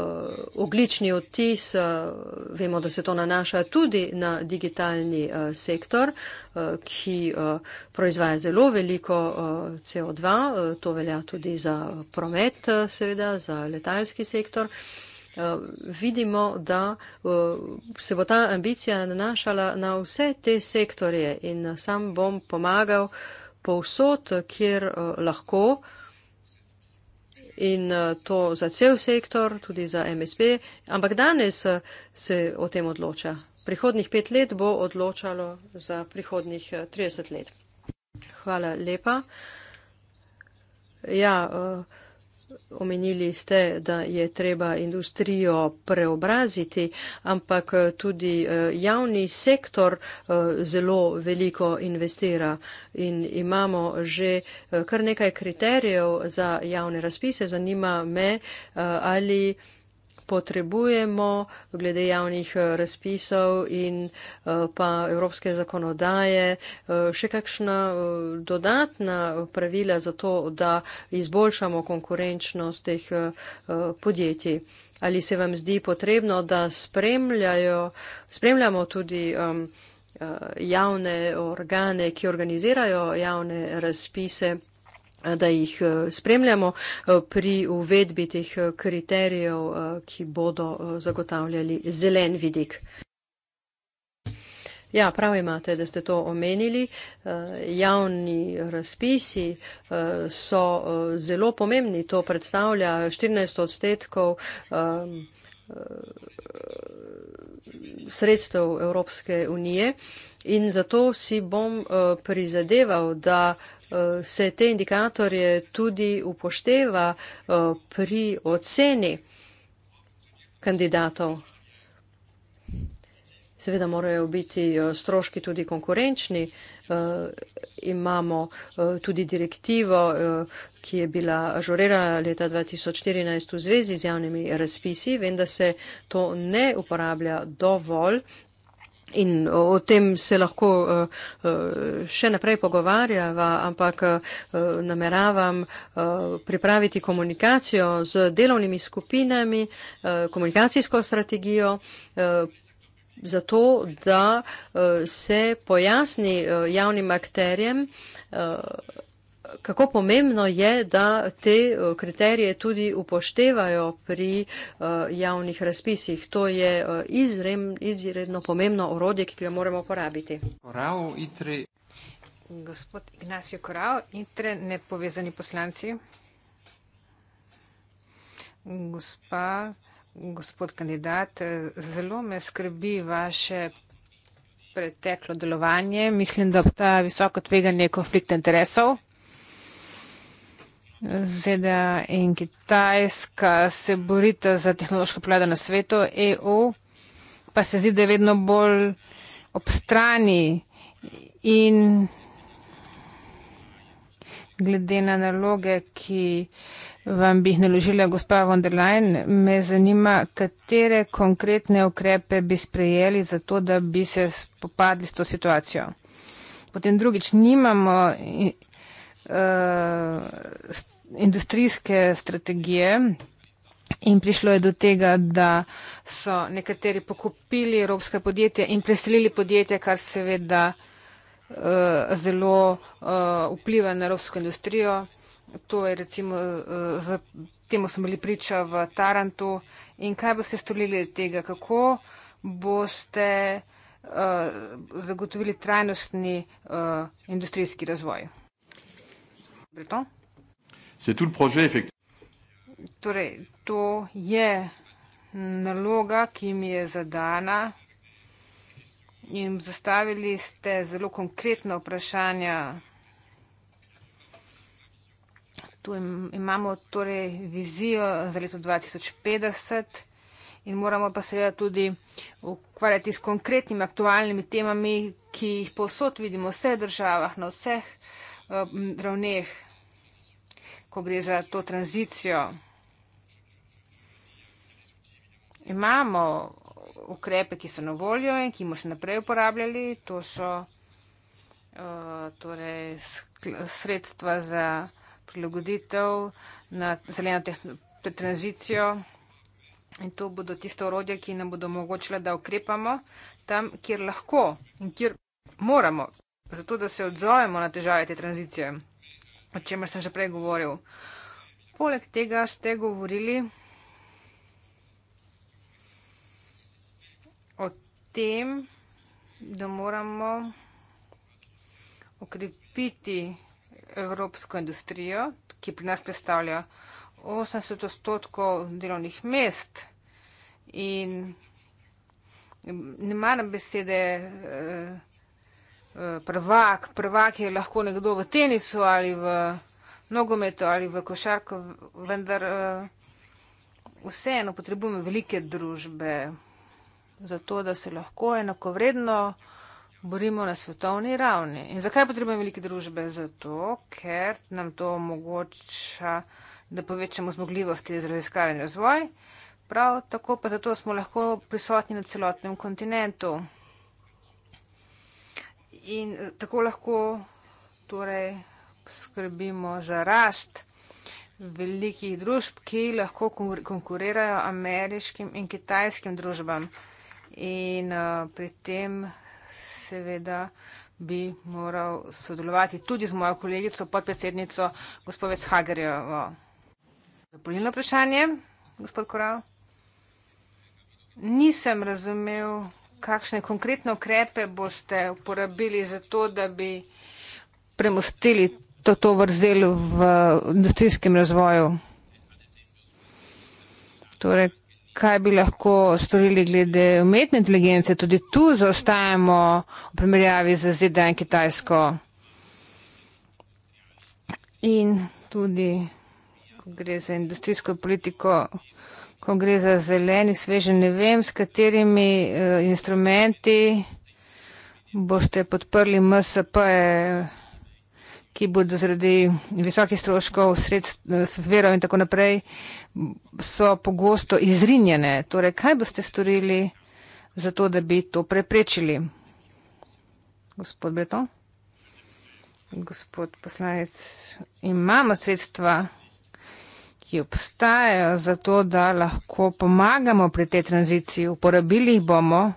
oglični odtis, eh, vemo, da se to nanaša tudi na digitalni sektor, ki proizvaja zelo veliko CO2, to velja tudi za promet, seveda, za letalski sektor. Vidimo, da se bo ta ambicija nanašala na vse te sektorje in sam bom pomagal povsod, kjer lahko, in eh, to za cel sektor, tudi za MSP, ampak danes eh, se o tem odloča. Prihodnih pet let bo odločalo za prihodnih 30 eh, let. Hvala lepa. Ja, uh, Omenili ste, da je treba industrijo preobraziti, ampak tudi eh, javni sektor eh, zelo veliko investira in imamo že eh, kar nekaj kriterijev za javne razpise. Zanima me, ali potrebujemo glede javnih eh, razpisov in eh, pa evropske zakonodaje. Eh, še kakšna dodatna pravila za to, da izboljšamo konkurenčnost teh podjetij? Ali se vam zdi potrebno, da spremljamo tudi um, javne organe, ki organizirajo javne razpise? Eh, da jih eh, spremljamo eh, pri uvedbi teh kriterijev, ki bodo zagotavljali zelen vidik. Ja, prav imate, da ste to omenili. Javni razpisi so zelo pomembni. To predstavlja 14 odstotkov ehm, sredstev Evropske unije. In zato si bom prizadeval, da uh, Eh, se te indikatorje tudi upošteva eh, pri oceni kandidatov. Seveda morajo biti eh, stroški tudi konkurenčni. Imamo tudi direktivo, ki je bila ažurirana leta 2014 v zvezi z javnimi razpisi, vem, da se to ne uporablja dovolj In o tem se lahko eh, eh, še naprej pogovarjava, ampak eh, nameravam pripraviti komunikacijo z delovnimi skupinami, komunikacijsko strategijo, zato da se pojasni javnim akterjem kako pomembno je, da te eh, kriterije tudi upoštevajo pri eh, javnih razpisih. To je eh, izrem, izredno pomembno orodje, ki ga moramo uporabiti. Korau, itre. Gospod Ignacio Korau, itre nepovezani poslanci. Gospa, gospod kandidat, zelo me skrbi vaše preteklo delovanje. Mislim, da obstaja visoko tveganje konflikta interesov. ZDA in Kitajska se borita za tehnološko vlado na svetu, EU pa se zdi, da je vedno bolj ob strani in glede na naloge, ki vam bi jih naložila gospa von der Leyen, me zanima, katere konkretne ukrepe bi sprejeli za to, da bi se spopadli s to situacijo. Potem drugič, nimamo uh, industrijske strategije. In prišlo je do tega, da so nekateri pokupili evropska podjetja in preselili podjetja, kar seveda uh, zelo uh, vpliva na evropsko industrijo. To je recimo, uh, za, temu smo bili priča v Tarantu. In kaj boste storili od tega, kako boste uh, zagotovili trajnostni uh, industrijski razvoj? To? Tout le projet, torej, to je naloga, ki mi je zadana. In zastavili ste zelo konkretna vprašanja. Tu imamo torej vizijo za leto 2050 in moramo pa seveda tudi ukvarjati s konkretnimi aktualnimi temami, ki jih posod vidimo v vseh državah, na vseh eh, ravneh ko gre za to tranzicijo. Imamo ukrepe, ki so na voljo in ki bomo še naprej uporabljali. To so uh, torej sredstva za prilagoditev na zeleno tranzicijo. In to bodo tiste orodje, ki nam bodo omogočile, da ukrepamo tam, kjer lahko in kjer moramo, zato da se odzovemo na težave te tranzicije o čemer sem že prej govoril. Poleg tega ste govorili o tem, da moramo okrepiti evropsko industrijo, ki pri nas predstavlja 80 odstotkov delovnih mest in ne maram besede. Eh, prvak, prvak je lahko nekdo v tenisu ali v nogometu ali v košarku, vendar eh, vseeno potrebujemo velike družbe za to, da se lahko enakovredno borimo na svetovni ravni. In zakaj potrebujemo velike družbe? Zato, ker nam to omogoča, da povečamo zmogljivosti za raziskave in razvoj, prav tako pa zato smo lahko prisotni na celotnem kontinentu in eh, tako lahko torej skrbimo za rast velikih družb, ki lahko konkurirajo ameriškim in kitajskim družbam. In a, eh, pri tem seveda bi moral sodelovati tudi z mojo kolegico, podpredsednico, gospodec Hagerjevo. Zapolnilno vprašanje, gospod Koral. Nisem razumel kakšne konkretne ukrepe boste uporabili za to, da bi premostili to, to vrzel v industrijskem razvoju? Torej, kaj bi lahko storili glede umetne inteligence? Tudi tu zaostajamo v primerjavi z ZDA in Kitajsko. In tudi, ko gre za industrijsko politiko, ko gre za zeleni svežen, ne vem, s katerimi uh, instrumenti boste podprli MSP, -e, ki bodo zaradi visokih stroškov, sredstvo eh, in tako naprej, so pogosto izrinjene. Torej, kaj boste storili za to, da bi to preprečili? Gospod Breton? Gospod poslanec, imamo sredstva, ki obstajajo za to, da lahko pomagamo pri tej tranziciji. Uporabili jih bomo.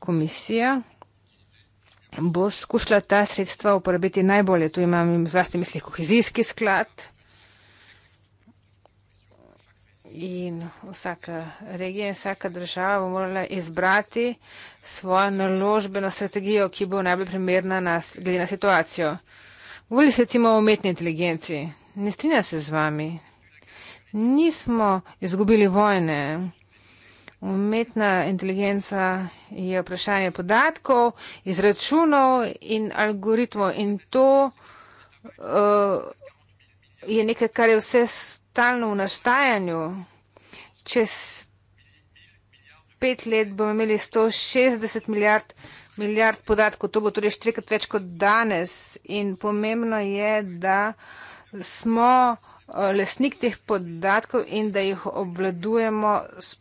Komisija bo skušala ta sredstva uporabiti najbolje. Tu imam zlasti mislih kohezijski sklad. In vsaka regija in vsaka država bo morala izbrati svojo naložbeno strategijo, ki bo najbolj primerna nas, glede na situacijo. Govori se recimo o umetni inteligenciji ne strinja se z vami. Nismo izgubili vojne. Umetna inteligenca je vprašanje podatkov, izračunov in algoritmov. In to uh, je nekaj, kar je vse stalno v nastajanju. Čez pet let bomo imeli 160 milijard, milijard podatkov. To bo torej štrikrat več kot danes. In pomembno je, da. Uh, smo eh, lesnik teh podatkov in da jih obvladujemo s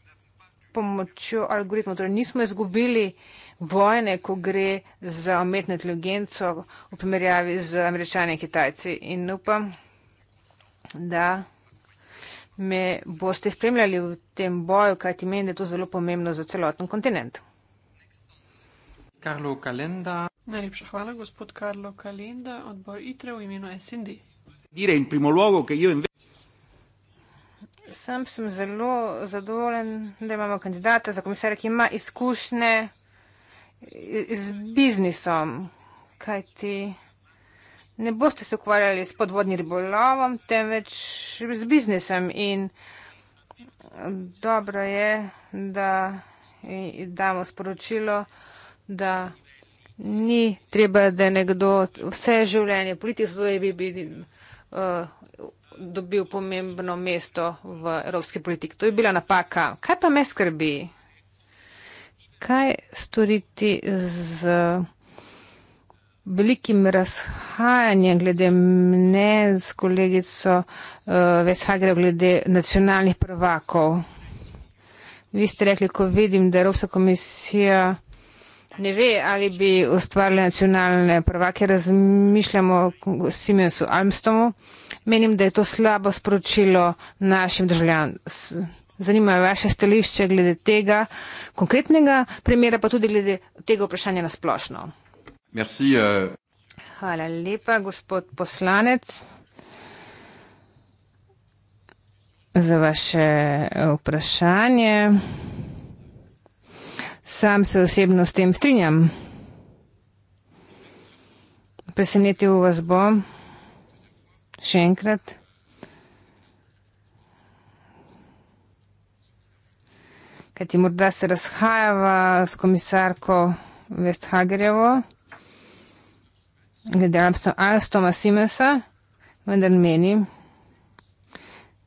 pomočjo algoritmov. Torej nismo izgubili vojne, ko gre za umetno inteligenco v primerjavi z američani in kitajci. In upam, da me boste spremljali v tem boju, kajti meni je to zelo pomembno za celoten kontinent. Najlepša hvala, gospod Karlo Kalenda, odbor ITRE v imenu SND dire in primo luogo che io invece. Sam sem zelo zadovoljen, da imamo kandidata za komisarja, ki ima izkušnje z biznisom, kajti ne boste se ukvarjali s podvodnim ribolovom, temveč z biznisom in dobro je, da damo sporočilo, da ni treba, da je nekdo vse življenje politik, zato je bi bil. Eh, dobil pomembno mesto v evropski politiki. To je bila napaka. Kaj pa me skrbi? Kaj storiti z velikim razhajanjem glede mne s kolegico uh, eh, Veshagrev glede nacionalnih prvakov? Vi ste rekli, ko vidim, da Evropska komisija ne ve, ali bi ustvarili nacionalne prvake, razmišljamo o Simensu Almstomu. Menim, da je to slabo sporočilo našim državljanom. Zanima me vaše stališče glede tega konkretnega primera, pa tudi glede tega vprašanja na splošno. Merci, uh... Hvala lepa, gospod poslanec, za vaše eh, vprašanje. Sam se osebno s tem strinjam. Presenetil vas bom še enkrat. Kajti morda se razhajava s komisarko Westhagerjevo, glede Alstoma Simesa, vendar menim,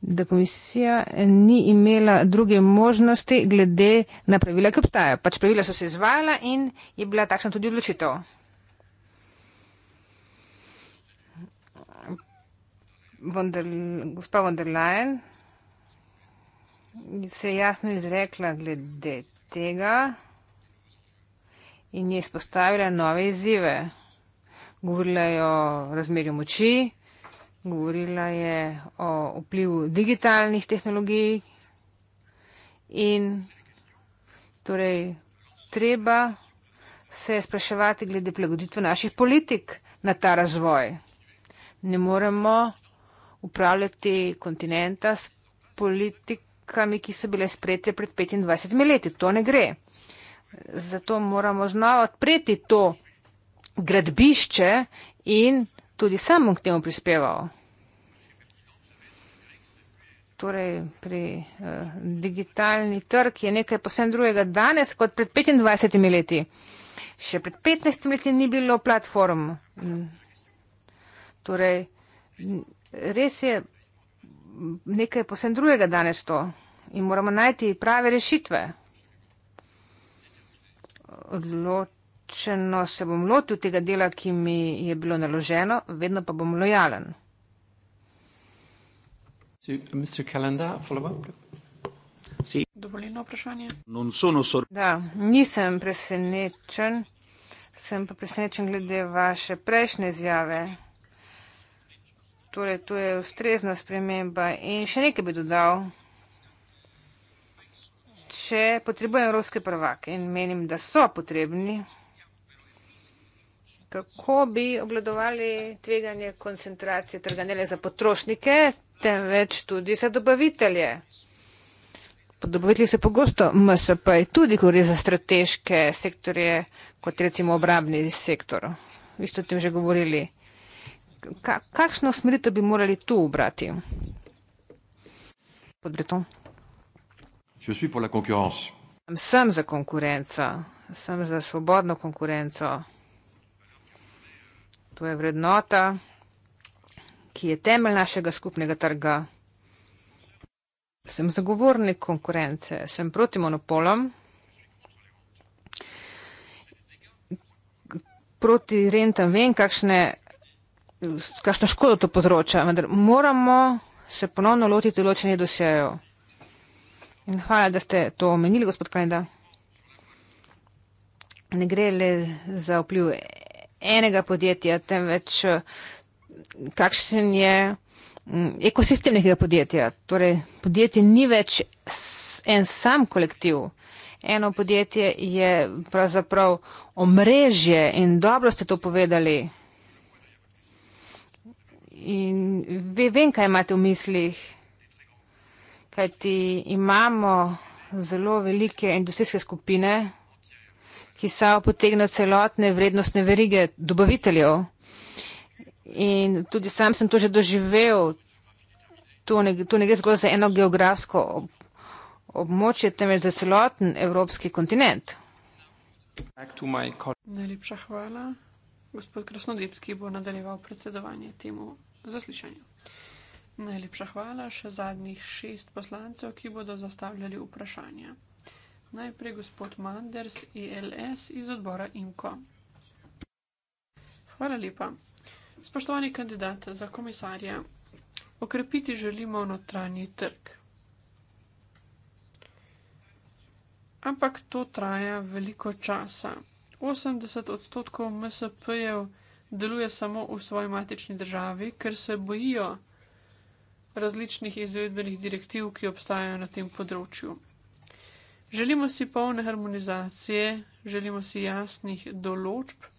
da komisija ni imela druge možnosti glede na pravila, ki obstajajo. Pač pravila so se izvajala in je bila takšna tudi odločitev. Vendar, gospa von der Leyen se je jasno izrekla glede tega in je izpostavila nove izzive. Govorila je o razmerju moči govorila je o vplivu digitalnih tehnologij in torej treba se spraševati glede prilagoditve naših politik na ta razvoj. Ne moremo upravljati kontinenta s politikami, ki so bile sprejete pred 25 leti. To ne gre. Zato moramo znova odpreti to gradbišče in tudi sam bom k temu prispeval torej pri eh, digitalni trg je nekaj posebno drugega danes kot pred 25 leti. Še pred 15 leti ni bilo platform. Mm. Torej, res je nekaj posebno drugega danes to in moramo najti prave rešitve. Odločeno se bom lotil tega dela, ki mi je bilo naloženo, vedno pa bom lojalen. Dovoljeno uh, vprašanje? Da, nisem presenečen, sem pa presenečen glede vaše prejšnje izjave. Torej, to je ustrezna sprememba in še nekaj bi dodal. Če potrebujem evropske prvake in menim, da so potrebni, kako bi obladovali tveganje koncentracije trganele za potrošnike, temveč tudi za dobavitelje. Dobavitelji se pogosto MSP tudi govori za strateške sektorje, kot recimo obrabni sektor. Vi ste o tem že govorili. Ka kakšno smerito bi morali tu ubrati? Podbreton. Sem za konkurenco, sem za svobodno konkurenco. To je vrednota, ki je temelj našega skupnega trga. Sem zagovornik konkurence, sem proti monopolom, proti rentam vem, kakšne, kakšno škodo to povzroča, vendar moramo se ponovno lotiti ločenih dosejev. In hvala, da ste to omenili, gospod Kajnda. Ne gre le za vpliv enega podjetja, temveč. Uh, kakšen je mm, ekosistem nekega podjetja. Torej, podjetje ni več en sam kolektiv. Eno podjetje je pravzaprav omrežje in dobro ste to povedali. In ve, vem, kaj imate v mislih, kajti imamo zelo velike industrijske skupine, ki so potegnile celotne vrednostne verige dobaviteljev. In tudi sam sem to že doživel. To ne, ne gre zgolj za eno geografsko ob, območje, temveč za celoten evropski kontinent. Najlepša hvala. Gospod Krasnodebski bo nadaljeval predsedovanje temu zaslišanju. Najlepša hvala še zadnjih šest poslancev, ki bodo zastavljali vprašanja. Najprej gospod Manders ILS iz odbora IMCO. Hvala lepa. Spoštovani kandidat za komisarja, okrepiti želimo notranji trg. Ampak to traja veliko časa. 80 odstotkov MSP-jev deluje samo v svoji matični državi, ker se bojijo različnih izvedbenih direktiv, ki obstajajo na tem področju. Želimo si polne harmonizacije, želimo si jasnih določb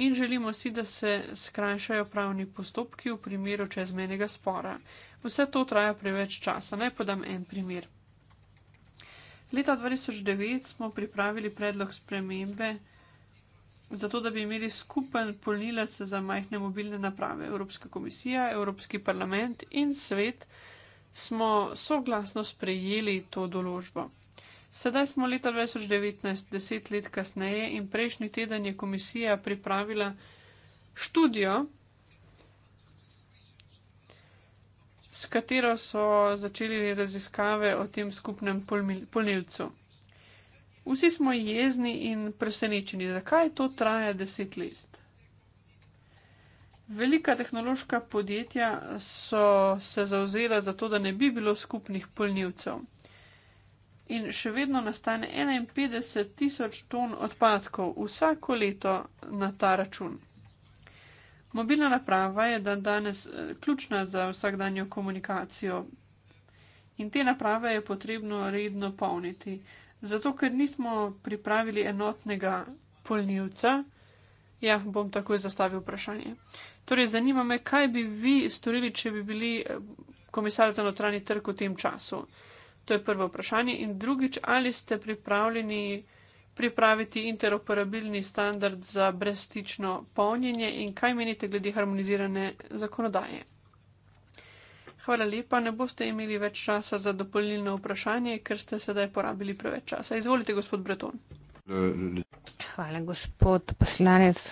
in želimo si, da se skrajšajo pravni postopki v primeru čezmenega spora. Vse to traja preveč časa. Naj podam en primer. Leta 2009 smo pripravili predlog spremembe, zato da bi imeli skupen polnilec za majhne mobilne naprave. Evropska komisija, Evropski parlament in svet smo soglasno sprejeli to določbo. Sedaj smo leta 2019, deset let kasneje, in prejšnji teden je komisija pripravila študijo, s katero so začeli raziskave o tem skupnem polnilcu. Vsi smo jezni in presenečeni, zakaj to traja deset let. Velika tehnološka podjetja so se zauzela za to, da ne bi bilo skupnih polnilcev in še vedno nastane 51 tisoč ton odpadkov vsako leto na ta račun. Mobilna naprava je dan danes eh, ključna za vsakdanjo komunikacijo in te naprave je potrebno redno polniti. Zato, ker nismo pripravili enotnega polnilca, ja, bom takoj zastavil vprašanje. Torej, zanima me, kaj bi vi storili, če bi bili eh, komisar za notranji trg v tem času. To je prvo vprašanje. In drugič, ali ste pripravljeni pripraviti interoperabilni standard za brezstično polnjenje in kaj menite glede harmonizirane zakonodaje? Hvala lepa, ne boste imeli več časa za dopolnilno vprašanje, ker ste sedaj porabili preveč časa. Izvolite, gospod Breton. Hvala, gospod poslanec.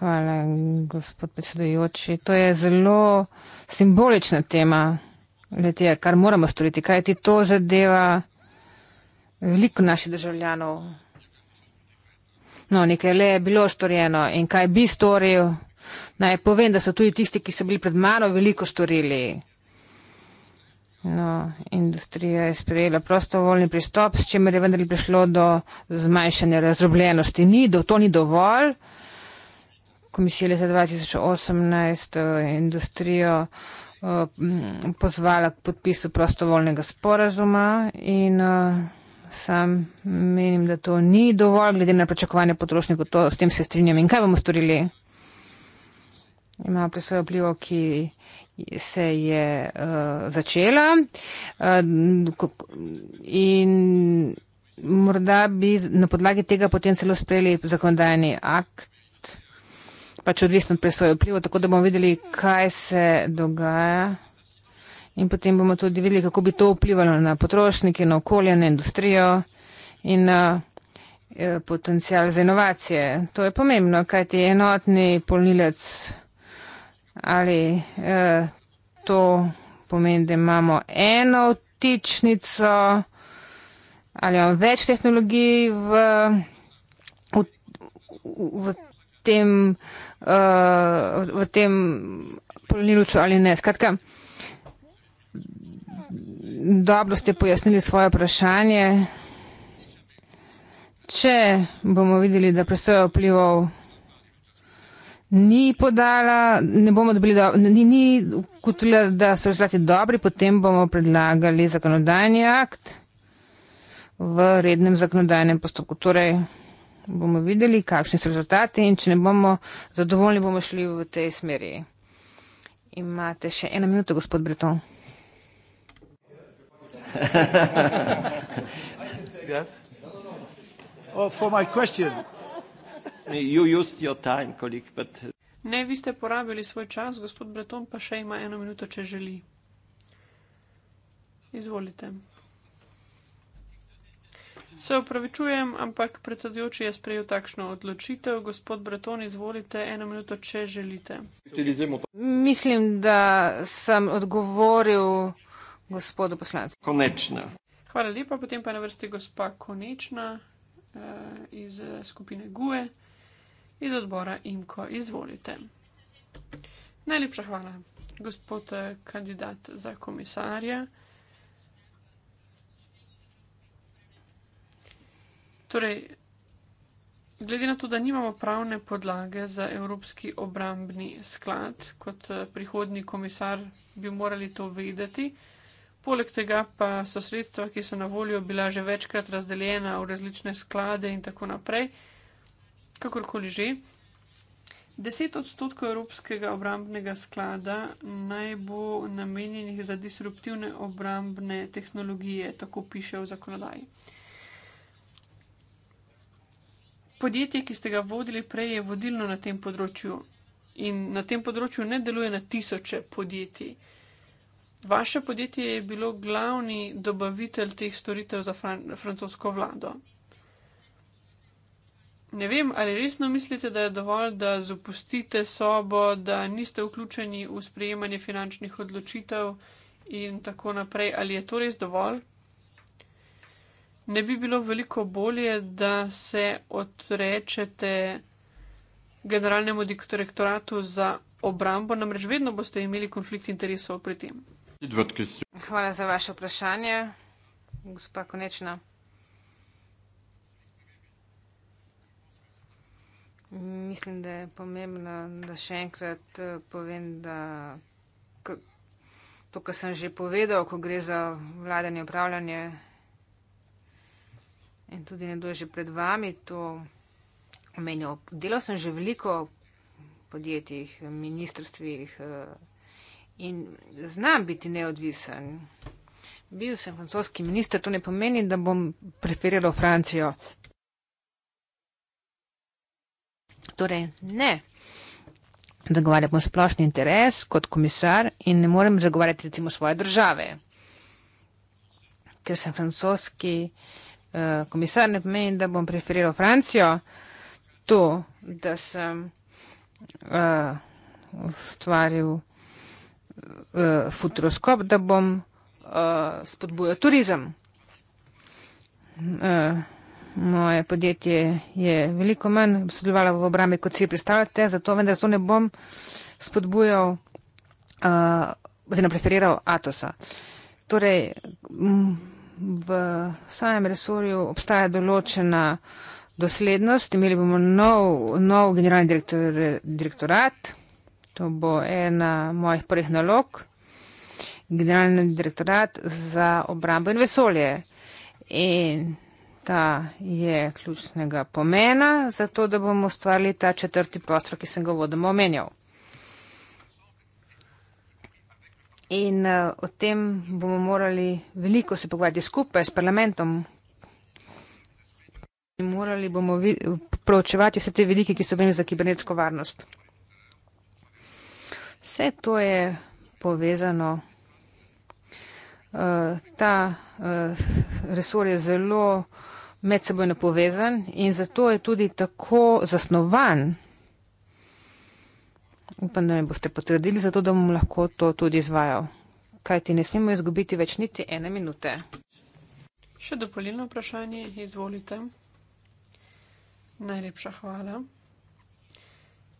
Hvala, gospod predsedujoči. To je zelo simbolična tema ljudje, kar moramo storiti, kaj ti to zadeva veliko naših državljanov. No, nekaj le je bilo storjeno in kaj bi storil, naj povem, da so tudi tisti, ki so bili pred mano, veliko storili. No, industrija je sprejela prostovoljni pristop, s čimer je vendar prišlo do zmanjšanja razdrobljenosti. Ni, do, to ni dovolj. Komisija leta 2018 eh, industrijo Eh, pozvala k podpisu prostovoljnega sporazuma in eh, sam menim, da to ni dovolj, glede na pričakovanje potrošnikov, to s tem se strinjam. In kaj bomo storili? Imajo presojo vplivo, ki se je uh, začela uh, in morda bi na podlagi tega potem celo sprejeli zakonodajni akt pač odvisno od presoje vpliva, tako da bomo videli, kaj se dogaja. In potem bomo tudi videli, kako bi to vplivalo na potrošnike, na okolje, na industrijo in na eh, potencial za inovacije. To je pomembno, kaj ti je enotni polnilec ali eh, to pomeni, da imamo eno vtičnico ali imamo več tehnologij v, v, v, v tem, uh, v tem polnilcu ali ne. Skratka, dobro ste pojasnili svoje vprašanje. Če bomo videli, da presoja vplivov ni podala, ne bomo dobili, do, ni, ni kutila, da so rezultati dobri, potem bomo predlagali zakonodajni akt v rednem zakonodajnem postopku. Torej, bomo videli, kakšni so rezultati in če ne bomo zadovoljni, bomo šli v tej smeri. Imate še eno minuto, gospod Breton. [LAUGHS] Oh, uh, ne, vi ste porabili svoj čas, gospod Breton pa še ima eno minuto, če želi. Izvolite. Se upravičujem, ampak predsedujoči je sprejel takšno odločitev. Gospod Breton, izvolite eno minuto, če želite. Mislim, da sem odgovoril gospodu poslancu. Konečna. Hvala lepa, potem pa na vrsti gospa Konečna eh, iz skupine GUE iz odbora IMKO. Izvolite. Najlepša hvala, gospod eh, kandidat za komisarja. Torej, glede na to, da nimamo pravne podlage za Evropski obrambni sklad, kot eh, prihodni komisar bi morali to vedeti. Poleg tega pa so sredstva, ki so na voljo, bila že večkrat razdeljena v različne sklade in tako naprej, kakorkoli že. Deset odstotkov Evropskega obrambnega sklada naj bo namenjenih za disruptivne obrambne tehnologije, tako piše v zakonodaji podjetje, ki ste ga vodili prej, je vodilno na tem področju in na tem področju ne deluje na tisoče podjetij. Vaše podjetje je bilo glavni dobavitelj teh storitev za fran francosko vlado. Ne vem, ali resno mislite, da je dovolj, da zapustite sobo, da niste vključeni v sprejemanje finančnih odločitev in tako naprej. Ali je to res dovolj? ne bi bilo veliko bolje, da se odrečete generalnemu direktoratu za obrambo, namreč vedno boste imeli konflikt interesov pri tem? Hvala za vaše vprašanje, gospa Konečna. Mislim, da je pomembno, da še enkrat eh, povem, da to, kar sem že povedal, ko gre za vladanje, upravljanje in tudi nekdo je že pred vami to omenjal. Delal sem že veliko v podjetjih, ministrstvih eh, in znam biti neodvisen. Bil sem francoski minister, to ne pomeni, da bom preferiral Francijo. Torej, ne. Zagovarjam splošni interes kot komisar in ne morem zagovarjati recimo svoje države, ker sem francoski. Uh, Eh, komisar, ne pomeni, da bom preferiral Francijo. To, da sem uh, ustvaril uh, eh, futuroskop, da bom uh, spodbujal turizem. Uh, moje podjetje je veliko manj sodelovalo v obrambi, kot si predstavljate, zato vendar to ne bom spodbujal, uh, oziroma preferiral Atosa. Torej, m, v samem resorju obstaja določena doslednost. Imeli bomo nov, nov generalni direktor, direktorat. To bo ena mojih prvih nalog. Generalni direktorat za obrambo in vesolje. In ta je ključnega pomena za to, da bomo ustvarili ta četrti prostor, ki sem ga vodoma omenjal. In uh, o tem bomo morali veliko se pogovarjati skupaj s parlamentom. In morali bomo proučevati vse te velike, ki so vedeli za kibernetsko varnost. Vse to je povezano. Uh, ta uh, resor je zelo medsebojno povezan in zato je tudi tako zasnovan upam, da mi boste potrdili, zato da bom lahko to tudi izvajal. Kaj ti ne smemo izgubiti več niti ene minute? Še dopolnilno vprašanje, izvolite. Najlepša hvala.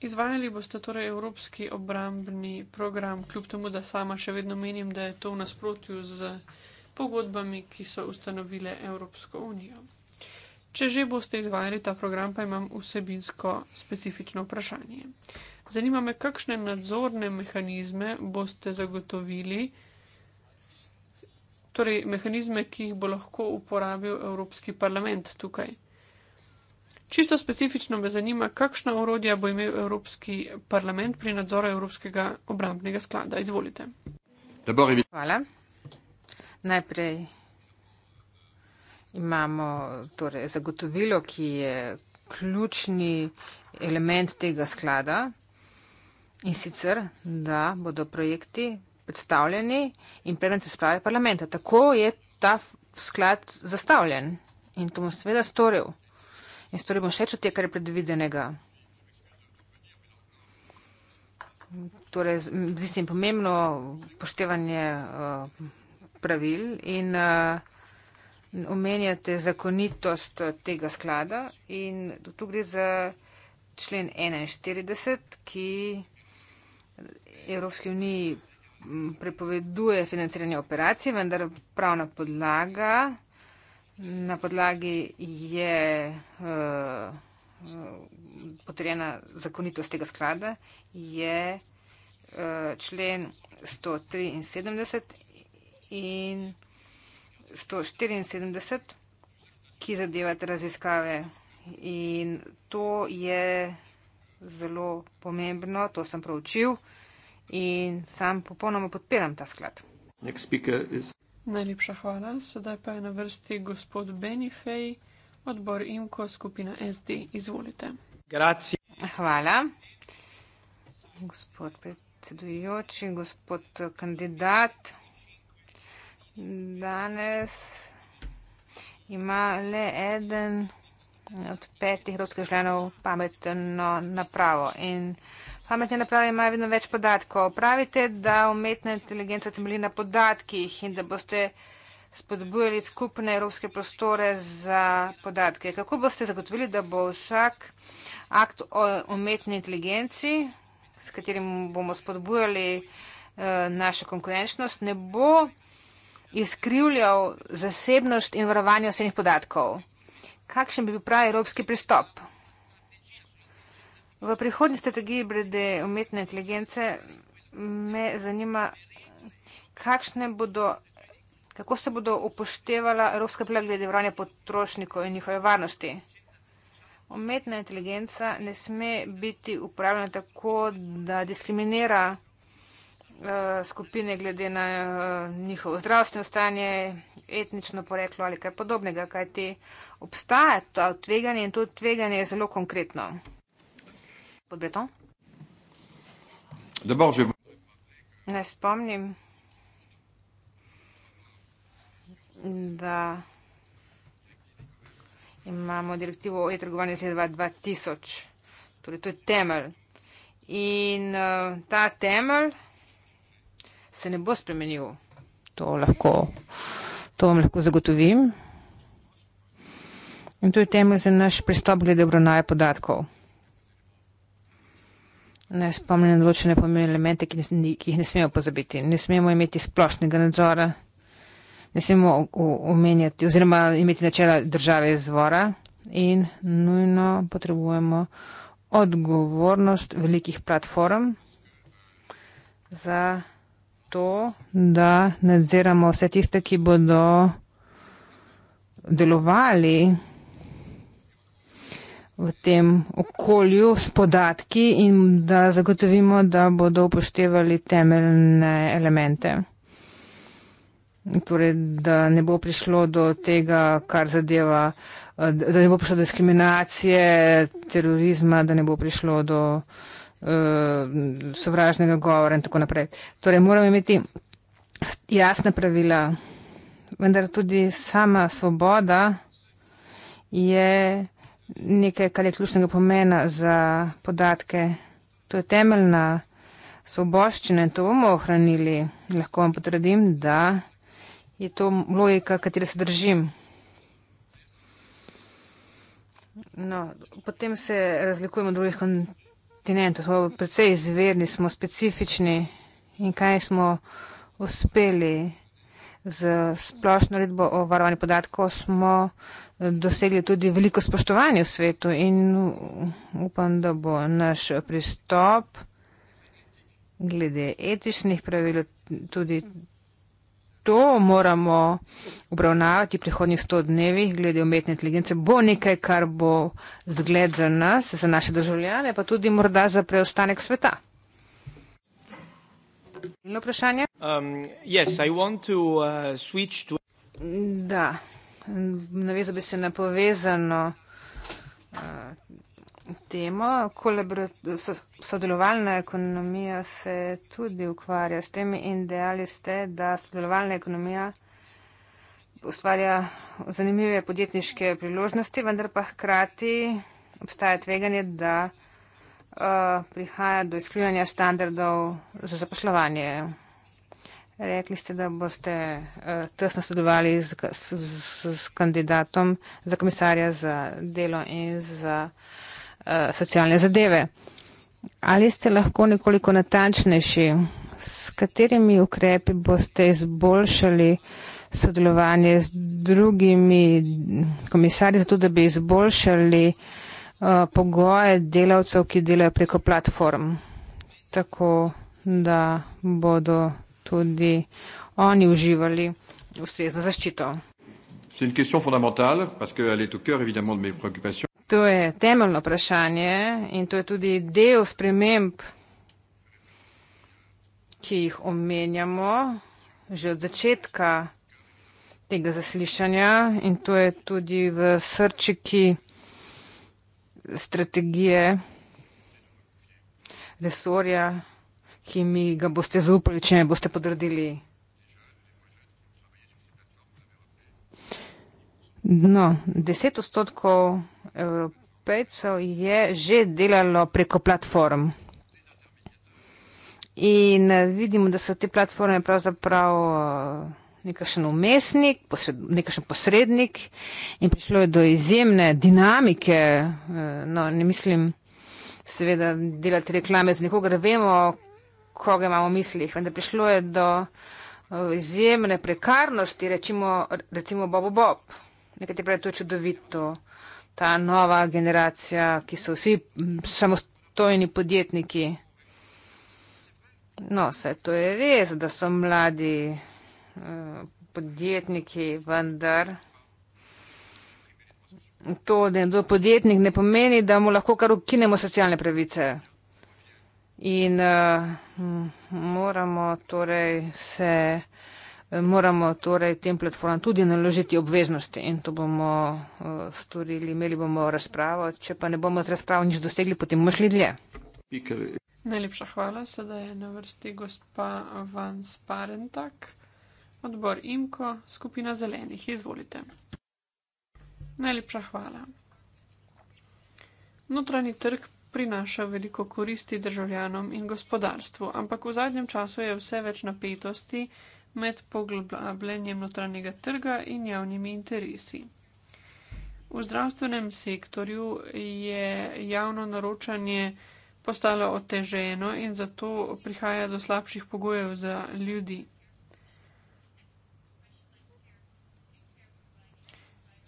Izvajali boste torej evropski obrambni program, kljub temu, da sama še vedno menim, da je to v nasprotju z pogodbami, ki so ustanovile Evropsko unijo. Če že boste izvajali ta program, pa imam vsebinsko specifično vprašanje. Zanima me, kakšne nadzorne mehanizme boste zagotovili, torej mehanizme, ki jih bo lahko uporabil Evropski parlament tukaj. Čisto specifično me zanima, kakšna orodja bo imel Evropski parlament pri nadzoru Evropskega obrambnega sklada. Izvolite. Hvala. Najprej imamo torej, zagotovilo, ki je ključni element tega sklada, In sicer, da bodo projekti predstavljeni in predmet izprave parlamenta. Tako je ta sklad zastavljen in to bom seveda storil. In storil bom še če te, kar je predvidenega. Torej, zdi se jim pomembno poštevanje uh, eh, pravil in uh, omenjate zakonitost eh, tega sklada. In tu gre za člen 41, ki. Evropski uniji prepoveduje financiranje operacij, vendar pravna podlaga na podlagi je uh, potrjena zakonitost tega sklada, je uh, člen 173 in 174, ki zadevate raziskave. In to je zelo pomembno, to sem proučil in sam popolnoma podpiram ta sklad. Is... Najlepša hvala. Sedaj pa je na vrsti gospod Benifej, odbor IMKO skupina SD. Izvolite. Grazie. Hvala. Gospod predsedujoči, gospod kandidat, danes ima le eden od petih evropskih članov pametno napravo. In, uh, pametne naprave imajo vedno več podatkov. Pravite, da umetna inteligenca temelji na podatkih in da boste spodbujali skupne evropske prostore za podatke. Kako boste zagotovili, da bo vsak akt o umetni inteligenci, s katerim bomo spodbujali eh, našo konkurenčnost, ne bo izkrivljal zasebnost in varovanje osebnih podatkov? Kakšen bi bil pravi evropski pristop? V prihodnji strategiji brede umetne inteligence me zanima, kakšne bodo kako se bodo upoštevala evropska pravila glede varovanja potrošnikov in njihove varnosti. Umetna inteligenca ne sme biti uporabljena tako, da diskriminira uh, skupine glede na uh, njihovo zdravstveno stanje, etnično poreklo ali kaj podobnega, kajti obstaja to tveganje in to tveganje je zelo konkretno. Gospod Breton? D'abord, je... Ne spomnim, da imamo direktivo o e-trgovanju leta 2000. Torej, to je temelj. In uh, ta temelj se ne bo spremenil. To, lahko, to vam lahko zagotovim. In to je temelj za naš pristop glede obravnave podatkov. Ne spomnim na določene pomembne elemente, ki, ne, ki jih ne smemo pozabiti. Ne smemo imeti splošnega nadzora, ne smemo omenjati oziroma imeti načela države izvora in nujno potrebujemo odgovornost velikih platform za to, da nadziramo vse tiste, ki bodo delovali v tem okolju s podatki in da zagotovimo, da bodo upoštevali temeljne elemente. Torej, da ne bo prišlo do tega, kar zadeva, da ne bo prišlo do diskriminacije, terorizma, da ne bo prišlo do uh, sovražnega govora in tako naprej. Torej, moramo imeti jasna pravila, vendar tudi sama svoboda je nekaj, kar je ključnega pomena za podatke. To je temeljna svoboščina in to bomo ohranili. Lahko vam potrdim, da je to logika, katero se držim. No, potem se razlikujemo od drugih kontinentov. Smo precej izverni, smo specifični in kaj smo uspeli z splošno redbo o varovanju podatkov, smo dosegli tudi veliko spoštovanja v svetu in upam, da bo naš pristop glede etičnih pravil tudi to moramo obravnavati v prihodnjih 100 dnevih glede umetne inteligence. Bo nekaj, kar bo zgled za nas, za naše državljane, pa tudi morda za preostanek sveta. Um, yes, to, uh, to... Da navezal bi se na povezano eh, temo. Sodelovalna ekonomija se tudi ukvarja s tem in dejali ste, da sodelovalna ekonomija ustvarja zanimive podjetniške priložnosti, vendar pa hkrati obstaja tveganje, da eh, prihaja do izkljuvanja standardov za zaposlovanje. Rekli ste, da boste uh, tesno sodelovali z, z, z, z kandidatom za komisarja za delo in za uh, socialne zadeve. Ali ste lahko nekoliko natančnejši, s katerimi ukrepi boste izboljšali sodelovanje z drugimi komisarji, zato da bi izboljšali uh, pogoje delavcev, ki delajo preko platform, tako da bodo tudi oni uživali ustrezno zaščito. To je temeljno vprašanje in to je tudi del sprememb, ki jih omenjamo že od začetka tega zaslišanja in to je tudi v srčiki strategije resorja ki mi ga boste zaupali, če me boste podredili. No, deset odstotkov evropejcev je že delalo preko platform. In eh, vidimo, da so te platforme pravzaprav eh, nekakšen umestnik, nekakšen posrednik in prišlo je do izjemne dinamike. Eh, no, ne mislim seveda delati reklame za nekoga, da vemo, koga imamo v mislih. Vendar prišlo je do eh, izjemne prekarnosti, recimo, recimo Bobo Bob. Nekateri pravijo, da je to čudovito, ta nova generacija, ki so vsi samostojni podjetniki. No, vse to je res, da so mladi eh, podjetniki, vendar. To, da je podjetnik, ne pomeni, da mu lahko kar ukinemo socialne pravice. In uh, moramo, torej se, eh, moramo torej tem platformam tudi naložiti obveznosti in to bomo uh, storili, imeli bomo razpravo. Če pa ne bomo z razpravo nič dosegli, potem bomo šli dlje. Najlepša hvala. Sedaj je na vrsti gospa Van Sparentak, odbor IMKO, skupina zelenih. Izvolite. Najlepša hvala. Notranji trg prinaša veliko koristi državljanom in gospodarstvu, ampak v zadnjem času je vse več napetosti med poglabljanjem notranjega trga in javnimi interesi. V zdravstvenem sektorju je javno naročanje postalo oteženo in zato prihaja do slabših pogojev za ljudi.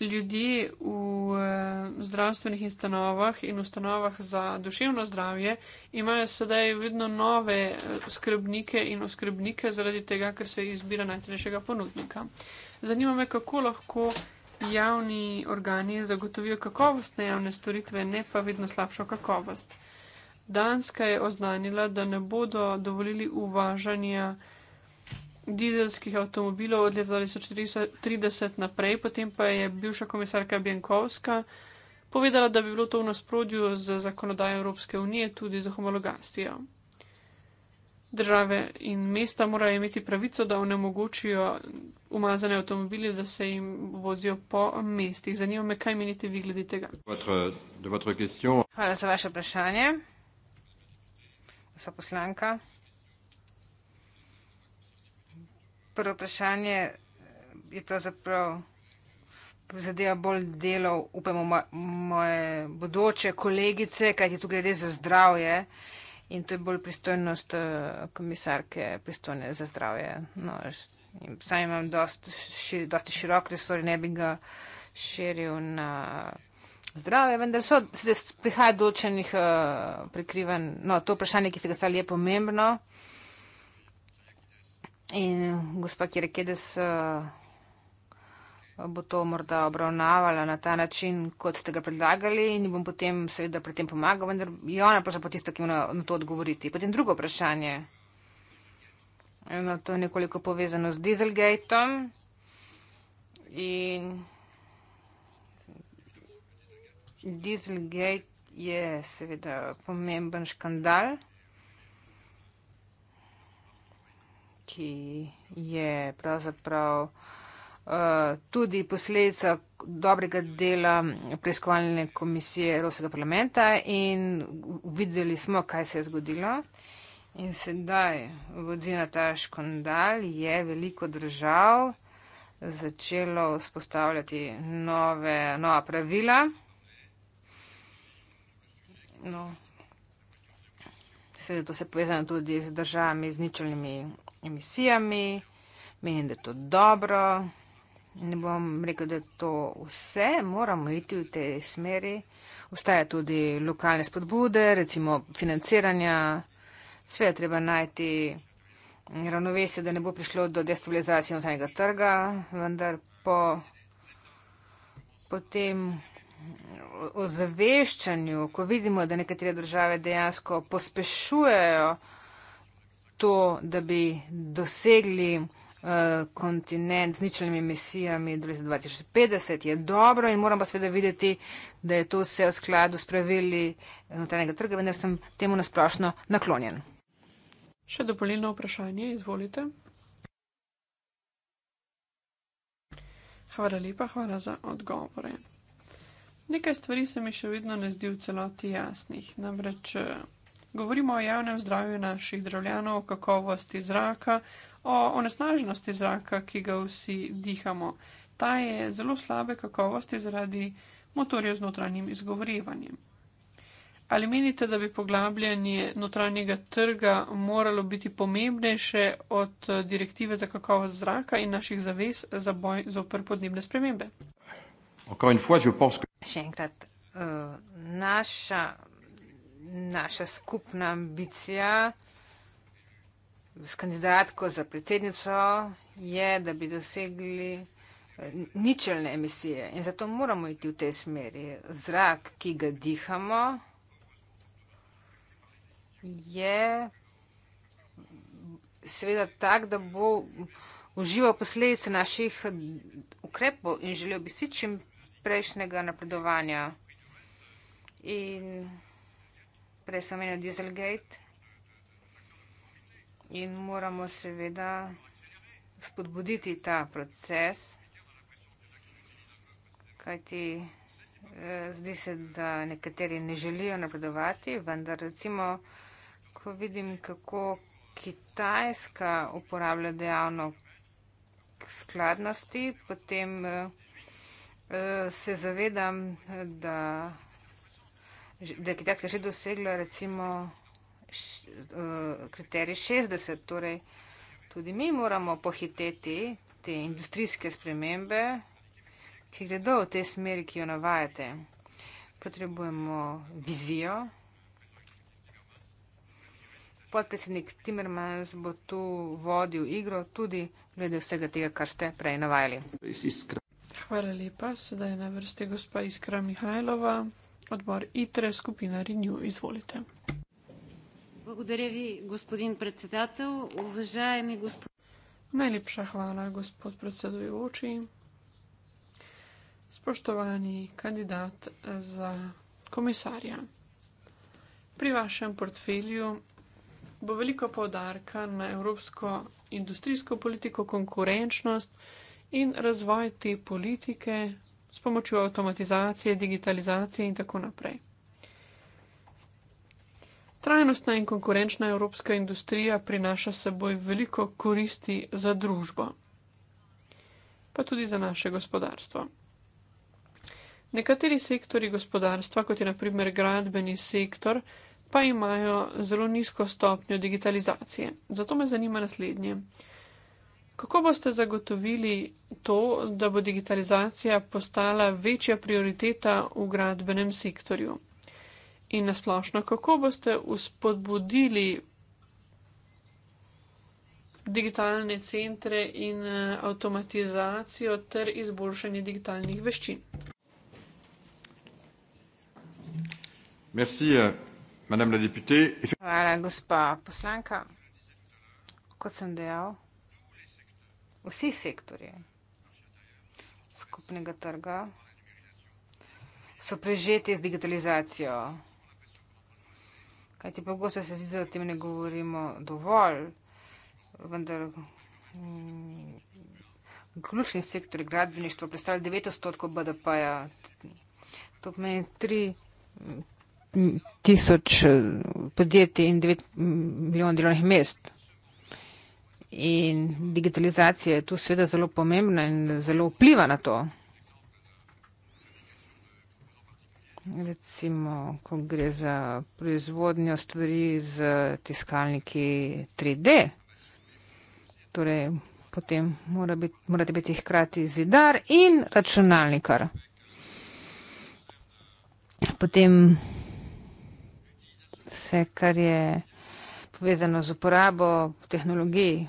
ljudi v eh, zdravstvenih instanovah in ustanovah za duševno zdravje imajo sedaj vedno nove eh, skrbnike in oskrbnike zaradi tega, ker se izbira najcenejšega ponudnika. Zanima me, kako lahko javni organi zagotovijo kakovostne javne storitve, ne pa vedno slabšo kakovost. Danska je oznanila, da ne bodo dovolili uvažanja dizelskih avtomobilov od leta 2030 naprej, potem pa je bivša komisarka Bjankovska povedala, da bi bilo to v nasprotju z zakonodajo Evropske unije tudi za homologacijo. Države in mesta morajo imeti pravico, da onemogočijo umazane avtomobile, da se jim vozijo po mestih. Zanima me, kaj menite vi glede tega. Hvala za vaše vprašanje. Gospa poslanka. Prvo vprašanje eh, je pravzaprav zadeva bolj delo, upamo, moje bodoče kolegice, kajti tu gre res za zdravje in to je bolj pristojnost eh, komisarke, pristojne za zdravje. No, sam imam dosti ši, dost širok resor in ne bi ga širil na zdravje, vendar so, se prihaja določenih uh, eh, prekrivanj. No, to vprašanje, ki ste ga stali, je pomembno. In eh, gospa Kirkedes eh, bo to morda obravnavala na ta način, kot ste ga predlagali in bom potem seveda pri tem pomagal, vendar je ona pa po tista, ki ima na, na to odgovoriti. Potem drugo vprašanje. No, to je nekoliko povezano z Dieselgateom in Dieselgate je seveda pomemben škandal. ki je pravzaprav uh, tudi posledica dobrega dela preiskovalne komisije Evropskega parlamenta in videli smo, kaj se je zgodilo. In sedaj vodzina ta škandal je veliko držav začelo vzpostavljati nove, nova pravila. No. Seveda to se povezano tudi z državami z ničelnimi emisijami, menim, da je to dobro. Ne bom rekel, da je to vse, moramo iti v tej smeri. Vstaja tudi lokalne spodbude, recimo financiranja, sve treba najti ravnovesje, da ne bo prišlo do destabilizacije vzajnega trga, vendar po, po tem ozaveščanju, ko vidimo, da nekatere države dejansko pospešujejo, to, da bi dosegli eh, kontinent z ničelnimi emisijami do leta 2050 je dobro in moram pa seveda videti, da je to vse v skladu s pravili eh, notranjega trga, vendar sem temu nasplošno naklonjen. Še dopolnilno vprašanje, izvolite. Hvala lepa, hvala za odgovore. Nekaj stvari se mi še vedno ne zdi v celoti jasnih. Namreč Govorimo o javnem zdravju naših državljanov, o kakovosti zraka, o onesnaženosti zraka, ki ga vsi dihamo. Ta je zelo slabe kakovosti zaradi motorjev z notranjim izgovorevanjem. Ali menite, da bi poglabljanje notranjega trga moralo biti pomembnejše od eh, direktive za kakovost zraka in naših zavez za boj z opr podnebne spremembe? Še enkrat, eh, naša naša skupna ambicija s kandidatko za predsednico je, da bi dosegli eh, ničelne emisije in zato moramo iti v tej smeri. Zrak, ki ga dihamo, je seveda tak, da bo uživa posledice naših ukrepov in želel bi si čim prejšnjega napredovanja. In prej sem menil Dieselgate in moramo seveda spodbuditi ta proces, kajti eh, zdi se, da nekateri ne želijo napredovati, vendar recimo, ko vidim, kako Kitajska uporablja dejavno skladnosti, potem eh, eh, se zavedam, da da je Kitajska že dosegla recimo eh, kriterij 60, torej tudi mi moramo pohiteti te industrijske spremembe, ki gredo v te smeri, ki jo navajate. Potrebujemo vizijo. Podpredsednik Timmermans bo tu vodil igro, tudi glede vsega tega, kar ste prej navajali. Hvala lepa. Sedaj je na vrsti gospa Iskra Mihajlova. Odbor ITRE, skupina RINJU, izvolite. Благодаря ви, господин председател. Уважаеми господин... Najlepša hvala, gospod predsedujoči. Spoštovani kandidat eh, za komisarja. Pri vašem portfelju bo veliko povdarka na evropsko industrijsko politiko, konkurenčnost in razvoj te politike s pomočjo avtomatizacije, digitalizacije in tako naprej. Trajnostna in konkurenčna evropska industrija prinaša seboj veliko koristi za družbo, pa tudi za naše gospodarstvo. Nekateri sektori gospodarstva, kot je naprimer gradbeni sektor, pa imajo zelo nizko stopnjo digitalizacije. Zato me zanima naslednje. Kako boste zagotovili to, da bo digitalizacija postala večja prioriteta v gradbenem sektorju? In nasplošno, kako boste uspodbudili digitalne centre in eh, avtomatizacijo ter izboljšanje digitalnih veščin? Merci, euh, Hvala, gospa poslanka. Kot sem dejal, vsi sektorje skupnega trga so prežeti z digitalizacijo. Kajti pogosto se zdi, da o tem ne govorimo dovolj, vendar mm, ključni sektor gradbeništva predstavlja 9 odstotkov BDP-ja. To pomeni 3 mm, tisoč eh, podjetij in 9 mm, milijonov delovnih mest in digitalizacija je tu seveda zelo pomembna in zelo vpliva na to. Recimo, ko gre za proizvodnjo stvari z tiskalniki 3D, torej potem mora bit, morate biti hkrati zidar in računalnikar. Potem vse, kar je povezano z uporabo tehnologij.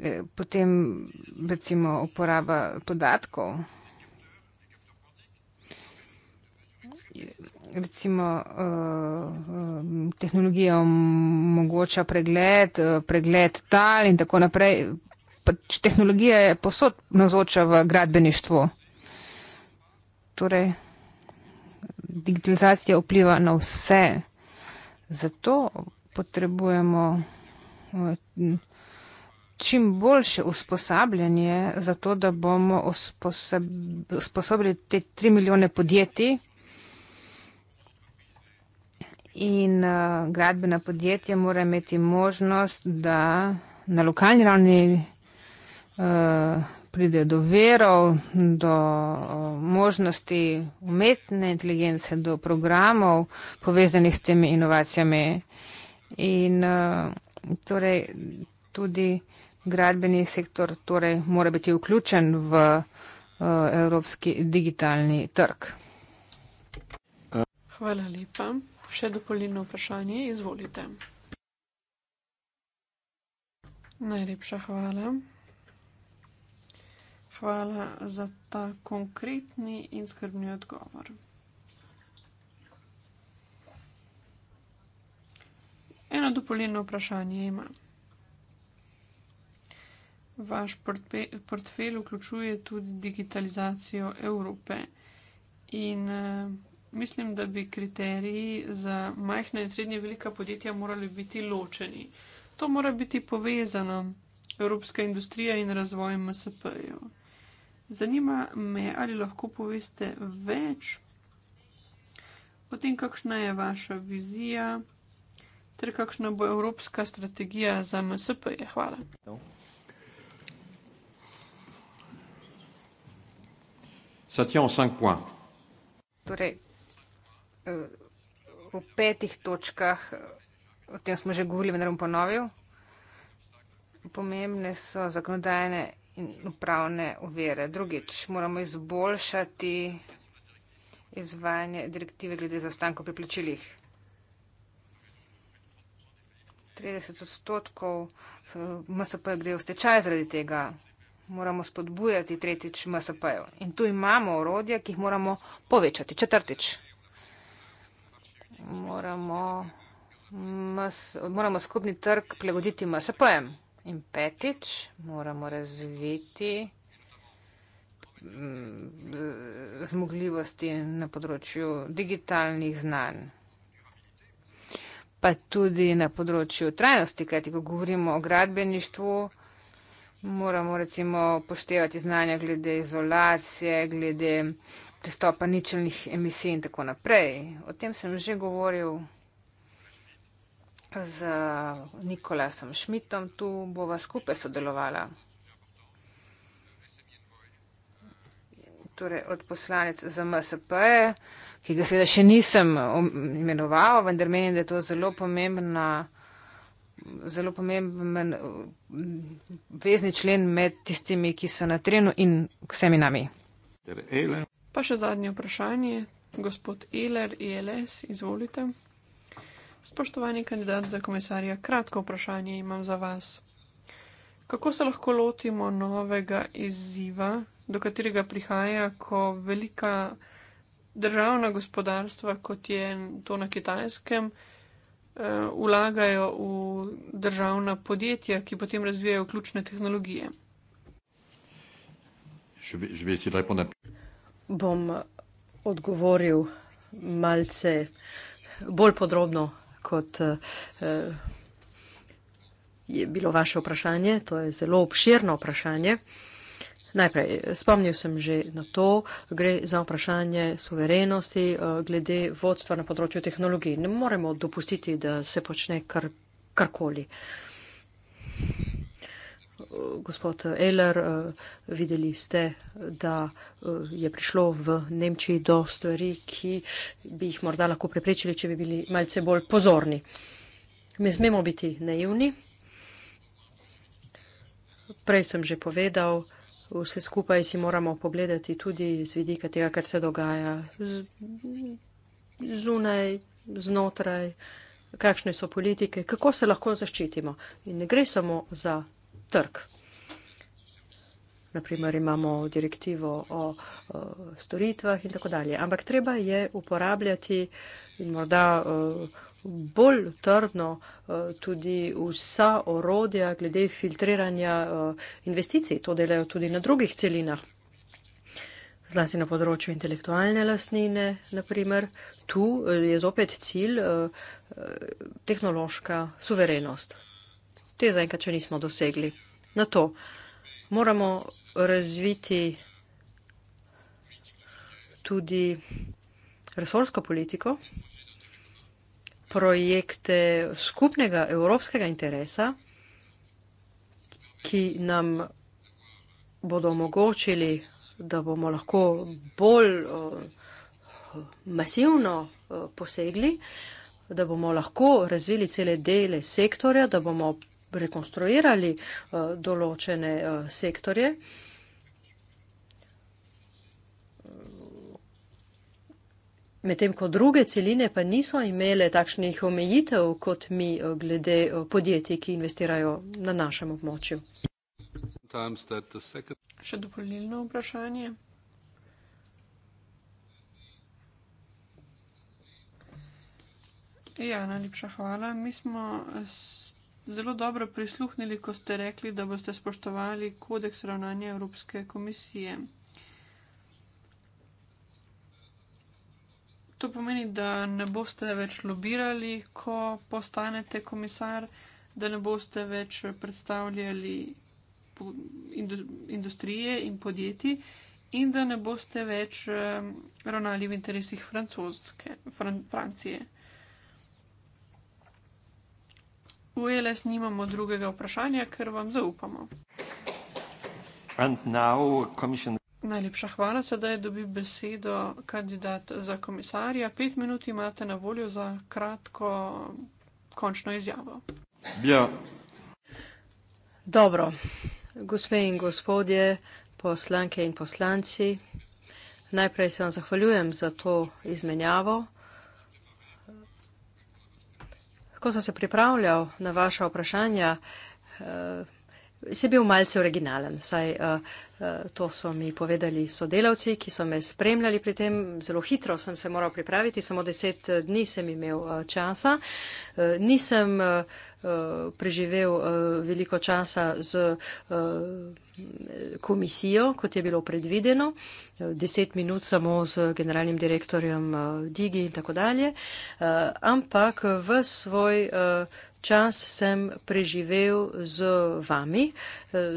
Eh, potem recimo uporaba podatkov. Recimo eh, eh, tehnologija omogoča pregled, pregled tal in tako naprej. Pač tehnologija je posod navzoča v gradbeništvu. Torej, digitalizacija vpliva na vse. Zato potrebujemo čim boljše usposabljanje za to, da bomo usposobili te tri milijone podjetij in uh, gradbena podjetja mora imeti možnost, da na lokalni ravni uh, pride do verov, do uh, možnosti umetne inteligence, do programov povezanih s temi inovacijami. In uh, torej tudi uh, gradbeni sektor torej mora biti vključen v eh, evropski digitalni trg. Hvala lepa. Še dopolnilno vprašanje, izvolite. Najlepša hvala. Hvala za ta konkretni in skrbni odgovor. Eno dopolnilno vprašanje imam. Vaš portfelj vključuje tudi digitalizacijo Evrope. In eh, mislim, da bi kriteriji za majhna in srednje velika podjetja morali biti ločeni. To mora biti povezano, evropska industrija in razvoj MSP-jev. Zanima me, ali lahko poveste več o tem, kakšna je vaša vizija ter kakšna bo evropska strategija za MSP-je. Hvala. No. Ça tient en cinq points. Torej, eh, v petih točkah, eh, o tem smo že govorili, vendar bom ponovil, pomembne so zakonodajne in upravne uvere. Drugič, moramo izboljšati izvajanje direktive glede zaostankov pri plačilih. 30 odstotkov eh, MSP gre v stečaj zaradi tega moramo spodbujati, tretjič, MSP-jo. In tu imamo orodje, ki jih moramo povečati. Četrtič, moramo, moramo skupni trg prilagoditi MSP-jem. In petič, moramo razviti mm, zmogljivosti na področju digitalnih znanj. Pa tudi na področju trajnosti, kajti ko govorimo o gradbeništvu, moramo recimo poštevati znanja glede izolacije, glede pristopa ničelnih emisij in tako naprej. O tem sem že govoril z Nikolasom Šmitom, tu bova skupaj sodelovala. Torej, od poslanec za MSP, ki ga seveda še nisem imenoval, vendar menim, da je to zelo pomembna zelo pomemben uh, vezni člen med tistimi, ki so na terenu in vsemi nami. Pa še zadnje vprašanje. Gospod Eler, ILS, e izvolite. Spoštovani kandidat za komisarja, kratko vprašanje imam za vas. Kako se lahko lotimo novega izziva, do katerega prihaja, ko velika državna gospodarstva, kot je to na kitajskem, eh, vlagajo v državna podjetja, ki potem razvijajo ključne tehnologije. Že bi si lepo napisal. Bom odgovoril malce bolj podrobno, kot eh, je bilo vaše vprašanje. To je zelo obširno vprašanje. Najprej, spomnil sem že na to, gre za vprašanje suverenosti eh, glede vodstva na področju tehnologij. Ne moremo dopustiti, da se počne kar, karkoli. Gospod Eler, eh, videli ste, da eh, je prišlo v Nemčiji do stvari, ki bi jih morda lahko preprečili, če bi bili malce bolj pozorni. Ne smemo biti naivni. Prej sem že povedal, vse skupaj si moramo pogledati tudi z vidika tega, kar se dogaja z, zunaj, znotraj, kakšne so politike, kako se lahko zaščitimo. In ne gre samo za trg. Naprimer, imamo direktivo o, o storitvah in tako dalje. Ampak treba je uporabljati in morda. O, bolj trdno eh, tudi vsa orodja glede filtriranja eh, investicij. To delajo tudi na drugih celinah, zlasti na področju intelektualne lastnine, naprimer. Tu eh, je zopet cilj tehnološka suverenost. Te zaenkrat še nismo dosegli. Na to moramo razviti tudi resorsko politiko, projekte skupnega evropskega interesa, ki nam bodo omogočili, da bomo lahko bolj eh, masivno eh, posegli, da bomo lahko razvili cele dele sektorja, da bomo rekonstruirali eh, določene sektorje. medtem ko druge celine pa niso imele takšnih omejitev kot mi eh, glede eh, podjetij, ki investirajo na našem območju. Še dopolnilno vprašanje. Ja, najlepša hvala. Mi smo zelo dobro prisluhnili, ko ste rekli, da boste spoštovali kodeks ravnanja Evropske komisije. To pomeni, da ne boste več lobirali, ko postanete komisar, da ne boste več predstavljali industrije in podjetij, in da ne boste več ravnali v interesih francoske, fran, Francije. V ELS nimamo drugega vprašanja, ker vam zaupamo. In zdaj, komisar Najlepša hvala, sedaj dobi besedo kandidat za komisarja. Pet minut imate na voljo za kratko končno izjavo. Ja. Dobro, gospe in gospodje, poslanke in poslanci, najprej se vam zahvaljujem za to izmenjavo. Ko sem se pripravljal na vaše vprašanja, eh, Si bil malce originalen, saj uh, uh, to so mi povedali sodelavci, ki so me spremljali pri tem. Zelo hitro sem se moral pripraviti, samo deset eh, dni sem imel uh, časa. Uh, nisem uh, uh, preživel uh, veliko časa z. Uh, komisijo, kot je bilo predvideno, deset minut samo z generalnim direktorjem Digi in tako dalje, ampak v svoj uh, čas sem preživel z vami,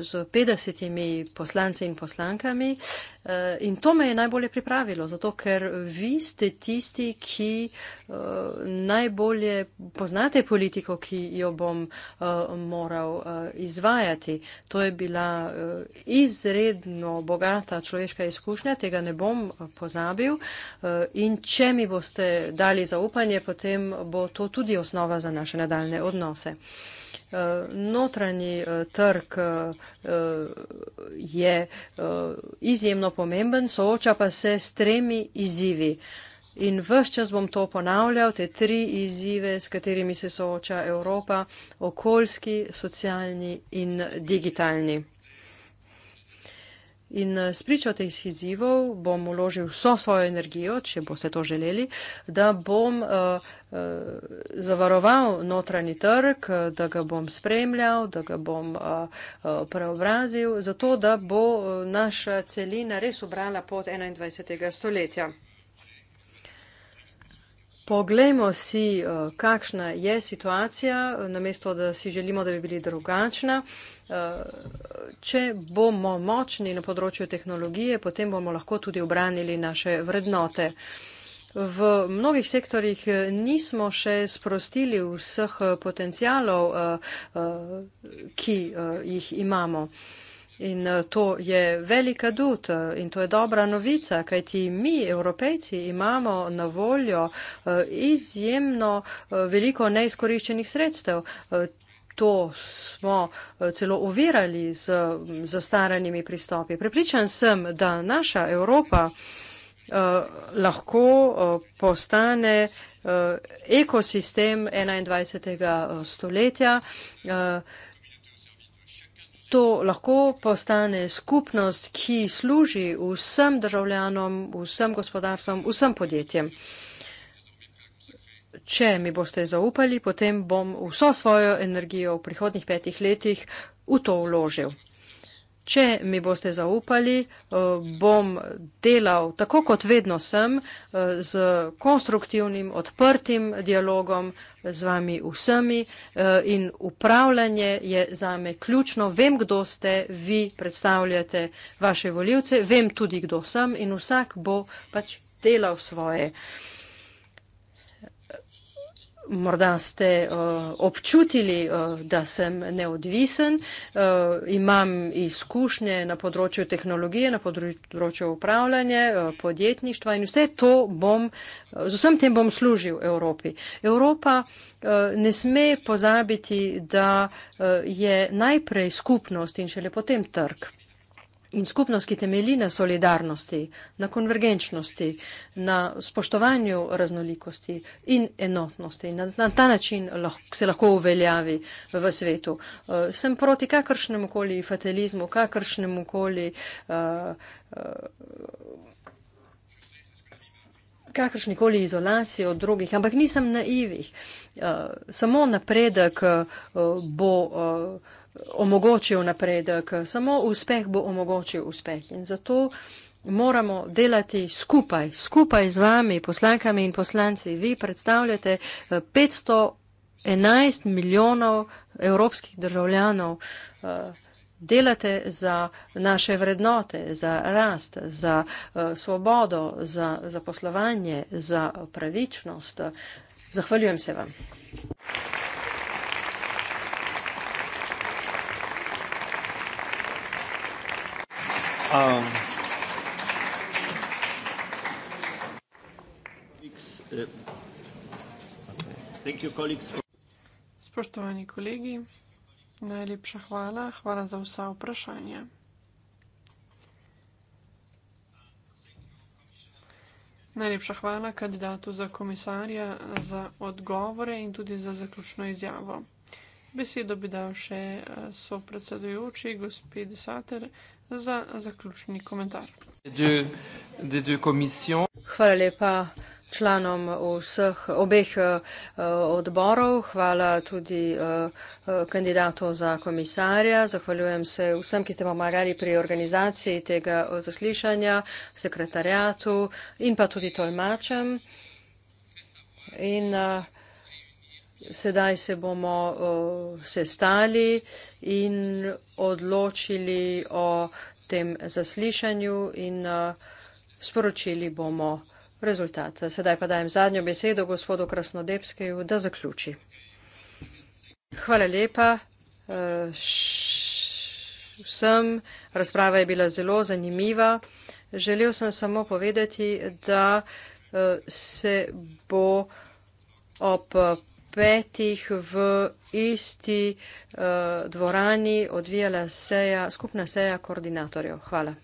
z 50 poslanci in poslankami, Eh, in to me je najbolje pripravilo, zato ker vi ste tisti, ki eh, najbolje poznate politiko, ki jo bom eh, moral izvajati. To je bila izredno bogata človeška izkušnja, tega ne bom pozabil. In če mi boste dali zaupanje, potem bo to tudi osnova za naše nadaljne odnose. Uh, Notranji eh, trg eh, je eh, izjemno pomemben, sooča pa se s tremi izzivi. In vse čas bom to ponavljal, te tri izzive, s katerimi se sooča Evropa, okoljski, socialni in digitalni. In eh, spričo teh izzivov bom uložil vso svojo energijo, če boste to želeli, da bom uh, uh, zavaroval notranji trg, da ga bom spremljal, da ga bom uh, uh, preobrazil, zato da bo naša celina res obrala pot 21. stoletja. Poglejmo si, eh, kakšna je situacija, eh, namesto da si želimo, da bi bili drugačna. Eh, če bomo močni na področju tehnologije, potem bomo lahko tudi obranili naše vrednote. V mnogih sektorjih nismo še sprostili vseh potencijalov, ki jih imamo. In eh, to je velika dud eh, in to je dobra novica, kajti mi, evropejci, imamo na voljo eh, izjemno veliko neizkoriščenih sredstev. To smo celo uvirali z zastaranimi pristopi. Prepričan sem, da naša Evropa lahko postane ekosistem 21. stoletja to lahko postane skupnost, ki služi vsem državljanom, vsem gospodarstvom, vsem podjetjem. Če mi boste zaupali, potem bom vso svojo energijo v prihodnih petih letih v to vložil. Če mi boste zaupali, eh, bom delal tako, kot vedno sem, eh, z konstruktivnim, odprtim dialogom z vami vsemi eh, in upravljanje je za me ključno. Vem, kdo ste, vi predstavljate vaše voljivce, vem tudi, kdo sem in vsak bo pač delal svoje. Uh, morda ste uh, občutili, uh, da sem neodvisen, uh, imam izkušnje na področju tehnologije, na področju upravljanja, uh, podjetništva in vse to bom, z vsem tem bom služil Evropi. Evropa Ne sme pozabiti, da je najprej skupnost in šele potem trg in skupnost, ki temeli na solidarnosti, na konvergenčnosti, na spoštovanju raznolikosti in enotnosti. Na, na ta način lahko, se lahko uveljavi v, v svetu. Uh, sem proti kakršnemu koli fatalizmu, kakršnemu koli. Uh, eh, uh, eh, kakršnikoli izolacijo od drugih, ampak nisem naivih. Uh, samo napredek uh, bo. Uh omogočil napredek, samo uspeh bo omogočil uspeh. In zato moramo delati skupaj, skupaj z vami, poslankami in poslanci. Vi predstavljate 511 eh, milijonov evropskih državljanov. Eh, delate za naše vrednote, za rast, za eh, svobodo, za zaposlovanje, za pravičnost. Zahvaljujem se vam. Um, Spoštovani kolegi, najlepša hvala, hvala za vsa vprašanja. Najlepša hvala kandidatu za komisarja za odgovore in tudi za zaključno izjavo. Besedo bi dal še, eh, sopredsedujoči, gospe Desater za zaključni komentar. Hvala lepa članom vseh obeh eh, odborov, hvala tudi eh, kandidatu za komisarja, zahvaljujem se vsem, ki ste pomagali pri organizaciji tega eh, zaslišanja, sekretarjatu in pa tudi tolmačem. In, uh, sedaj se bomo uh, sestali in odločili o tem zaslišanju in uh, sporočili bomo rezultat. Sedaj pa dajem zadnjo besedo gospodu Krasnodebskeju, da zaključi. Hvala lepa. E, vsem razprava je bila zelo zanimiva. Želel sem samo povedati, da e, se bo ob petih v isti uh, dvorani odvijala seja, skupna seja koordinatorjev. Hvala.